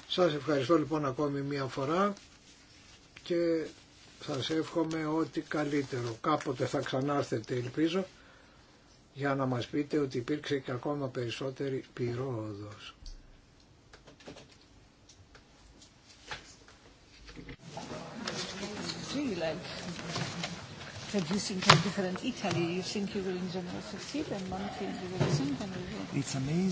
Σας ευχαριστώ λοιπόν ακόμη μία φορά και σας εύχομαι ό,τι καλύτερο. Κάποτε θα ξανάρθετε ελπίζω για να μας πείτε ότι υπήρξε και ακόμα περισσότερη πυρόδος producing in different Italy. You think you will in general succeed, and one thing you will think, and you will. It's amazing.